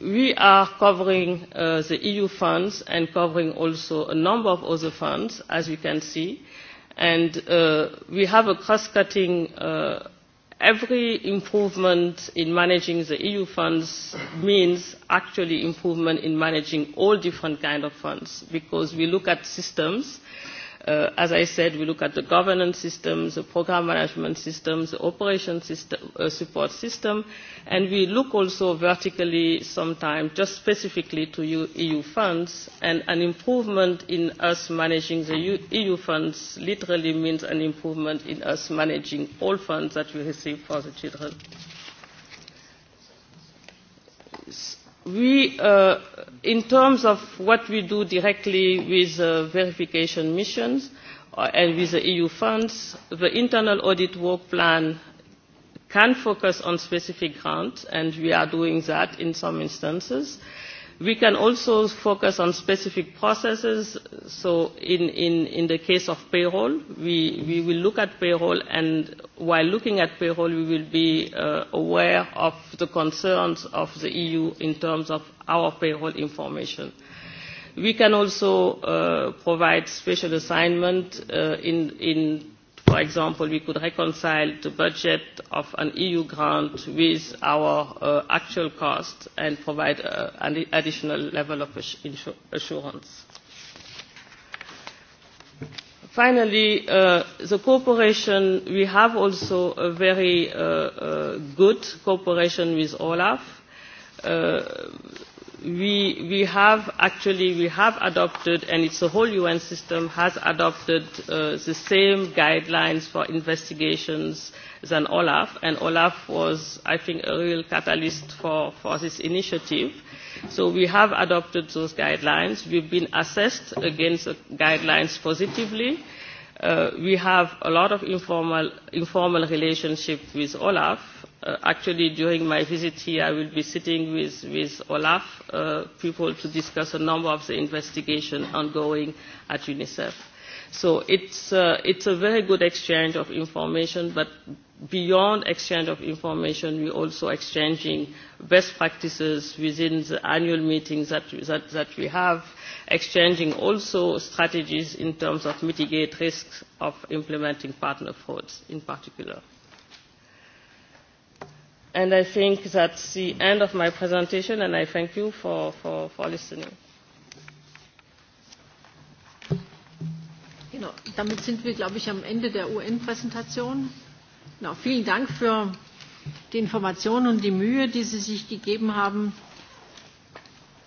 we are covering uh, the EU funds and covering also a number of other funds, as you can see. And uh, we have a cross-cutting uh, every improvement in managing the EU funds means actually improvement in managing all different kinds of funds because we look at systems Uh, as I said, we look at the governance systems, the program management systems, the operation system, uh, support system, and we look also vertically sometimes just specifically to EU e funds, and an improvement in us managing the EU e funds literally means an improvement in us managing all funds that we receive for the children we, uh, in terms of what we do directly with uh, verification missions uh, and with the EU funds, the internal audit work plan can focus on specific grants, and we are doing that in some instances. Uh, We can also focus on specific processes. So in, in, in the case of payroll, we, we will look at payroll and while looking at payroll, we will be uh, aware of the concerns of the EU in terms of our payroll information. We can also uh, provide special assignment uh, in, in for example, we could reconcile the budget of an EU grant with our uh, actual cost and provide uh, an additional level of assurance. Finally, uh, the cooperation, we have also a very uh, uh, good cooperation with OLAF. Uh, we, we have actually we have adopted and it's the whole UN system has adopted uh, the same guidelines for investigations than Olaf and Olaf was I think a real catalyst for, for this initiative. So we have adopted those guidelines. We've been assessed against the guidelines positively Uh, we have a lot of informal, informal relationship with Olaf. Uh, actually, during my visit here, I will be sitting with, with Olaf uh, people to discuss a number of the investigations ongoing at UNICEF. So it's, uh, it's a very good exchange of information, but beyond exchange of information, we're also exchanging best practices within the annual meetings that, that, that we have, exchanging also strategies in terms of mitigate risks of implementing partner frauds in particular. And I think that's the end of my presentation, and I thank you for, for, for listening. Genau, damit sind wir, glaube ich, am Ende der UN-Präsentation. Na, vielen Dank für die Informationen und die Mühe, die Sie sich gegeben haben.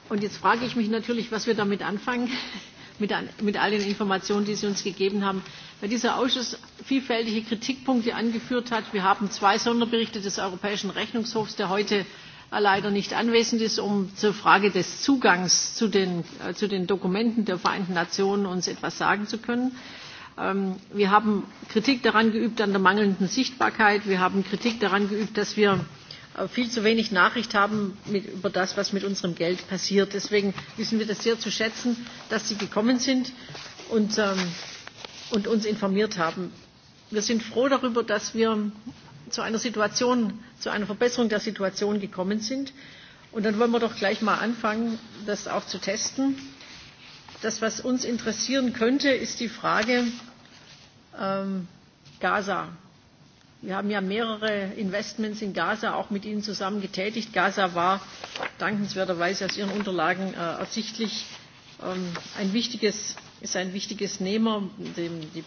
Und jetzt frage ich mich natürlich, was wir damit anfangen, mit, an, mit all den Informationen, die Sie uns gegeben haben. Weil dieser Ausschuss vielfältige Kritikpunkte angeführt hat. Wir haben zwei Sonderberichte des Europäischen Rechnungshofs, der heute leider nicht anwesend ist, um zur Frage des Zugangs zu den, äh, zu den Dokumenten der Vereinten Nationen uns etwas sagen zu können. Äh, Ähm, wir haben Kritik daran geübt an der mangelnden Sichtbarkeit. Wir haben Kritik daran geübt, dass wir äh, viel zu wenig Nachricht haben mit, über das, was mit unserem Geld passiert. Deswegen wissen wir das sehr zu schätzen, dass Sie gekommen sind und, ähm, und uns informiert haben. Wir sind froh darüber, dass wir zu einer Situation, zu einer Verbesserung der Situation gekommen sind. Und dann wollen wir doch gleich mal anfangen, das auch zu testen. Das, was uns interessieren könnte, ist die Frage, Ähm, Gaza. Wir haben ja mehrere Investments in Gaza auch mit Ihnen zusammen getätigt. Gaza war dankenswerterweise aus Ihren Unterlagen äh, ersichtlich ähm, ein wichtiges, ist ein wichtiges Nehmer. Dem, die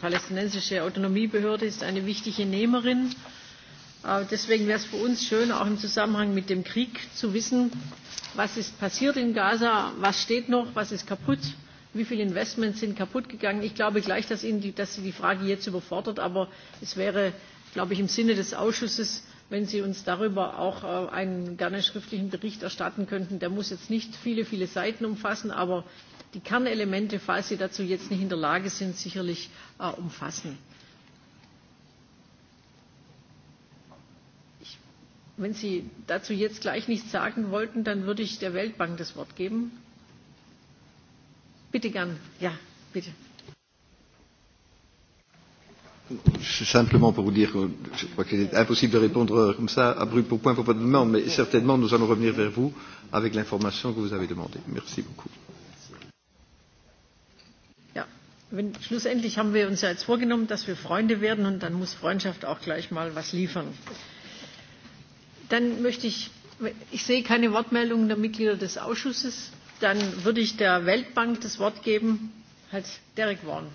palästinensische Autonomiebehörde ist eine wichtige Nehmerin. Äh, deswegen wäre es für uns schön, auch im Zusammenhang mit dem Krieg zu wissen, was ist passiert in Gaza, was steht noch, was ist kaputt wie viele Investments sind kaputt gegangen. Ich glaube gleich, dass, Ihnen die, dass Sie die Frage jetzt überfordert, aber es wäre, glaube ich, im Sinne des Ausschusses, wenn Sie uns darüber auch äh, einen gerne schriftlichen Bericht erstatten könnten. Der muss jetzt nicht viele, viele Seiten umfassen, aber die Kernelemente, falls Sie dazu jetzt nicht in der Lage sind, sicherlich äh, umfassen. Ich, wenn Sie dazu jetzt gleich nichts sagen wollten, dann würde ich der Weltbank das Wort geben. Bitte gern. Ja, bitte. Simplement pour vous dire que je crois qu'il est impossible de répondre comme ça, à brut pour point pour votre demande, mais certainement nous allons revenir vers vous avec l'information que vous avez demandée. Merci beaucoup. Ja, wenn, schlussendlich haben wir uns ja jetzt vorgenommen, dass wir Freunde werden und dann muss Freundschaft auch gleich mal was liefern. Dann möchte ich, ich sehe keine Wortmeldungen der Mitglieder des Ausschusses. Dann würde ich der Weltbank das Wort geben. Halt Derek Vaughan.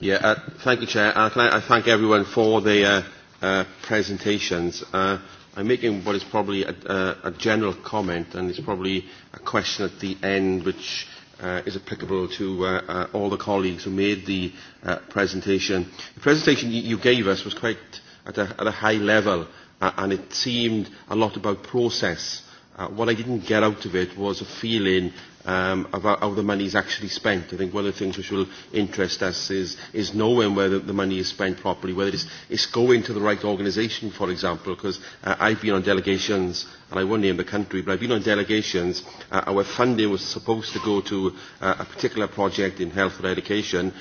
Yeah, uh, thank you, Chair. Uh, can I, I thank everyone for their uh, uh, presentations. Uh, I'm making what is probably a, a, a general comment, and it's probably a question at the end which uh, is applicable to uh, uh, all the colleagues who made the uh, presentation. The presentation you gave us was quite at a, at a high level, uh, and it seemed a lot about process Uh, what I didn't get out of it was a feeling um, about how the money is actually spent. I think one of the things which will interest us is, is knowing whether the money is spent properly, whether it's, it's going to the right organisation, for example, because uh, I've been on delegations, and I won't name the country, but I've been on delegations uh, where funding was supposed to go to uh, a particular project in health or education,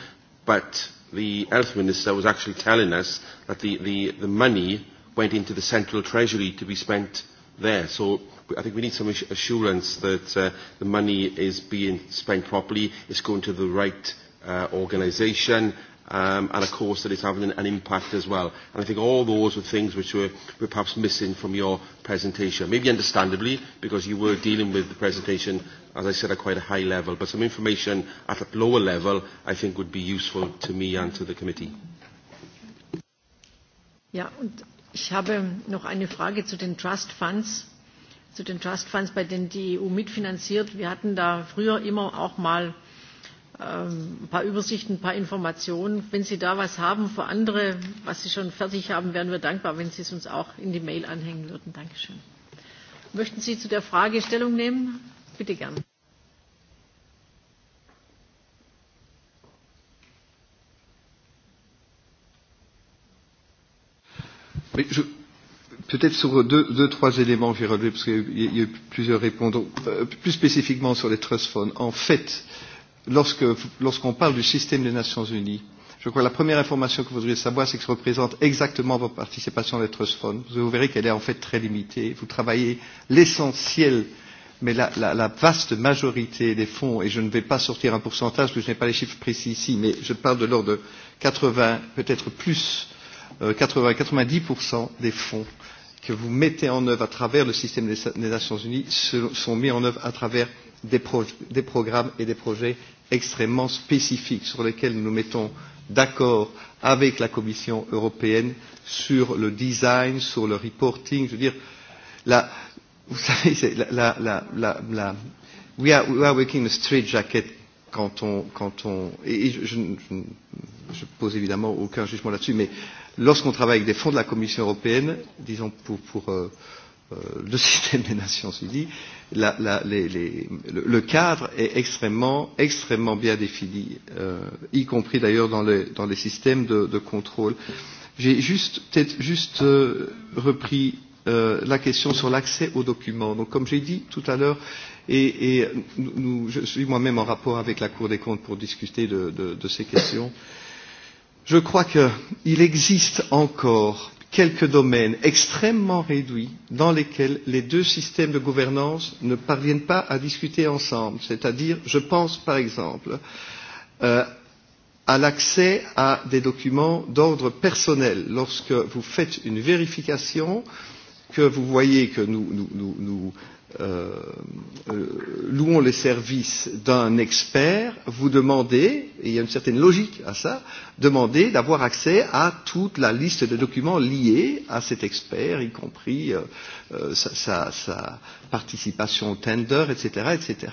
but the health minister was actually telling us that the, the, the money went into the central treasury to be spent there. So I think we need some assurance that uh, the money is being spent properly, it's going to the right uh, organisation, um, and of course that it's having an, impact as well. And I think all those were things which were, were perhaps missing from your presentation. Maybe understandably, because you were dealing with the presentation, as I said, at quite a high level. But some information at a lower level, I think, would be useful to me and to the committee. Ja, und ich habe noch eine Frage zu den Trust Funds zu den Trust Funds, bei denen die EU mitfinanziert. Wir hatten da früher immer auch mal ähm, ein paar Übersichten, ein paar Informationen. Wenn Sie da was haben für andere, was Sie schon fertig haben, wären wir dankbar, wenn Sie es uns auch in die Mail anhängen würden. Dankeschön. Möchten Sie zu der Frage Stellung nehmen? Bitte gern. Mais Peut-être sur deux, deux, trois éléments, je vais relever, parce qu'il y y a eu plusieurs répondants, Euh, plus spécifiquement sur les trust funds. En fait, lorsqu'on lorsqu parle du système des Nations Unies, je crois que la première information que vous devriez savoir, c'est que ça représente exactement vos participations des trust funds. Vous verrez qu'elle est en fait très limitée. Vous travaillez l'essentiel mais la, la, la vaste majorité des fonds, et je ne vais pas sortir un pourcentage parce que je n'ai pas les chiffres précis ici, mais je parle de l'ordre de 80, peut-être plus, euh, 80, 90% des fonds que vous mettez en œuvre à travers le système des, Nations Unies sont mis en œuvre à travers des, pro des programmes et des projets extrêmement spécifiques sur lesquels nous nous mettons d'accord avec la Commission européenne sur le design, sur le reporting. Je veux dire, la, vous savez, la, la, la, la, la, we, are, we are working in a straight jacket quand on, quand on et je, ne pose évidemment aucun jugement là-dessus, mais euh, lorsqu'on travaille avec des fonds de la Commission européenne, disons pour, pour euh, euh, le système des Nations Unies, la, la, les, les, le, le cadre est extrêmement, extrêmement bien défini, euh, y compris d'ailleurs dans les, dans les systèmes de, de contrôle. J'ai juste peut-être juste euh, repris euh, la question sur l'accès aux documents. Donc, comme j'ai dit tout à l'heure, et, et nous, je suis moi-même en rapport avec la Cour des comptes pour discuter de, de, de ces questions. Euh, je crois qu'il existe encore quelques domaines extrêmement réduits dans lesquels les deux systèmes de gouvernance ne parviennent pas à discuter ensemble. C'est-à-dire, je pense par exemple euh, à l'accès à des documents d'ordre personnel. Lorsque vous faites une vérification, que vous voyez que nous, nous, nous, nous Euh, euh, louons les services d'un expert, vous demandez, et il y a une certaine logique à ça, demandez d'avoir accès à toute la liste de documents liés à cet expert, y compris euh, euh sa, sa, sa participation au tender, etc., etc.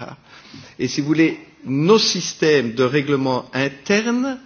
Et si vous voulez, nos systèmes de règlement interne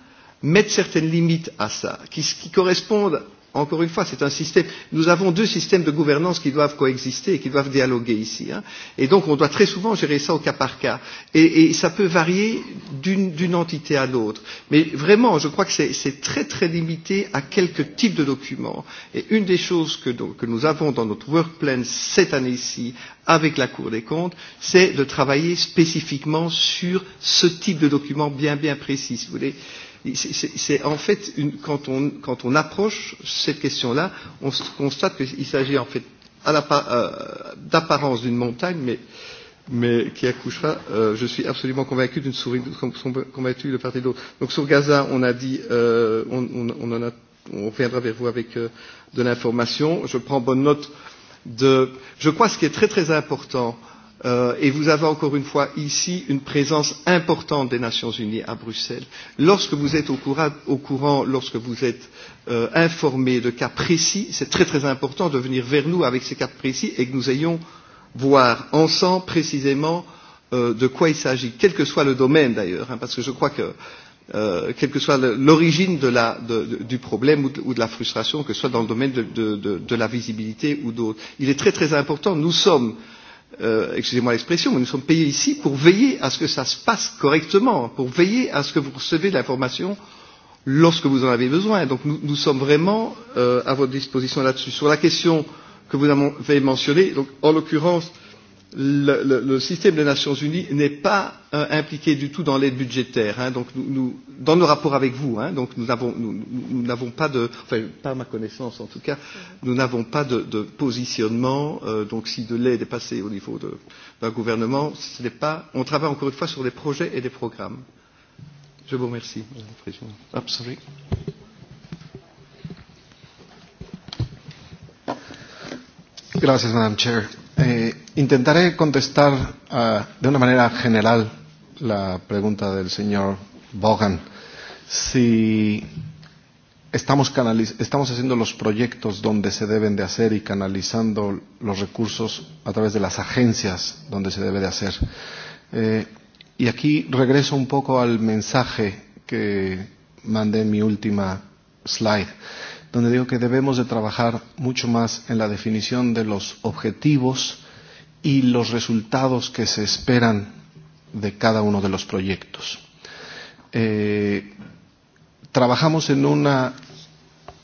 mettent certaines limites à ça, qui, qui correspondent Encore une fois, c'est un système. Nous avons deux systèmes de gouvernance qui doivent coexister et qui doivent dialoguer ici. Hein. Et donc, on doit très souvent gérer ça au cas par cas. Et, et ça peut varier d'une entité à l'autre. Mais vraiment, je crois que c'est très très limité à quelques types de documents. Et une des choses que, donc, que nous avons dans notre work plan cette année-ci avec la Cour des comptes, c'est de travailler spécifiquement sur ce type de document bien bien précis, si vous voulez. Euh, c'est en fait une, quand, on, quand on approche cette question-là, on se constate qu'il s'agit en fait euh, d'apparence d'une montagne, mais, mais qui accouchera, euh, je suis absolument convaincu d'une souris, convaincu de part et d'autre. Donc sur Gaza, on a dit, euh, on, on, on, en a, on reviendra vers vous avec euh, de l'information. Je prends bonne note de. Je crois ce qui est très très important euh, Euh, et vous avez encore une fois ici une présence importante des Nations Unies à Bruxelles. Lorsque vous êtes au courant, au courant lorsque vous êtes euh, informé de cas précis, c'est très très important de venir vers nous avec ces cas précis et que nous ayons voir ensemble précisément euh, de quoi il s'agit, quel que soit le domaine d'ailleurs, hein, parce que je crois que euh, quelle que soit l'origine de de, de, du problème ou de, ou de la frustration, que ce soit dans le domaine de, de, de, de la visibilité ou d'autres. Il est très très important, nous sommes euh, euh, excusez-moi l'expression, mais nous sommes payés ici pour veiller à ce que ça se passe correctement, pour veiller à ce que vous recevez l'information lorsque vous en avez besoin. Donc nous, nous sommes vraiment euh, à votre disposition là-dessus. Sur la question que vous avez mentionnée, donc en l'occurrence euh, le, le, le système des Nations Unies n'est pas euh, impliqué du tout dans l'aide budgétaire. Hein, donc nous, nous, dans nos rapports avec vous, hein, donc nous n'avons nous, nous, nous pas de, enfin pas à ma connaissance en tout cas, nous n'avons pas de, de positionnement. Euh, donc si de l'aide est passée au niveau d'un gouvernement, ce n'est pas. On travaille encore une fois sur des projets et des programmes. Je vous remercie, Madame la Présidente. Oh, Gracias, Madam Chair. Eh, intentaré contestar uh, de una manera general la pregunta del señor Bogan. Si estamos, estamos haciendo los proyectos donde se deben de hacer y canalizando los recursos a través de las agencias donde se debe de hacer. Eh, y aquí regreso un poco al mensaje que mandé en mi última slide Eh, donde digo que debemos de trabajar mucho más en la definición de los objetivos y los resultados que se esperan de cada uno de los proyectos. Eh, trabajamos en una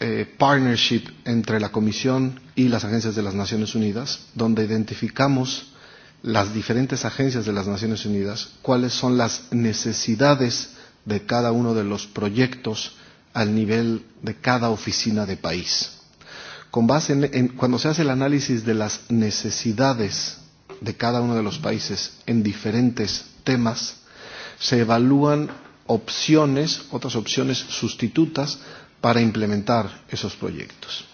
eh, partnership entre la Comisión y las agencias de las Naciones Unidas, donde identificamos las diferentes agencias de las Naciones Unidas cuáles son las necesidades de cada uno de los proyectos al nivel de cada oficina de país. Con base en, en, cuando se hace el análisis de las necesidades de cada uno de los países en diferentes temas, se evalúan opciones, otras opciones sustitutas para implementar esos proyectos.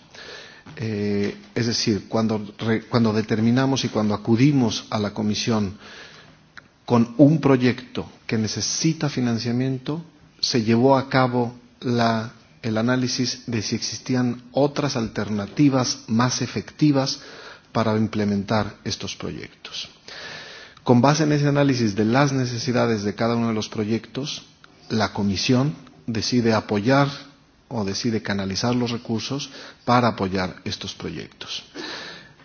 Eh, es decir, cuando, re, cuando determinamos y cuando acudimos a la Comisión con un proyecto que necesita financiamiento, se llevó a cabo la, el análisis de si existían otras alternativas más efectivas para implementar estos proyectos. Con base en ese análisis de las necesidades de cada uno de los proyectos, la Comisión decide apoyar o decide canalizar los recursos para apoyar estos proyectos.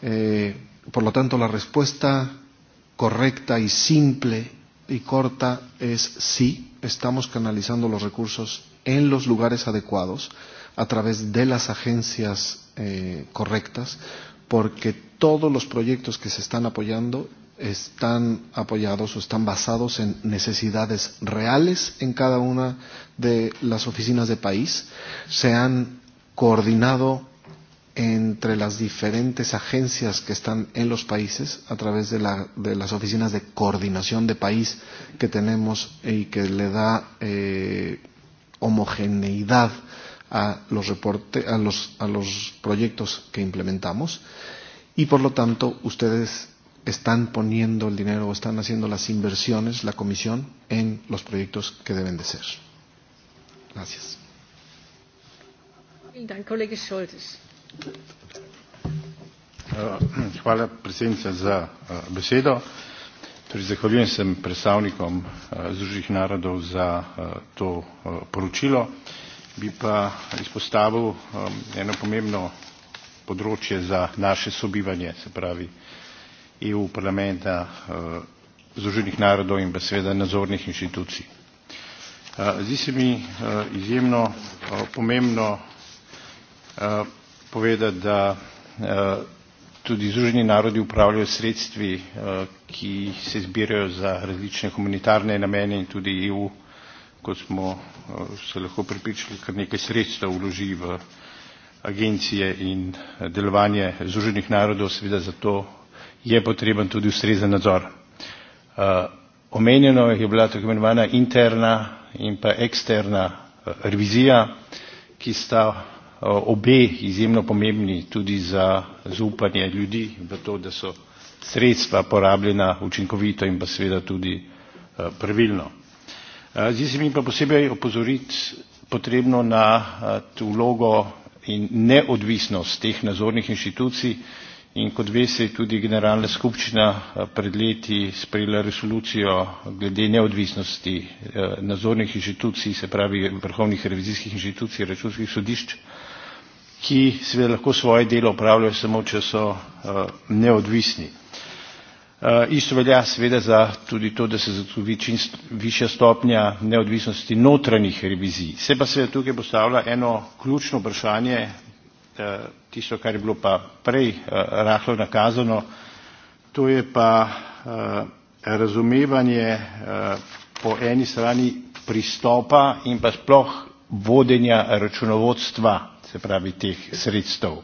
Eh, por lo tanto, la respuesta correcta y simple y corta es sí, estamos canalizando los recursos en los lugares adecuados, a través de las agencias eh, correctas, porque todos los proyectos que se están apoyando están apoyados o están basados en necesidades reales en cada una de las oficinas de país. Se han coordinado entre las diferentes agencias que están en los países a través de, la, de las oficinas de coordinación de país que tenemos y que le da eh, homogeneidad a los, reporte, a los, a los proyectos que implementamos y por lo tanto ustedes están poniendo el dinero o están haciendo las inversiones, la comisión, en los proyectos que deben de ser. Gracias. Hvala, predsednica, za eh, besedo. Torej, zahvaljujem se predstavnikom eh, Združenih narodov za eh, to eh, poročilo. Bi pa izpostavil eno pomembno področje za naše sobivanje, se pravi EU parlamenta, Združenih narodov in pa seveda nadzornih inštitucij. Zdi se mi izjemno pomembno povedati, da Tudi Združeni narodi upravljajo sredstvi, eh, ki se zbirajo za različne humanitarne namene in tudi EU, kot smo eh, se lahko pripričali, kar nekaj sredstev vloži v agencije in eh, delovanje Združenih narodov, seveda zato je potreben tudi ustrezen nadzor. Omenjeno je bila tako imenovana interna in pa eksterna revizija, ki sta Eh, obe izjemno pomembni tudi za zaupanje ljudi v to da so sredstva porabljena učinkovito in pa seveda tudi eh, pravilno. Eh, zdi se mi pa posebej opozoriti potrebno na vlogo in neodvisnost teh nazornih inštitucij in kot veste je tudi generalna skupščina pred leti sprejela resolucijo glede neodvisnosti nadzornih inštitucij se pravi vrhovnih revizijskih inštitucij računskih sodišč ki seveda lahko svoje delo opravljajo samo, če so uh, neodvisni. Uh, isto velja seveda za tudi to, da se zagotovi čim višja stopnja neodvisnosti notranjih revizij. Se pa seveda tukaj postavlja eno ključno vprašanje, uh, tisto, kar je bilo pa prej rahlo nakazano, to je pa razumevanje po eni strani pristopa in pa sploh vodenja računovodstva se pravi teh sredstev.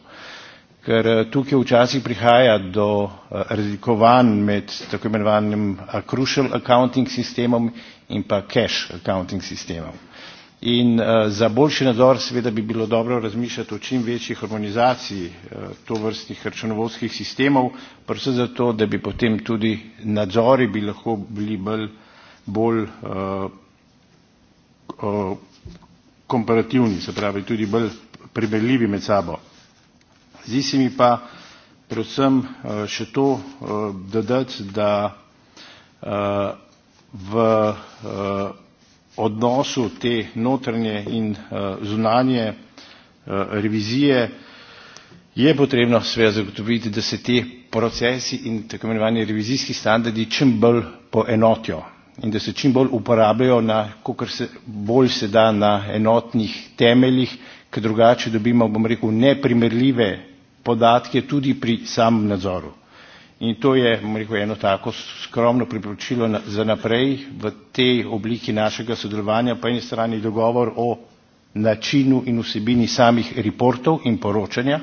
Ker eh, tukaj včasih prihaja do eh, razlikovanj med tako imenovanim eh, crucial accounting sistemom in pa cash accounting sistemom. In uh, za boljši nadzor seveda bi bilo dobro razmišljati o čim večji harmonizaciji uh, tovrstnih računovodskih sistemov, predvsem zato, da bi potem tudi nadzori bi lahko bili bolj, bolj uh, komparativni, se pravi tudi bolj primerljivi med sabo. Zdi se mi pa predvsem eh, še to eh, dodati, da eh, v odnosu te notranje in zunanje revizije je potrebno sve zagotoviti, da se te procesi in tako imenovani revizijski standardi čim bolj poenotijo in da se čim bolj uporabljajo na kolikor se bolj se da na enotnih temeljih ker drugače dobimo, bom rekel, neprimerljive podatke tudi pri samem nadzoru. In to je, bom rekel, eno tako skromno priporočilo za naprej v tej obliki našega sodelovanja, po eni strani dogovor o načinu in vsebini samih reportov in poročanja,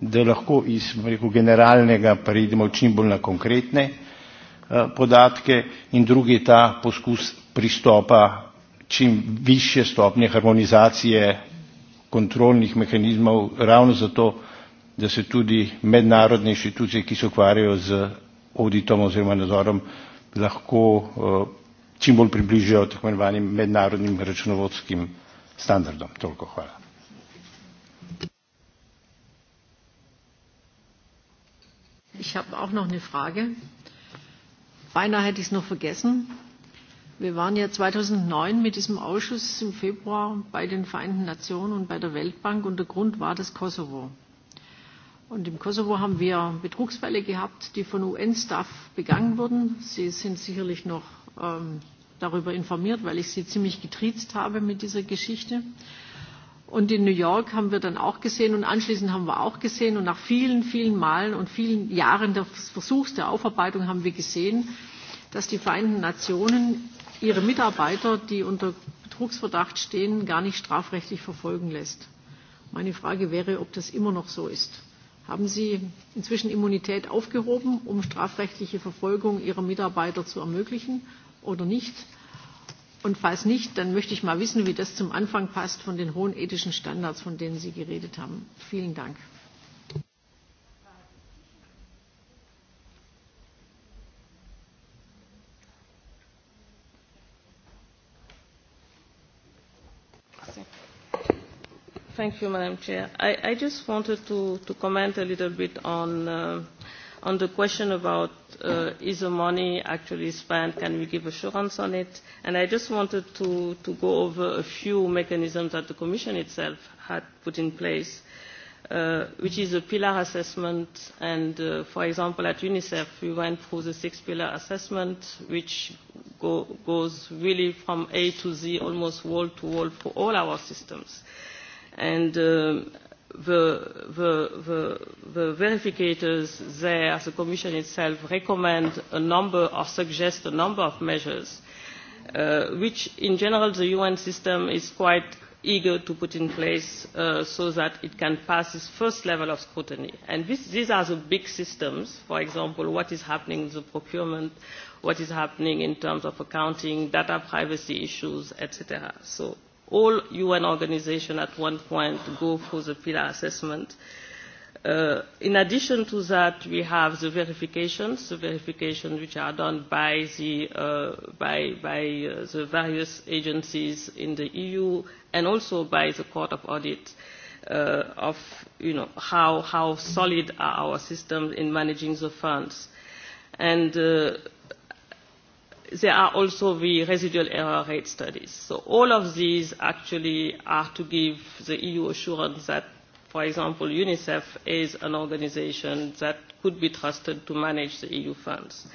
da lahko iz rekel, generalnega preidemo čim bolj na konkretne eh, podatke in drugi je ta poskus pristopa čim više stopnje harmonizacije kontrolnih mehanizmov ravno zato, da se tudi mednarodne inštitucije, ki se ukvarjajo z auditom oziroma nadzorom, lahko eh, čim bolj približajo tako imenovanim mednarodnim računovodskim standardom. Toliko hvala. Ich habe auch noch eine Frage. Beinahe hätte ich es noch vergessen. Wir waren ja 2009 mit diesem Ausschuss im Februar bei den Vereinten Nationen und bei der Weltbank und der Grund war das Kosovo. Und im Kosovo haben wir Betrugsfälle gehabt, die von UN-Staff begangen wurden. Sie sind sicherlich noch ähm, darüber informiert, weil ich sie ziemlich getriezt habe mit dieser Geschichte. Und in New York haben wir dann auch gesehen und anschließend haben wir auch gesehen und nach vielen, vielen Malen und vielen Jahren des Versuchs der Aufarbeitung haben wir gesehen, dass die Vereinten Nationen ihre Mitarbeiter, die unter Betrugsverdacht stehen, gar nicht strafrechtlich verfolgen lässt. Meine Frage wäre, ob das immer noch so ist. Haben Sie inzwischen Immunität aufgehoben, um strafrechtliche Verfolgung Ihrer Mitarbeiter zu ermöglichen oder nicht? Und falls nicht, dann möchte ich mal wissen, wie das zum Anfang passt von den hohen ethischen Standards, von denen Sie geredet haben. Vielen Dank. Thank you, Madam Chair. I, I just wanted to, to comment a little bit on, uh, on the question about uh, is the money actually spent, can we give assurance on it? And I just wanted to, to go over a few mechanisms that the Commission itself had put in place. Uh, which is a pillar assessment. And uh, for example, at UNICEF, we went through the six pillar assessment, which go, goes really from A to Z, almost wall to wall for all our systems and um, the, the, the, the verificators there, the Commission itself, recommend a number or suggest a number of measures, uh, which in general the UN system is quite eager to put in place uh, so that it can pass its first level of scrutiny. And this, these are the big systems, for example, what is happening in the procurement, what is happening in terms of accounting, data privacy issues, etc. So all UN organizations at one point go for the pillar assessment. Uh, in addition to that, we have the verifications, the verifications which are done by the, uh, by, by, uh, the various agencies in the EU and also by the Court of Audit uh, of you know, how, how solid are our systems in managing the funds. And uh, there are also the residual error rate studies. So all of these actually are to give the EU assurance that, for example, UNICEF is an organization that could be trusted to manage the EU funds. Uh,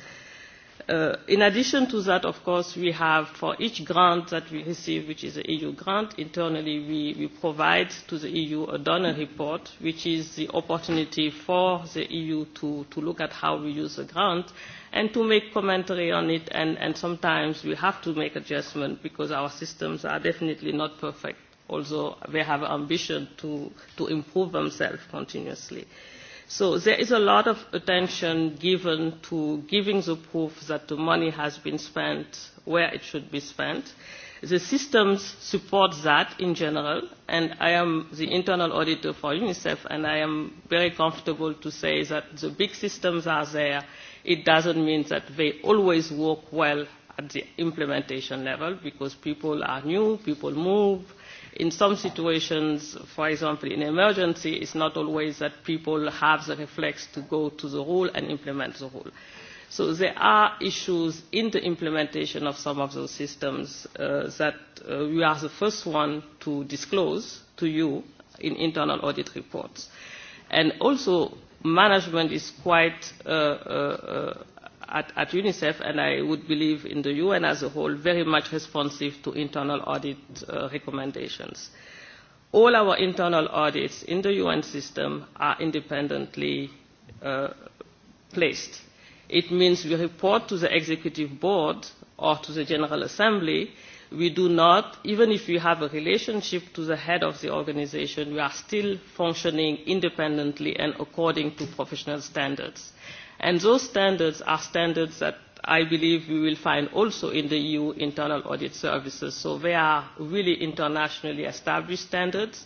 Uh, in addition to that, of course, we have for each grant that we receive, which is an EU grant, internally we, we provide to the EU a donor report, which is the opportunity for the EU to, to look at how we use the grant and to make commentary on it. And, and sometimes we have to make adjustment because our systems are definitely not perfect, although they have ambition to, to improve themselves continuously. Uh, So there is a lot of attention given to giving the proof that the money has been spent where it should be spent. The systems support that in general, and I am the internal auditor for UNICEF, and I am very comfortable to say that the big systems are there. It doesn't mean that they always work well at the implementation level because people are new, people move, in some situations, for example, in emergency, it's not always that people have the reflex to go to the rule and implement the rule. So there are issues in the implementation of some of those systems uh, that uh, we are the first one to disclose to you in internal audit reports. And also, management is quite uh, uh, uh at, at UNICEF, and I would believe in the UN as a whole, very much responsive to internal audit uh, recommendations. All our internal audits in the UN system are independently uh, placed. It means we report to the executive board or to the General Assembly. We do not, even if we have a relationship to the head of the organization, we are still functioning independently and according to professional standards And those standards are standards that I believe we will find also in the EU internal audit services. So they are really internationally established standards.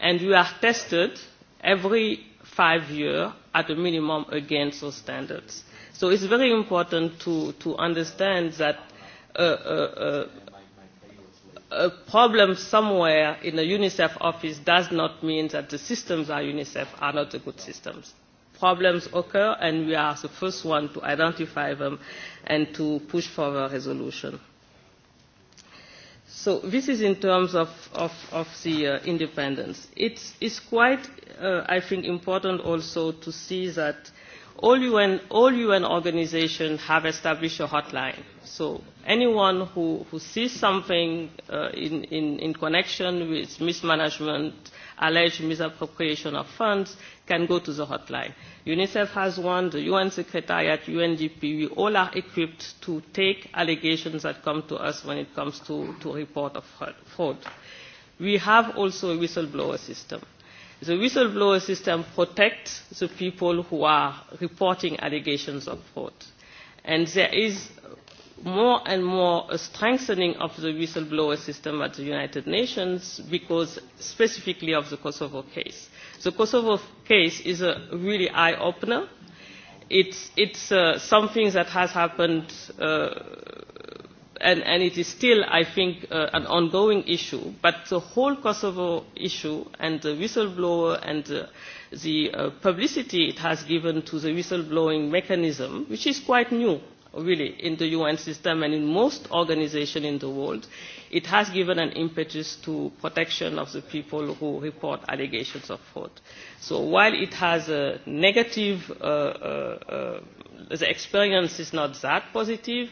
And we are tested every five years at a minimum against those standards. So it's very important to, to understand that a, a, a, a problem somewhere in a UNICEF office does not mean that the systems at UNICEF are not the good systems problems occur, and we are the first one to identify them and to push for a resolution. So this is in terms of, of, of the uh, independence. It's, it's quite, uh, I think, important also to see that all UN, all UN organizations have established a hotline. So anyone who, who sees something uh, in, in, in connection with mismanagement, alleged misappropriation of funds can go to the hotline. UNICEF has one, the UN Secretariat, UNDP, we all are equipped to take allegations that come to us when it comes to, to report of fraud. We have also a whistleblower system. The whistleblower system protects the people who are reporting allegations of fraud. And there is more and more a strengthening of the whistleblower system at the United Nations because specifically of the Kosovo case. The Kosovo case is a really eye-opener. It's, it's uh, something that has happened uh, and, and it is still, I think, uh, an ongoing issue. But the whole Kosovo issue and the whistleblower and the, the uh, publicity it has given to the whistleblowing mechanism, which is quite new really in the UN system and in most organizations in the world, it has given an impetus to protection of the people who report allegations of fraud. So while it has a negative, uh, uh, uh, the experience is not that positive,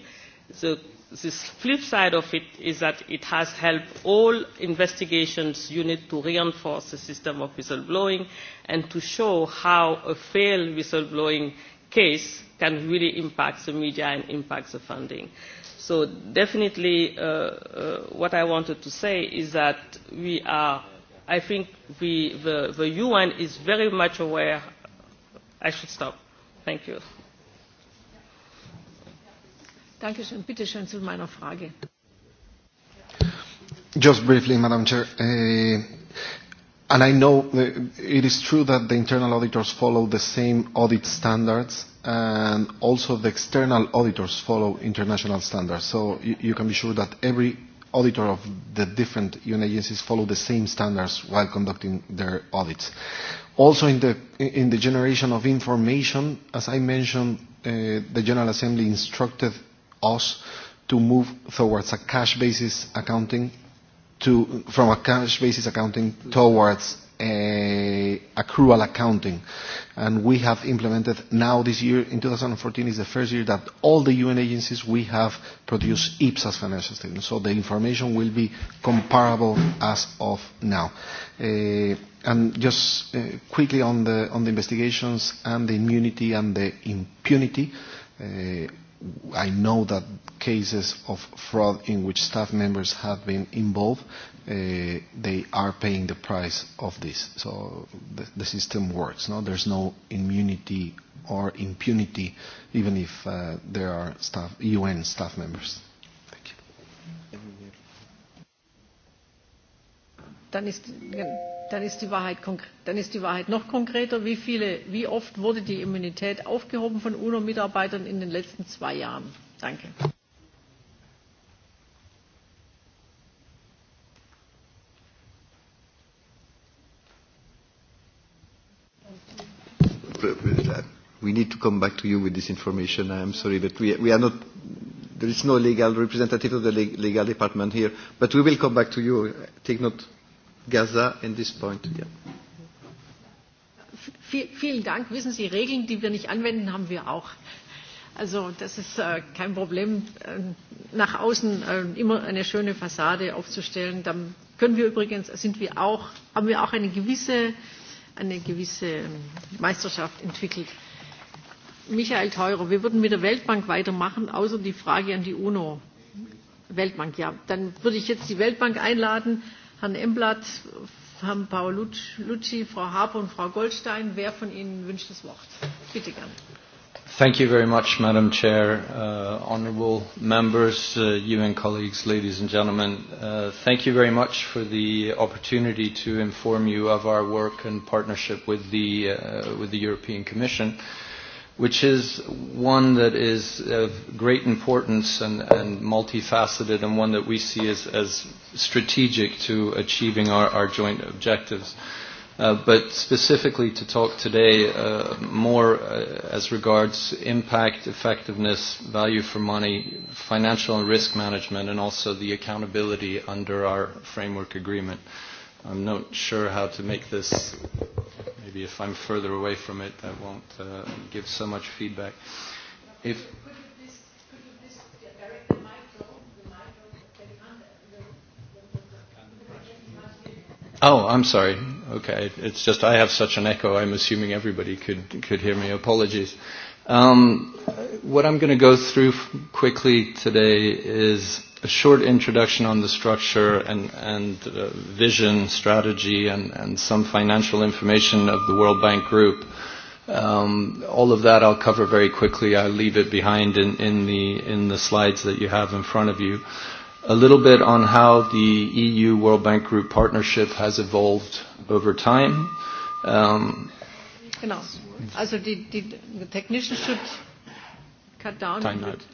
the the flip side of it is that it has helped all investigations unit to reinforce the system of whistleblowing and to show how a failed whistleblowing case can really impact the media and impact the funding. So definitely uh, uh, what I wanted to say is that we are, I think we, the, the UN is very much aware. I should stop. Thank you. Dankeschön. Bitte schön zu meiner Frage. Just briefly, Madam Chair. Uh, And I know uh, it is true that the internal auditors follow the same audit standards and also the external auditors follow international standards. So you, you can be sure that every auditor of the different UN agencies follow the same standards while conducting their audits. Also in the, in the generation of information, as I mentioned, uh, the General Assembly instructed us to move towards a cash basis accounting to, from a cash basis accounting towards a accrual accounting. And we have implemented now this year, in 2014, is the first year that all the UN agencies we have produced IPSAS financial statements. So the information will be comparable as of now. Uh, and just uh, quickly on the, on the investigations and the immunity and the impunity. Uh, I know that cases of fraud in which staff members have been involved, uh, they are paying the price of this. So the, the system works. No, there's no immunity or impunity, even if uh, there are staff, UN staff members. dann ist, dann ist, die, Wahrheit, dann ist die Wahrheit noch konkreter. Wie, viele, wie oft wurde die Immunität aufgehoben von UNO-Mitarbeitern in den letzten zwei Jahren? Danke. we need to come back to you with this information. I am sorry, but we, we are not, there is no legal representative of the legal department here, but we will come back to you. Take note. Gaza in this point. Yeah. V vielen Dank. Wissen Sie, Regeln, die wir nicht anwenden, haben wir auch. Also das ist äh, kein Problem, äh, nach außen äh, immer eine schöne Fassade aufzustellen. Dann können wir übrigens, sind wir auch, haben wir auch eine gewisse, eine gewisse ähm, Meisterschaft entwickelt. Michael Theurer, wir würden mit der Weltbank weitermachen, außer die Frage an die UNO. Weltbank, ja. Dann würde ich jetzt die Weltbank einladen Herrn Imblatt, Herrn Paolucci, Frau Harp und Frau Goldstein. Wer von Ihnen wünscht das Wort? Bitte gerne. Thank you very much, Madam Chair, uh, honourable members, uh, UN colleagues, ladies and gentlemen. Uh, thank you very much for the opportunity to inform you of our work and partnership with the, uh, with the European Commission. Uh, which is one that is of great importance and, and multifaceted and one that we see as, as strategic to achieving our, our joint objectives. Uh, but specifically to talk today uh, more uh, as regards impact, effectiveness, value for money, financial and risk management, and also the accountability under our framework agreement. Uh, I'm not sure how to make this. Maybe if I'm further away from it, I won't uh, give so much feedback. If Oh, I'm sorry. Okay, it's just I have such an echo. I'm assuming everybody could could hear me. Apologies. Um, what I'm going to go through quickly today is a short introduction on the structure and, and uh, vision, strategy, and, and some financial information of the World Bank Group. Um, all of that I'll cover very quickly. I'll leave it behind in, in, the, in the slides that you have in front of you. A little bit on how the EU World Bank Group partnership has evolved over time. Um, genau. Also die, die, the technician should cut down. Time out.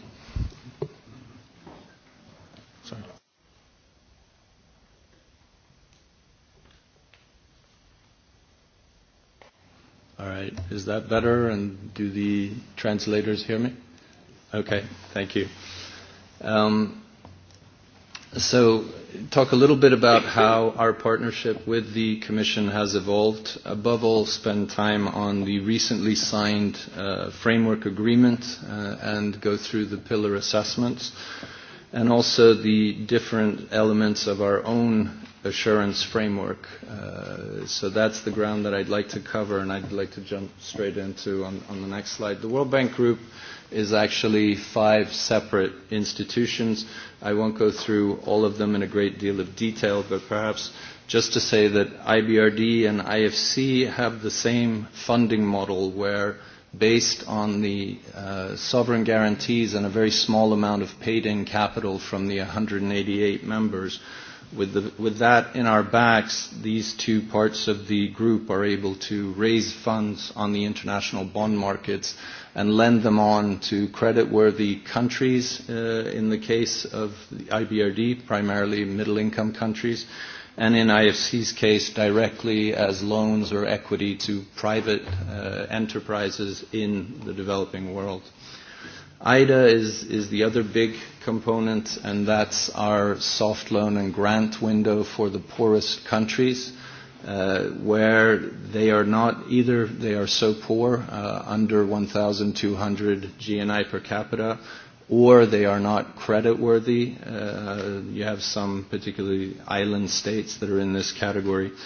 All right. Is that better? And do the translators hear me? Okay. Thank you. Um, so talk a little bit about how our partnership with the Commission has evolved. Above all, spend time on the recently signed uh, framework agreement uh, and go through the pillar assessments and also the different elements of our own assurance framework. Uh, so that's the ground that I'd like to cover and I'd like to jump straight into on, on the next slide. The World Bank Group is actually five separate institutions. I won't go through all of them in a great deal of detail, but perhaps just to say that IBRD and IFC have the same funding model where based on the uh, sovereign guarantees and a very small amount of paid-in capital from the 188 members, with, the, with that in our backs, these two parts of the group are able to raise funds on the international bond markets and lend them on to creditworthy countries, uh, in the case of the IBRD, primarily middle-income countries, and in IFC's case, directly as loans or equity to private uh, enterprises in the developing world. IDA is, is the other big component, and that's our soft loan and grant window for the poorest countries, uh, where they are not either they are so poor, uh, under 1,200 GNI per capita, or they are not creditworthy. Uh, you have some particularly island states that are in this category. Uh,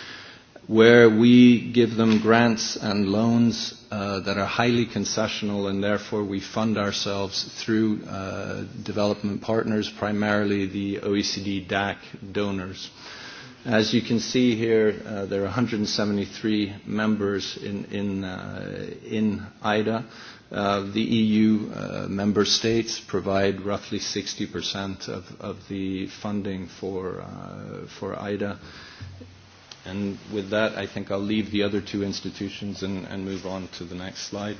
where we give them grants and loans uh, that are highly concessional and therefore we fund ourselves through uh, development partners, primarily the OECD DAC donors. As you can see here, uh, there are 173 members in, in, uh, in IDA. Uh, the EU uh, member states provide roughly 60% of, of the funding for, uh, for IDA And with that, I think I'll leave the other two institutions and, and move on to the next slide.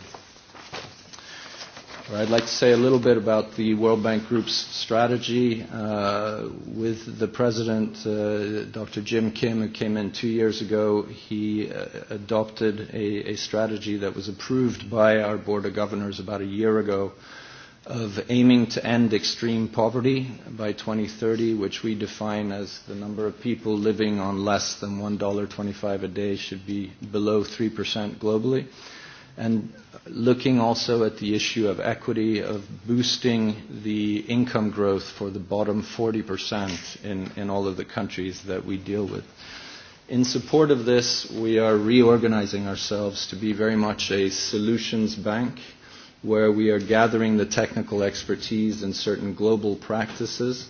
Where I'd like to say a little bit about the World Bank Group's strategy uh, with the president, uh, Dr. Jim Kim, who came in two years ago. He uh, adopted a, a strategy that was approved by our Board of Governors about a year ago of aiming to end extreme poverty by 2030, which we define as the number of people living on less than $1.25 a day should be below 3% globally. And looking also at the issue of equity, of boosting the income growth for the bottom 40% in, in all of the countries that we deal with. In support of this, we are reorganizing ourselves to be very much a solutions bank – where we are gathering the technical expertise in certain global practices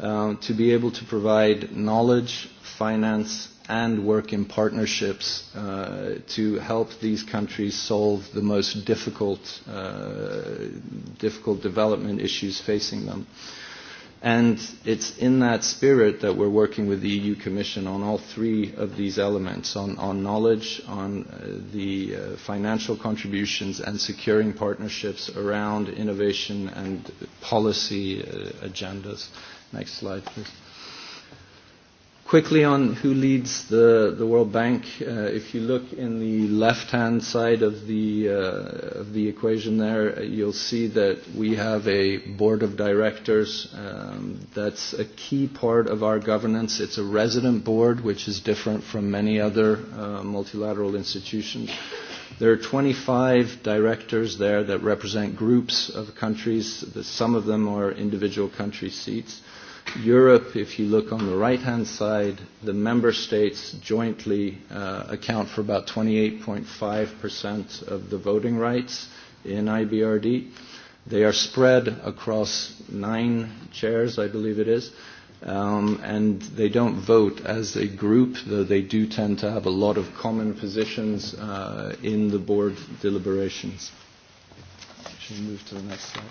um, to be able to provide knowledge, finance, and work in partnerships uh, to help these countries solve the most difficult, uh, difficult development issues facing them. Uh, And it's in that spirit that we're working with the EU Commission on all three of these elements, on, on knowledge, on uh, the uh, financial contributions, and securing partnerships around innovation and policy uh, agendas. Next slide, please. Quickly on who leads the, the World Bank, uh, if you look in the left-hand side of the, uh, of the equation there, uh, you'll see that we have a board of directors. Um, that's a key part of our governance. It's a resident board, which is different from many other uh, multilateral institutions. There are 25 directors there that represent groups of countries. Some of them are individual country seats. Europe, if you look on the right-hand side, the member states jointly uh, account for about 28.5% of the voting rights in IBRD. They are spread across nine chairs, I believe it is, um, and they don't vote as a group, though they do tend to have a lot of common positions uh, in the board deliberations. Should we move to the next slide?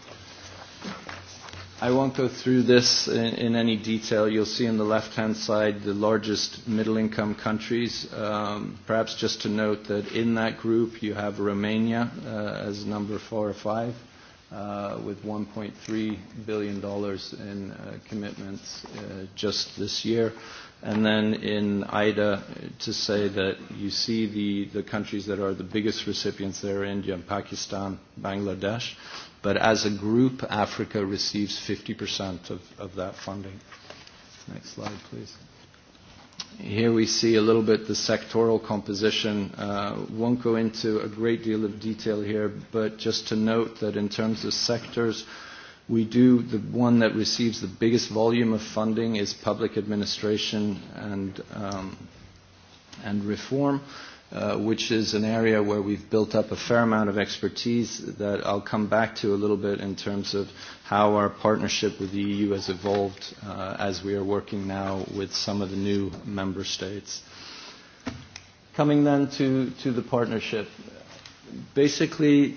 I won't go through this in, in any detail. You'll see on the left-hand side the largest middle-income countries. Um, perhaps just to note that in that group you have Romania uh, as number four or five uh, with $1.3 billion in uh, commitments uh, just this year. And then in IDA, to say that you see the, the countries that are the biggest recipients there, India and Pakistan, Bangladesh. Uh, But as a group, Africa receives 50% of, of that funding. Next slide, please. Here we see a little bit the sectoral composition. Uh, won't go into a great deal of detail here, but just to note that in terms of sectors, we do, the one that receives the biggest volume of funding is public administration and, um, and reform. Uh, Uh, which is an area where we've built up a fair amount of expertise that I'll come back to a little bit in terms of how our partnership with the EU has evolved uh, as we are working now with some of the new member states. Coming then to, to the partnership. Basically,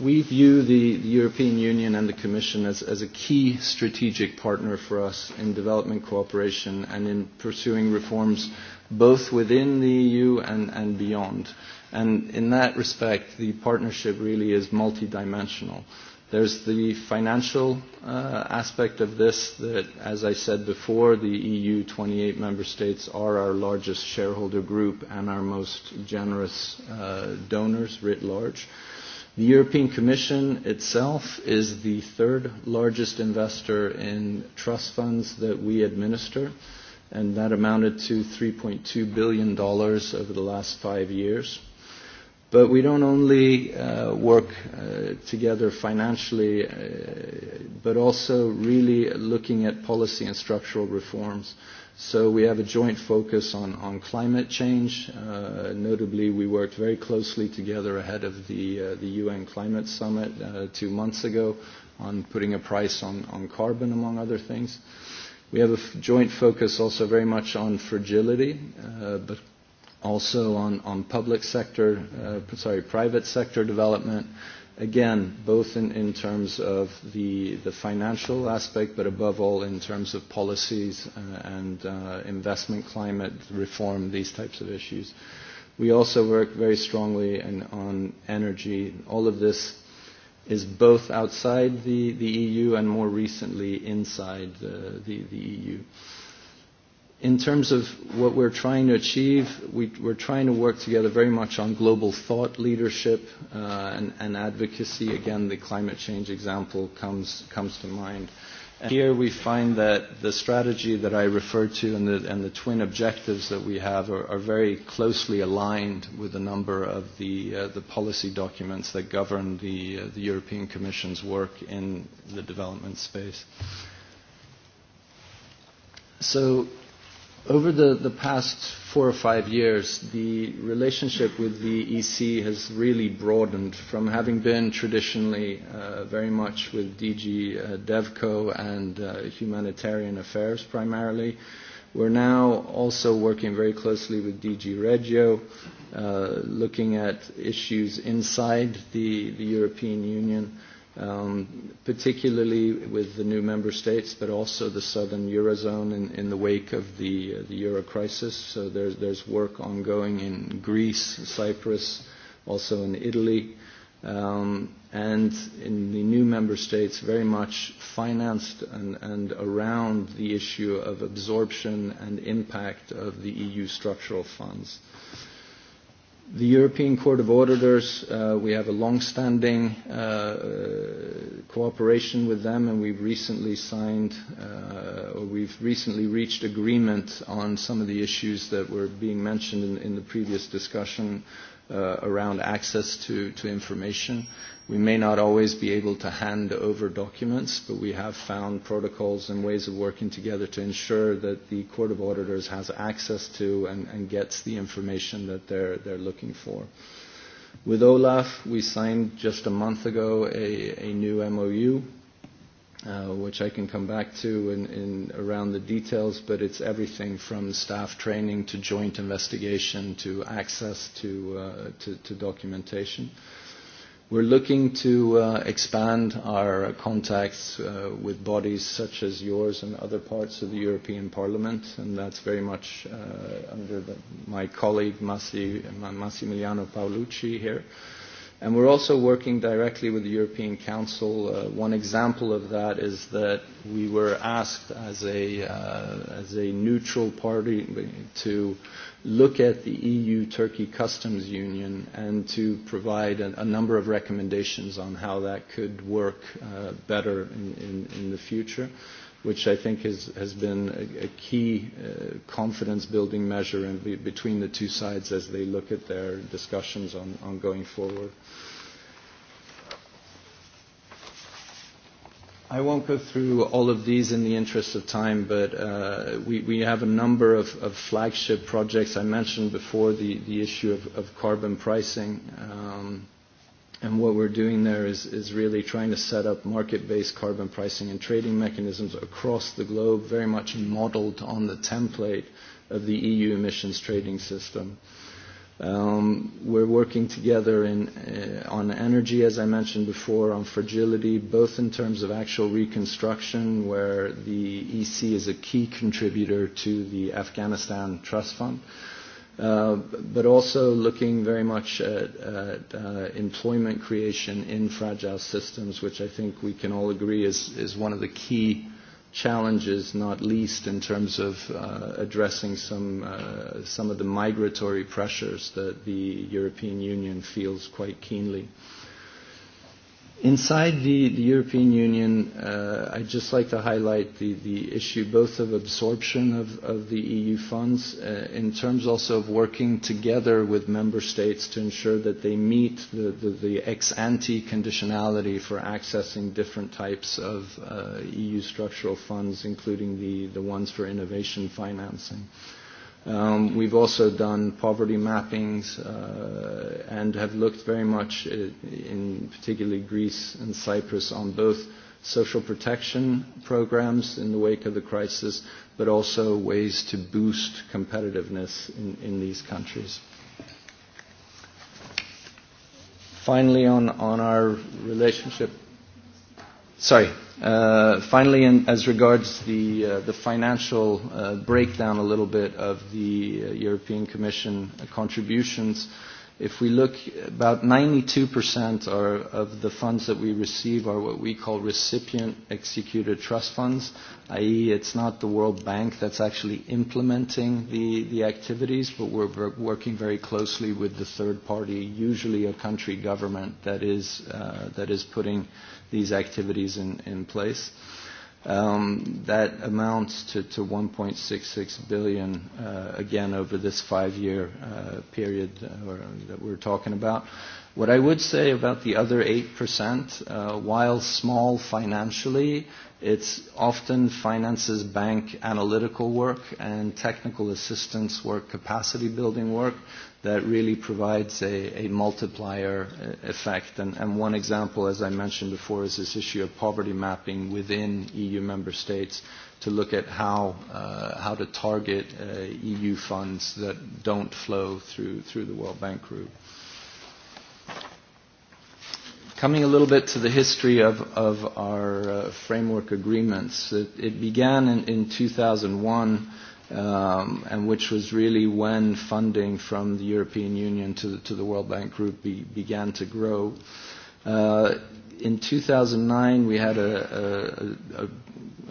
we view the, the European Union and the Commission as, as a key strategic partner for us in development cooperation and in pursuing reforms uh, both within the EU and, and beyond. And in that respect, the partnership really is multidimensional. There's the financial uh, aspect of this that, as I said before, the EU 28 member states are our largest shareholder group and our most generous uh, donors writ large. The European Commission itself is the third largest investor in trust funds that we administer and that amounted to $3.2 billion over the last five years. But we don't only uh, work uh, together financially, uh, but also really looking at policy and structural reforms. So we have a joint focus on, on climate change. Uh, notably, we worked very closely together ahead of the, uh, the UN climate summit uh, two months ago on putting a price on, on carbon, among other things. Uh, We have a f- joint focus also very much on fragility, uh, but also on, on public sector, uh, sorry, private sector development. Again, both in, in terms of the, the financial aspect, but above all in terms of policies uh, and uh, investment climate reform, these types of issues. We also work very strongly in, on energy. All of this is both outside the, the EU and more recently inside the, the, the EU. In terms of what we're trying to achieve, we, we're trying to work together very much on global thought leadership uh, and, and advocacy. Again, the climate change example comes, comes to mind here we find that the strategy that I referred to and the, and the twin objectives that we have are, are very closely aligned with a number of the, uh, the policy documents that govern the, uh, the European Commission's work in the development space. So Over the, the past four or five years, the relationship with the EC has really broadened from having been traditionally uh, very much with DG uh, DevCo and uh, humanitarian affairs primarily. We're now also working very closely with DG Regio, uh, looking at issues inside the, the European Union um, particularly with the new member states, but also the southern eurozone in, in the wake of the, uh, the euro crisis. So there's, there's work ongoing in Greece, Cyprus, also in Italy, um, and in the new member states, very much financed and, and around the issue of absorption and impact of the EU structural funds. Uh, The European Court of Auditors, uh, we have a long-standing uh, uh, cooperation with them, and we've recently signed, uh, or we've recently reached agreement on some of the issues that were being mentioned in, in the previous discussion uh, around access to, to information. Uh, We may not always be able to hand over documents, but we have found protocols and ways of working together to ensure that the Court of Auditors has access to and, and gets the information that they're, they're looking for. With Olaf, we signed just a month ago a, a new MOU, uh, which I can come back to in, in around the details, but it's everything from staff training to joint investigation to access to, uh, to, to documentation. We're looking to uh, expand our contacts uh, with bodies such as yours and other parts of the European Parliament, and that's very much uh, under the, my colleague Massi, Massimiliano Paolucci here. And we're also working directly with the European Council. Uh, one example of that is that we were asked as a, uh, as a neutral party to look at the EU-Turkey customs union and to provide a, a number of recommendations on how that could work uh, better in, in, in the future. Uh, which I think has, has been a, a key uh, confidence-building measure in, be, between the two sides as they look at their discussions on, on going forward. I won't go through all of these in the interest of time, but uh, we, we have a number of, of flagship projects. I mentioned before the, the issue of, of carbon pricing. Um, And what we're doing there is, is really trying to set up market-based carbon pricing and trading mechanisms across the globe, very much modeled on the template of the EU emissions trading system. Um, we're working together in, uh, on energy, as I mentioned before, on fragility, both in terms of actual reconstruction, where the EC is a key contributor to the Afghanistan Trust Fund, Uh, but also looking very much at, at uh, employment creation in fragile systems, which I think we can all agree is, is one of the key challenges, not least in terms of uh, addressing some, uh, some of the migratory pressures that the European Union feels quite keenly. Uh, Inside the, the European Union, uh, I'd just like to highlight the, the issue both of absorption of, of the EU funds uh, in terms also of working together with member states to ensure that they meet the, the, the ex-ante conditionality for accessing different types of uh, EU structural funds, including the, the ones for innovation financing. Uh, Um, we've also done poverty mappings uh, and have looked very much uh, in particularly Greece and Cyprus on both social protection programs in the wake of the crisis, but also ways to boost competitiveness in, in these countries. Finally, on, on our relationship Sorry. Uh, finally, in, as regards the, uh, the financial uh, breakdown a little bit of the uh, European Commission uh, contributions, if we look, about 92% are, of the funds that we receive are what we call recipient executed trust funds, i.e. it's not the World Bank that's actually implementing the, the activities, but we're working very closely with the third party, usually a country government that is, uh, that is putting these activities in, in place. Um, that amounts to, to 1.66 billion, uh, again, over this five-year uh, period uh, or, that we're talking about. What I would say about the other 8%, uh, while small financially, it's often finances bank analytical work and technical assistance work, capacity building work that really provides a, a multiplier uh, effect. And, and one example, as I mentioned before, is this issue of poverty mapping within EU member states to look at how, uh, how to target uh, EU funds that don't flow through, through the World Bank group. Coming a little bit to the history of, of our uh, framework agreements, it, it began in, in 2001 um, and which was really when funding from the European Union to the, to the World Bank Group be, began to grow. Uh, in 2009, we had a, a, a, a,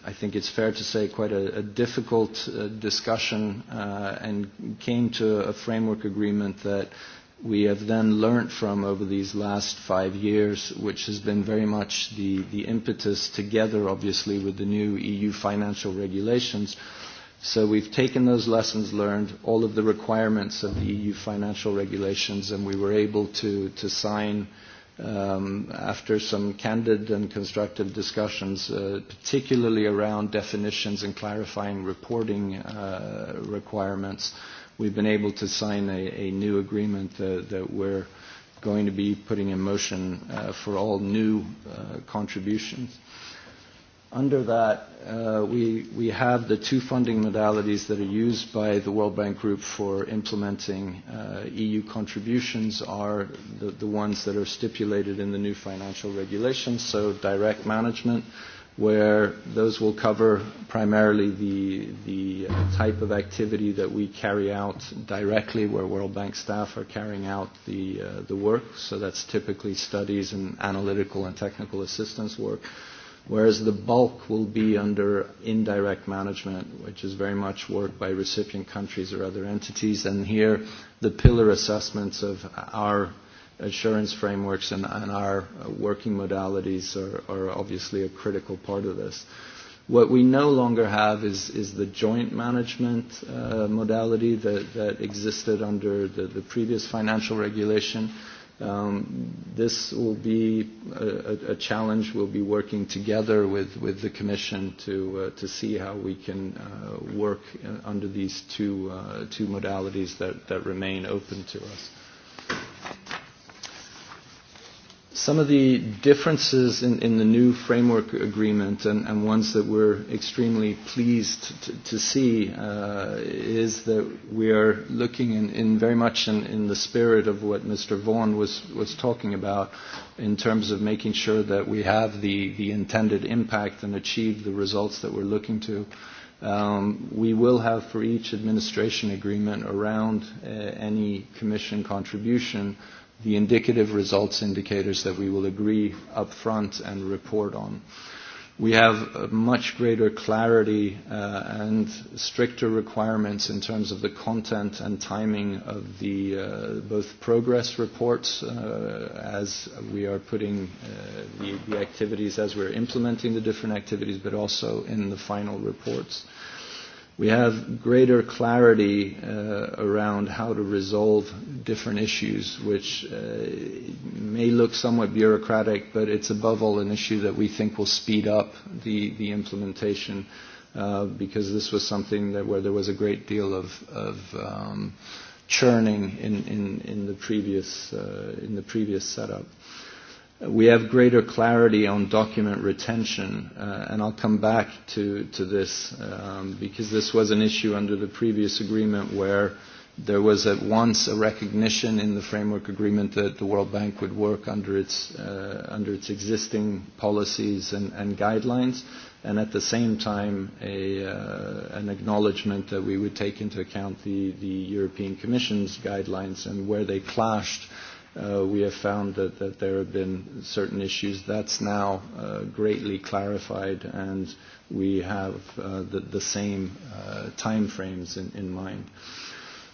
I think it's fair to say, quite a, a difficult uh, discussion uh, and came to a framework agreement that we have then learnt from over these last five years, which has been very much the, the impetus, together obviously with the new EU financial regulations, So we've taken those lessons learned, all of the requirements of the EU financial regulations, and we were able to, to sign, um, after some candid and constructive discussions, uh, particularly around definitions and clarifying reporting uh, requirements, we've been able to sign a, a new agreement that, that we're going to be putting in motion uh, for all new uh, contributions. Under that, uh, we, we have the two funding modalities that are used by the World Bank Group for implementing uh, EU contributions are the, the ones that are stipulated in the new financial regulations, so direct management, where those will cover primarily the, the uh, type of activity that we carry out directly, where World Bank staff are carrying out the, uh, the work. So that's typically studies and analytical and technical assistance work whereas the bulk will be under indirect management, which is very much work by recipient countries or other entities. And here, the pillar assessments of our assurance frameworks and, and our working modalities are, are obviously a critical part of this. What we no longer have is, is the joint management uh, modality that, that existed under the, the previous financial regulation. Um, this will be a, a challenge. We'll be working together with, with the Commission to, uh, to see how we can uh, work uh, under these two, uh, two modalities that, that remain open to us. some of the differences in, in the new framework agreement and, and ones that we're extremely pleased to, to see uh, is that we are looking in, in very much in, in the spirit of what Mr. Vaughan was, was talking about in terms of making sure that we have the, the intended impact and achieve the results that we're looking to. Um, we will have for each administration agreement around uh, any commission contribution the indicative results indicators that we will agree up front and report on. We have much greater clarity uh, and stricter requirements in terms of the content and timing of the uh, both progress reports uh, as we are putting uh, the, the activities as we're implementing the different activities, but also in the final reports. Uh, we have greater clarity uh, around how to resolve different issues, which uh, may look somewhat bureaucratic, but it's above all an issue that we think will speed up the, the implementation, uh, because this was something that where there was a great deal of, of um, churning in, in, in the previous uh, in the previous setup. We have greater clarity on document retention, uh, and I'll come back to, to this um, because this was an issue under the previous agreement where there was at once a recognition in the framework agreement that the World Bank would work under its, uh, under its existing policies and, and guidelines, and at the same time a, uh, an acknowledgement that we would take into account the, the European Commission's guidelines and where they clashed uh, we have found that, that there have been certain issues. That's now uh, greatly clarified, and we have uh, the, the same uh, time frames in, in mind. Uh,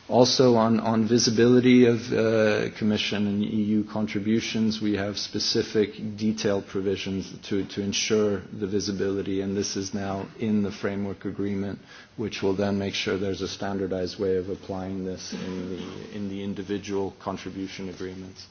Also on, on visibility of uh, Commission and EU contributions, we have specific detailed provisions to, to ensure the visibility, and this is now in the framework agreement, which will then make sure there's a standardized way of applying this in the, in the individual contribution agreements.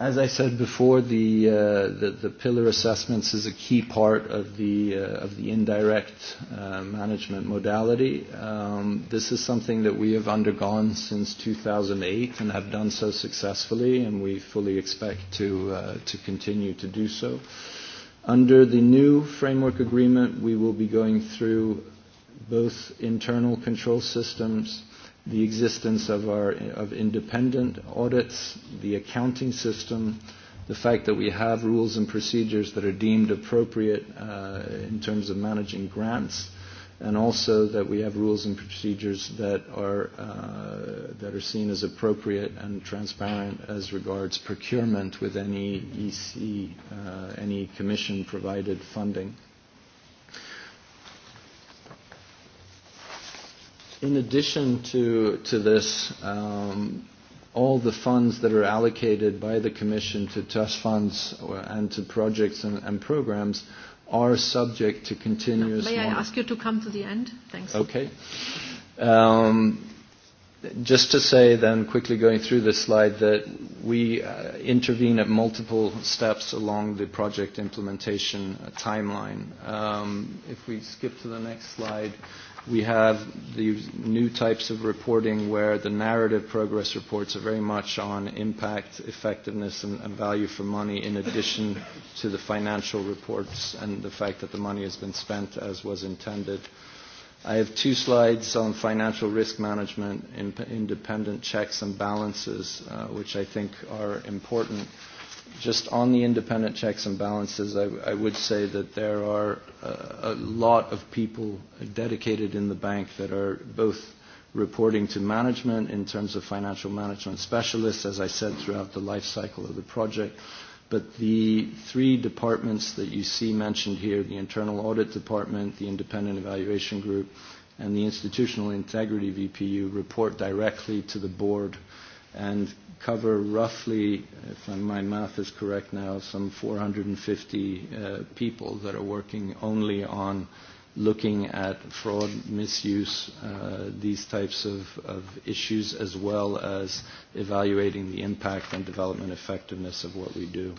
As I said before, the, uh, the, the pillar assessments is a key part of the, uh, of the indirect uh, management modality. Um, this is something that we have undergone since 2008 and have done so successfully, and we fully expect to, uh, to continue to do so. Under the new framework agreement, we will be going through both internal control systems the existence of our of independent audits, the accounting system, the fact that we have rules and procedures that are deemed appropriate uh, in terms of managing grants, and also that we have rules and procedures that are uh, that are seen as appropriate and transparent as regards procurement with any EC, uh, any commission provided funding. in addition to, to this, um, all the funds that are allocated by the Commission to trust funds and to projects and, and programs are subject to continuous. May I ask you to come to the end? Thanks. Okay. Um, just to say then, quickly going through this slide, that we uh, intervene at multiple steps along the project implementation uh, timeline. Um, if we skip to the next slide, We have these new types of reporting where the narrative progress reports are very much on impact, effectiveness, and, and value for money in addition to the financial reports and the fact that the money has been spent as was intended. I have two slides on financial risk management, in, independent checks and balances, uh, which I think are important just on the independent checks and balances, I, I would say that there are a, uh, a lot of people dedicated in the bank that are both reporting to management in terms of financial management specialists, as I said, throughout the life cycle of the project. But the three departments that you see mentioned here, the internal audit department, the independent evaluation group, and the institutional integrity VPU report directly to the board and cover roughly, if my math is correct now, some 450 uh, people that are working only on looking at fraud, misuse, uh, these types of, of issues, as well as evaluating the impact and development effectiveness of what we do.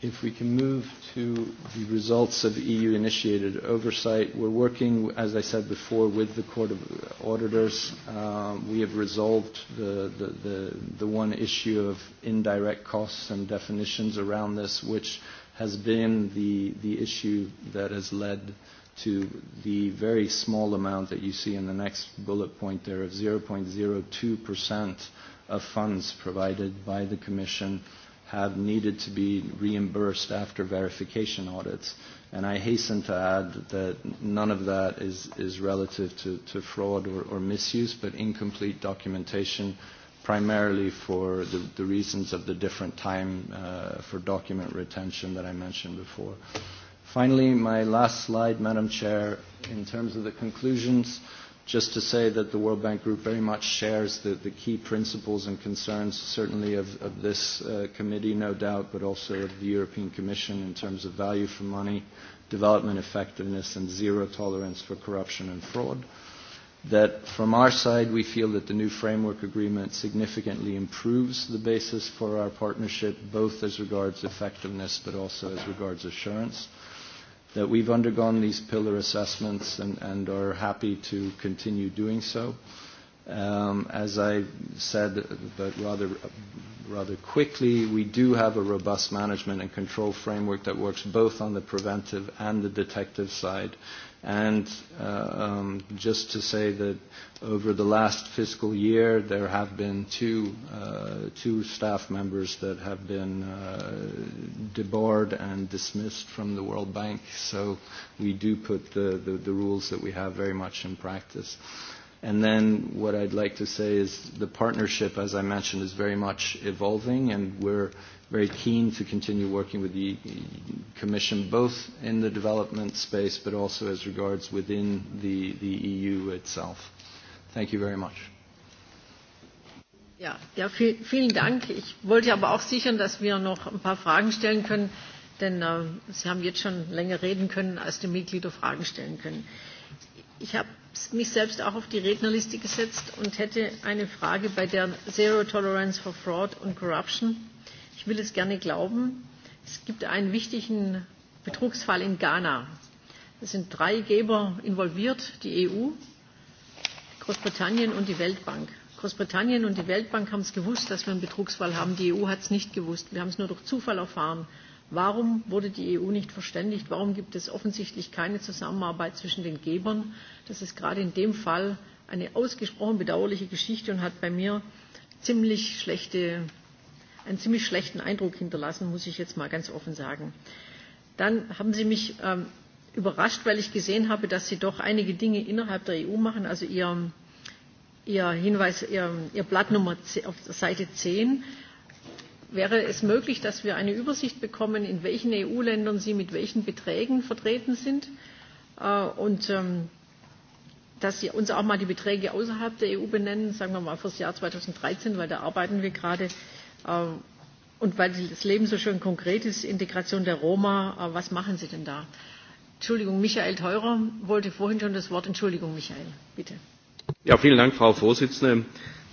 If we can move to the results of EU-initiated oversight, we're working, as I said before, with the Court of Auditors. Um, we have resolved the, the, the, the one issue of indirect costs and definitions around this, which has been the, the issue that has led to the very small amount that you see in the next bullet point there of 0.02% of funds provided by the Commission have needed to be reimbursed after verification audits. And I hasten to add that none of that is, is relative to, to fraud or, or misuse, but incomplete documentation, primarily for the, the reasons of the different time uh, for document retention that I mentioned before. Finally, my last slide, Madam Chair, in terms of the conclusions just to say that the World Bank Group very much shares the, the key principles and concerns, certainly of, of this uh, committee, no doubt, but also of the European Commission in terms of value for money, development effectiveness, and zero tolerance for corruption and fraud. That from our side, we feel that the new framework agreement significantly improves the basis for our partnership, both as regards effectiveness but also as regards assurance that we've undergone these pillar assessments and, and are happy to continue doing so. Um, as I said, but rather, rather quickly, we do have a robust management and control framework that works both on the preventive and the detective side And uh, um, just to say that over the last fiscal year, there have been two, uh, two staff members that have been uh, debarred and dismissed from the World Bank. So we do put the, the, the rules that we have very much in practice. And then what I'd like to say is the partnership, as I mentioned, is very much evolving, and we're very keen to continue working with the Commission, both in the development space, but also as regards within the, the EU itself. Thank you very much. Ja, ja, viel, vielen Dank. Ich wollte aber auch sichern, dass wir noch ein paar Fragen stellen können, denn äh, Sie haben jetzt schon länger reden können, als die Mitglieder Fragen stellen können. Ich habe mich selbst auch auf die Rednerliste gesetzt und hätte eine Frage bei der Zero Tolerance for Fraud and Corruption Ich will es gerne glauben. Es gibt einen wichtigen Betrugsfall in Ghana. Es sind drei Geber involviert, die EU, Großbritannien und die Weltbank. Großbritannien und die Weltbank haben es gewusst, dass wir einen Betrugsfall haben. Die EU hat es nicht gewusst. Wir haben es nur durch Zufall erfahren. Warum wurde die EU nicht verständigt? Warum gibt es offensichtlich keine Zusammenarbeit zwischen den Gebern? Das ist gerade in dem Fall eine ausgesprochen bedauerliche Geschichte und hat bei mir ziemlich schlechte einen ziemlich schlechten Eindruck hinterlassen, muss ich jetzt mal ganz offen sagen. Dann haben Sie mich ähm, überrascht, weil ich gesehen habe, dass Sie doch einige Dinge innerhalb der EU machen. Also Ihr, Ihr Hinweis, Ihr, Ihr Blatt Nummer 10, auf Seite 10 Wäre es möglich, dass wir eine Übersicht bekommen, in welchen EU-Ländern Sie mit welchen Beträgen vertreten sind Äh, und ähm, dass Sie uns auch mal die Beträge außerhalb der EU benennen, sagen wir mal fürs Jahr 2013, weil da arbeiten wir gerade. Äh, Äh, und weil das Leben so schön konkret ist, Integration der Roma, äh, was machen Sie denn da? Entschuldigung, Michael Theurer wollte vorhin schon das Wort. Entschuldigung, Michael, bitte. Ja, vielen Dank, Frau Vorsitzende.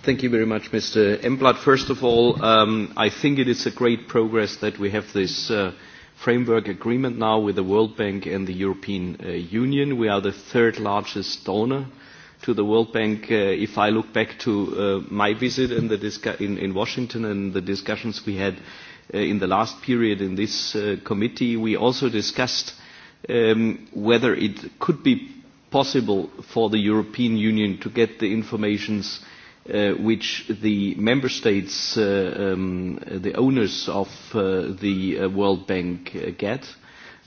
Thank you very much, Mr. Emblatt. First of all, um, I think it is a great progress that we have this uh, framework agreement now with the World Bank and the European uh, Union. We are the third largest donor uh, to the World Bank, uh, if I look back to uh, my visit in, the in, in Washington and the discussions we had uh, in the last period in this uh, committee, we also discussed um, whether it could be possible for the European Union to get the informations uh, which the member states, uh, um, the owners of uh, the uh, World Bank uh, get.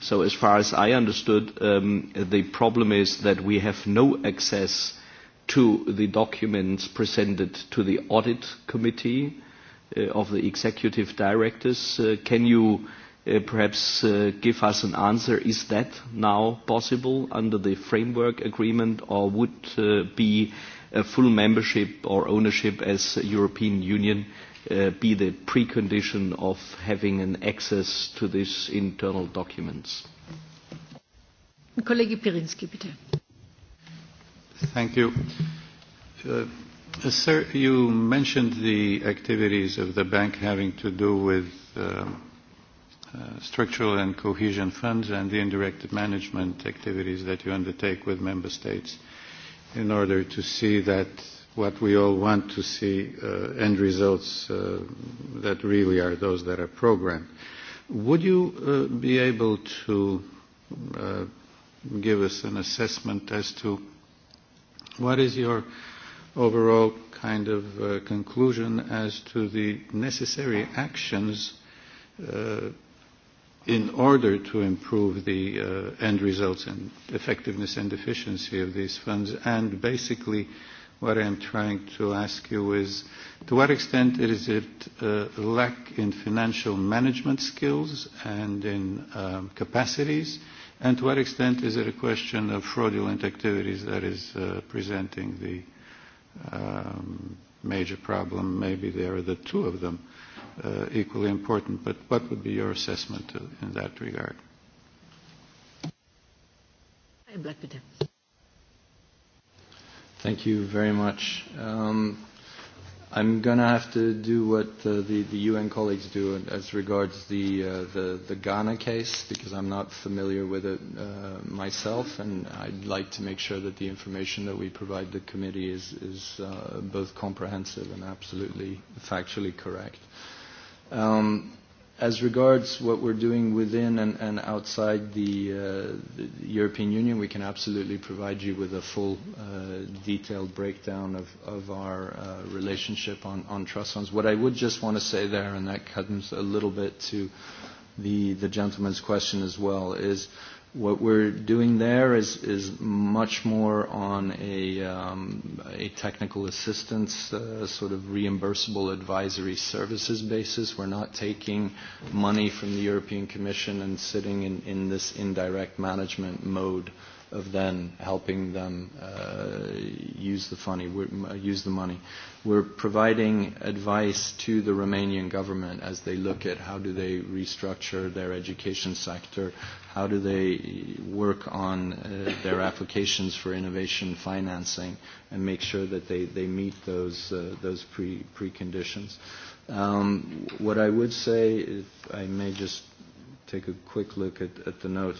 So as far as I understood, um, the problem is that we have no access to the documents presented to the audit committee uh, of the executive directors. Uh, can you uh, perhaps uh, give us an answer? Is that now possible under the framework agreement or would uh, be a full membership or ownership as European Union uh, be the precondition of having an access to these internal documents? Kollege Pirinski, bitte. Thank you. Uh, uh, sir, you mentioned the activities of the bank having to do with um, uh, structural and cohesion funds and the indirect management activities that you undertake with member states in order to see that what we all want to see uh, end results uh, that really are those that are programmed. Would you uh, be able to uh, give us an assessment as to What is your overall kind of uh, conclusion as to the necessary actions uh, in order to improve the uh, end results and effectiveness and efficiency of these funds? And basically, what I am trying to ask you is, to what extent is it uh, lack in financial management skills and in um, capacities? Uh, And to what extent is it a question of fraudulent activities that is uh, presenting the um, major problem? Maybe there are the two of them uh, equally important, but what would be your assessment in that regard? Thank you very much. Um, I'm going to have to do what uh, the, the UN colleagues do as regards the, uh, the, the Ghana case, because I'm not familiar with it uh, myself, and I'd like to make sure that the information that we provide the committee is, is uh, both comprehensive and absolutely factually correct. Um, As regards what we're doing within and, and outside the, uh, the European Union, we can absolutely provide you with a full uh, detailed breakdown of, of our uh, relationship on, on trust funds. What I would just want to say there, and that comes a little bit to the, the gentleman's question as well, is What we're doing there is, is much more on a, um, a technical assistance, uh, sort of reimbursable advisory services basis. We're not taking money from the European Commission and sitting in, in this indirect management mode of then helping them uh, use the funny, uh, use the money. We're providing advice to the Romanian government as they look at how do they restructure their education sector, how do they work on uh, their applications for innovation financing and make sure that they, they meet those, uh, those pre, preconditions. Um, what I would say, if I may just take a quick look at, at the note,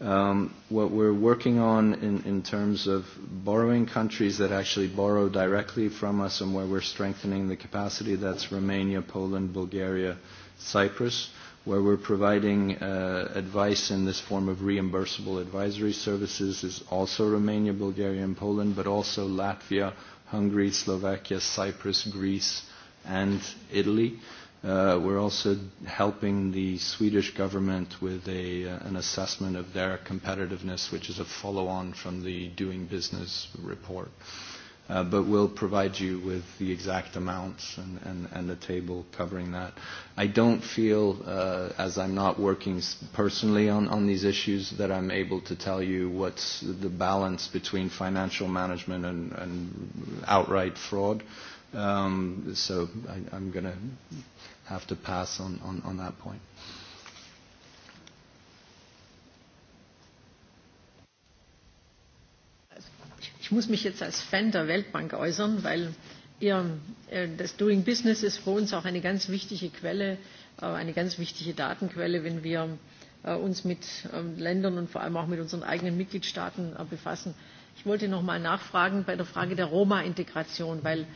um, what we're working on in, in terms of borrowing countries that actually borrow directly from us and where we're strengthening the capacity, that's Romania, Poland, Bulgaria, Cyprus where we're providing uh, advice in this form of reimbursable advisory services is also Romania, Bulgaria, and Poland, but also Latvia, Hungary, Slovakia, Cyprus, Greece, and Italy. Uh, we're also helping the Swedish government with a, uh, an assessment of their competitiveness, which is a follow-on from the Doing Business report. Uh, Uh, but we'll provide you with the exact amounts and, and, and the table covering that. I don't feel, uh, as I'm not working personally on, on these issues, that I'm able to tell you what's the balance between financial management and, and outright fraud. Um, so I, I'm going to have to pass on, on, on that point. Ich muss mich jetzt als Fan der Weltbank äußern, weil ihr, äh, das Doing Business ist für uns auch eine ganz wichtige Quelle, äh, eine ganz wichtige Datenquelle, wenn wir äh, uns mit ähm, Ländern und vor allem auch mit unseren eigenen Mitgliedstaaten befassen. Ich wollte noch mal nachfragen bei der Frage der Roma-Integration, weil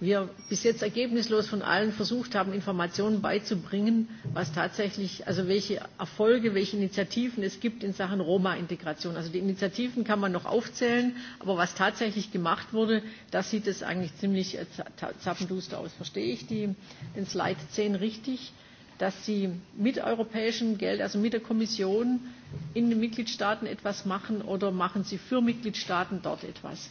wir bis jetzt ergebnislos von allen versucht haben, Informationen beizubringen, was tatsächlich, also welche Erfolge, welche Initiativen es gibt in Sachen Roma-Integration. Also die Initiativen kann man noch aufzählen, aber was tatsächlich gemacht wurde, das sieht es eigentlich ziemlich zappenduster aus. Verstehe ich die, den Slide 10 richtig? dass sie mit europäischem Geld, also mit der Kommission in den Mitgliedstaaten etwas machen oder machen sie für Mitgliedstaaten dort etwas?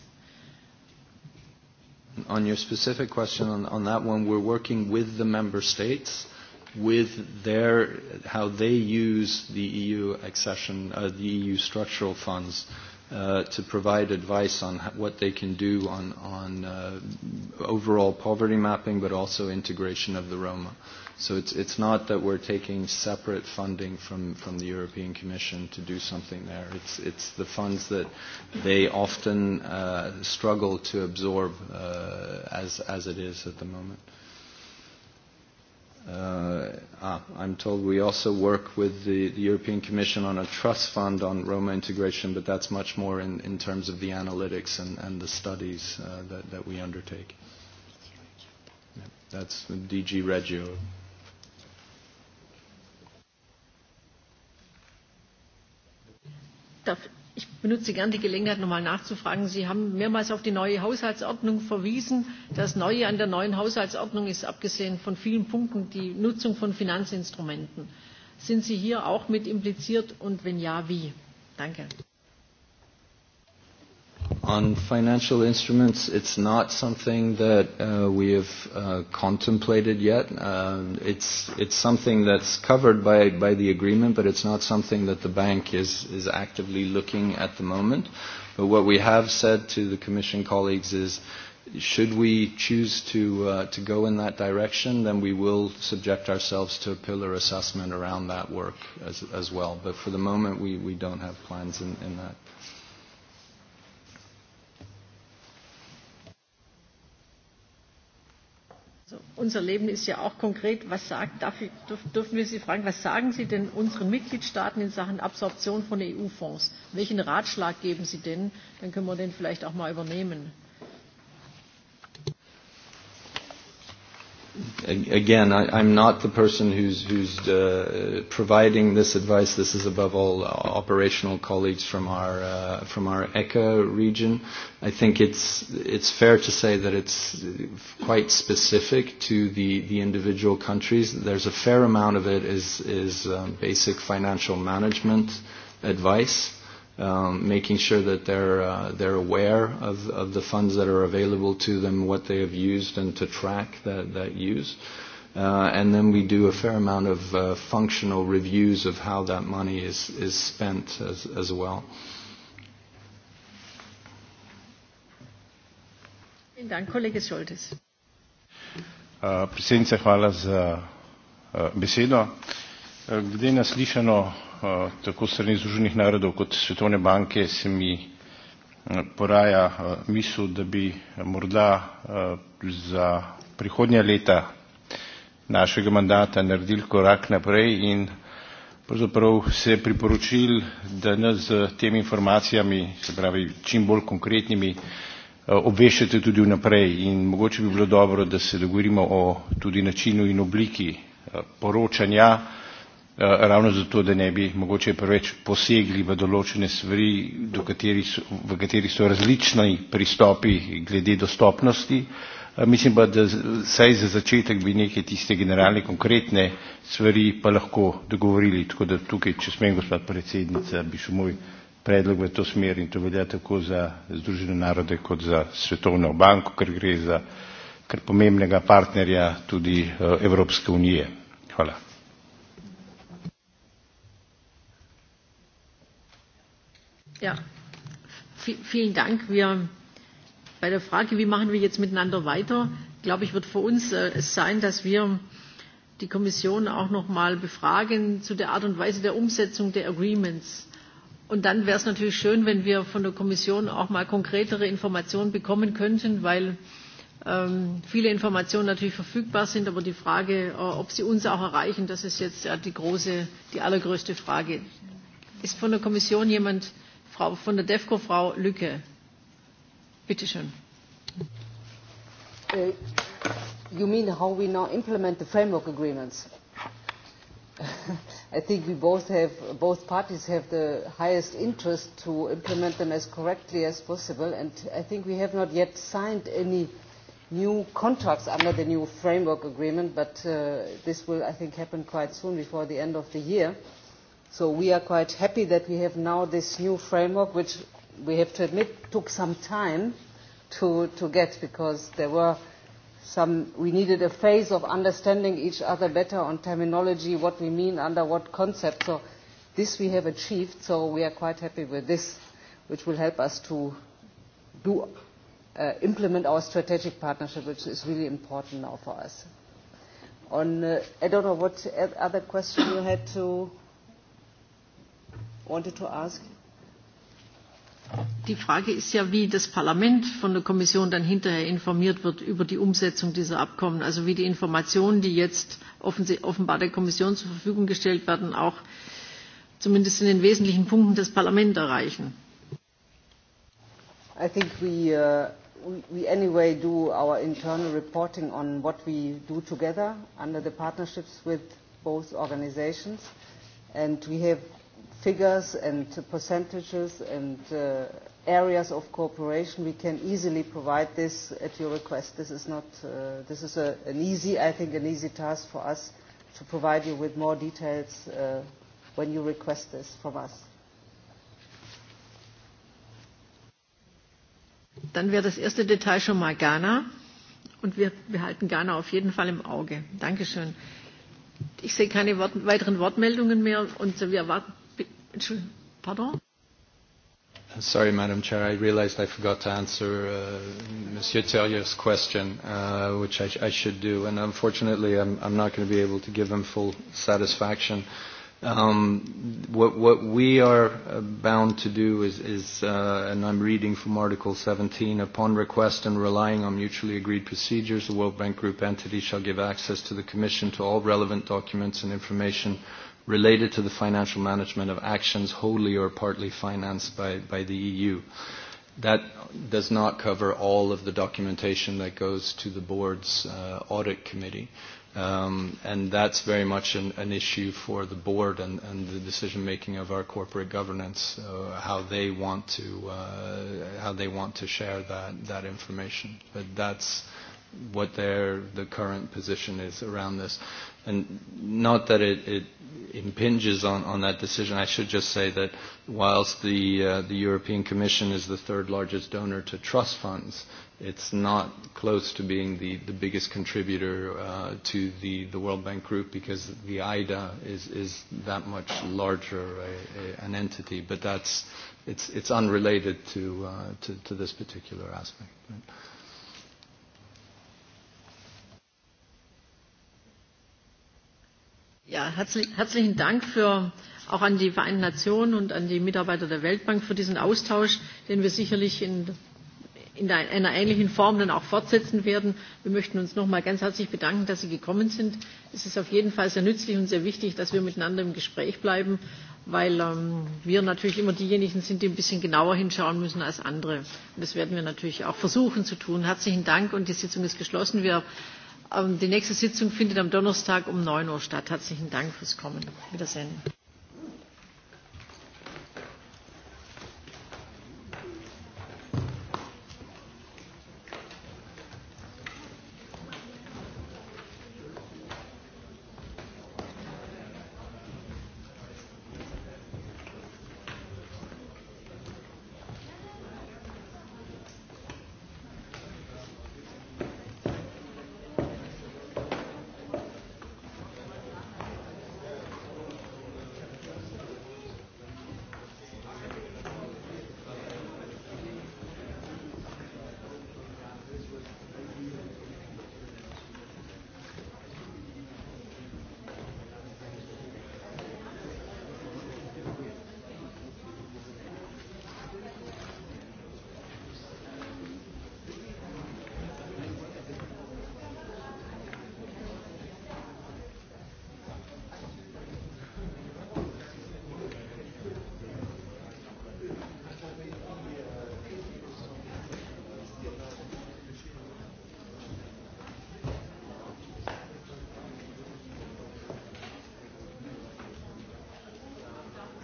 on your specific question on, on that one, we're working with the member states with their how they use the EU accession, uh, the EU structural funds uh, to provide advice on what they can do on on uh, overall poverty mapping, but also integration of the Roma. So it's, it's not that we're taking separate funding from, from the European Commission to do something there. It's, it's the funds that they often uh, struggle to absorb uh, as, as it is at the moment. Uh, ah, I'm told we also work with the, the European Commission on a trust fund on Roma integration, but that's much more in, in terms of the analytics and, and the studies uh, that, that we undertake. Yeah, that's DG Reggio. ich benutze gerne die Gelegenheit, noch einmal nachzufragen. Sie haben mehrmals auf die neue Haushaltsordnung verwiesen. Das Neue an der neuen Haushaltsordnung ist, abgesehen von vielen Punkten, die Nutzung von Finanzinstrumenten. Sind Sie hier auch mit impliziert und wenn ja, wie? On financial instruments, it's not something that uh, we have uh, contemplated yet. Uh, it's it's something that's covered by by the agreement, but it's not something that the bank is is actively looking at the moment. But what we have said to the commission colleagues is, should we choose to uh, to go in that direction, then we will subject ourselves to a pillar assessment around that work as as well. But for the moment, we we don't have plans in in that unser Leben ist ja auch konkret. Was sagt, darf ich, dürfen wir Sie fragen, was sagen Sie denn unseren Mitgliedstaaten in Sachen Absorption von EU-Fonds? Welchen Ratschlag geben Sie denn? Dann können wir den vielleicht auch mal übernehmen. again, I, I'm not the person who's, who's uh, providing this advice. This is above all operational colleagues from our uh, from our ECA region. I think it's it's fair to say that it's quite specific to the, the individual countries. There's a fair amount of it is is um, basic financial management advice um, making sure that they're uh, they're aware of, of the funds that are available to them, what they have used, and to track that that use. Uh, and then we do a fair amount of uh, functional reviews of how that money is is spent as as well. Dank, kolega Šoltes. Uh, predsednica, hvala za uh, besedo. Uh, glede na slišano Eh, tako strani Združenih narodov kot Svetovne banke se mi eh, poraja eh, misel, da bi morda za prihodnja leta našega mandata naredili korak naprej in pravzaprav se priporočil, da nas z temi informacijami, se pravi čim bolj konkretnimi, obveščate tudi vnaprej in mogoče bi bilo dobro, da se dogovorimo o tudi načinu in obliki poročanja Eh, ravno zato, da ne bi mogoče preveč posegli v določene stvari, do katerih so, v katerih so različni pristopi glede dostopnosti. Eh, mislim pa, da saj za začetek bi neke tiste generalne konkretne stvari pa lahko dogovorili. Tako da tukaj, če smem, gospod predsednica, bi šel moj predlog v to smer in to velja tako za Združene narode kot za Svetovno banko, ker gre za kar pomembnega partnerja tudi eh, Evropske unije. Hvala. Ja, v vielen Dank. Wir bei der Frage, wie machen wir jetzt miteinander weiter, glaube ich, wird für uns äh, es äh, sein, dass wir die Kommission auch noch mal befragen zu der Art und Weise der Umsetzung der Agreements. Und dann wäre es natürlich schön, wenn wir von der Kommission auch mal konkretere Informationen bekommen könnten, weil ähm, viele Informationen natürlich verfügbar sind, aber die Frage, äh, ob sie uns auch erreichen, das ist jetzt ja die große, die allergrößte Frage. Ist von der Kommission jemand Frau von der DEFCO, Frau Lücke. Bitte schön. Uh, you mean how we now implement the framework agreements? I think we both have, both parties have the highest interest to implement them as correctly as possible, and I think we have not yet signed any new contracts under the new framework agreement, but uh, this will, I think, happen quite soon before the end of the year. Uh, So we are quite happy that we have now this new framework, which we have to admit took some time to, to get because there were some, we needed a phase of understanding each other better on terminology, what we mean under what concept. So this we have achieved, so we are quite happy with this, which will help us to do, uh, implement our strategic partnership, which is really important now for us. On, uh, I don't know what other question you had to wanted to ask? Die Frage ist ja, wie das Parlament von der Kommission dann hinterher informiert wird über die Umsetzung dieser Abkommen, also wie die Informationen, die jetzt offenbar der Kommission zur Verfügung gestellt werden, auch zumindest in den wesentlichen Punkten das Parlament erreichen. I think we, uh, we anyway do our internal reporting on what we do together under the partnerships with both organizations. And we have figures and percentages and uh, areas of cooperation, we can easily provide this at your request. This is not, uh, this is a, an easy, I think, an easy task for us to provide you with more details uh, when you request this from us. Dann wäre das erste Detail schon mal Ghana. Und wir behalten Ghana auf jeden Fall im Auge. Dankeschön. Ich sehe keine Wort weiteren Wortmeldungen mehr und wir erwarten Pardon? Sorry, Madam Chair, I realized I forgot to answer uh, Monsieur Terrier's question, uh, which I, sh I should do. And unfortunately, I'm, I'm not going to be able to give him full satisfaction. Um, what, what we are bound to do is, is uh, and I'm reading from Article 17, upon request and relying on mutually agreed procedures, the World Bank Group entity shall give access to the Commission to all relevant documents and information related to the financial management of actions wholly or partly financed by, by the EU. That does not cover all of the documentation that goes to the board's uh, audit committee. Um, and that's very much an, an issue for the board and, and the decision making of our corporate governance, uh, how they want to uh, how they want to share that that information. But that's what their the current position is around this and not that it, it impinges on, on that decision. I should just say that whilst the, uh, the European Commission is the third largest donor to trust funds, it's not close to being the, the biggest contributor uh, to the, the World Bank Group because the IDA is, is that much larger a, a, an entity, but that's, it's, it's unrelated to, uh, to, to this particular aspect. Right? Ja, herzlich, herzlichen Dank für auch an die Vereinten Nationen und an die Mitarbeiter der Weltbank für diesen Austausch, den wir sicherlich in, in einer ähnlichen Form dann auch fortsetzen werden. Wir möchten uns noch einmal ganz herzlich bedanken, dass Sie gekommen sind. Es ist auf jeden Fall sehr nützlich und sehr wichtig, dass wir miteinander im Gespräch bleiben, weil ähm, wir natürlich immer diejenigen sind, die ein bisschen genauer hinschauen müssen als andere. Und das werden wir natürlich auch versuchen zu tun. Herzlichen Dank und die Sitzung ist geschlossen. Wir Ähm, die nächste Sitzung findet am Donnerstag um 9 Uhr statt. Herzlichen Dank fürs Kommen. Wiedersehen.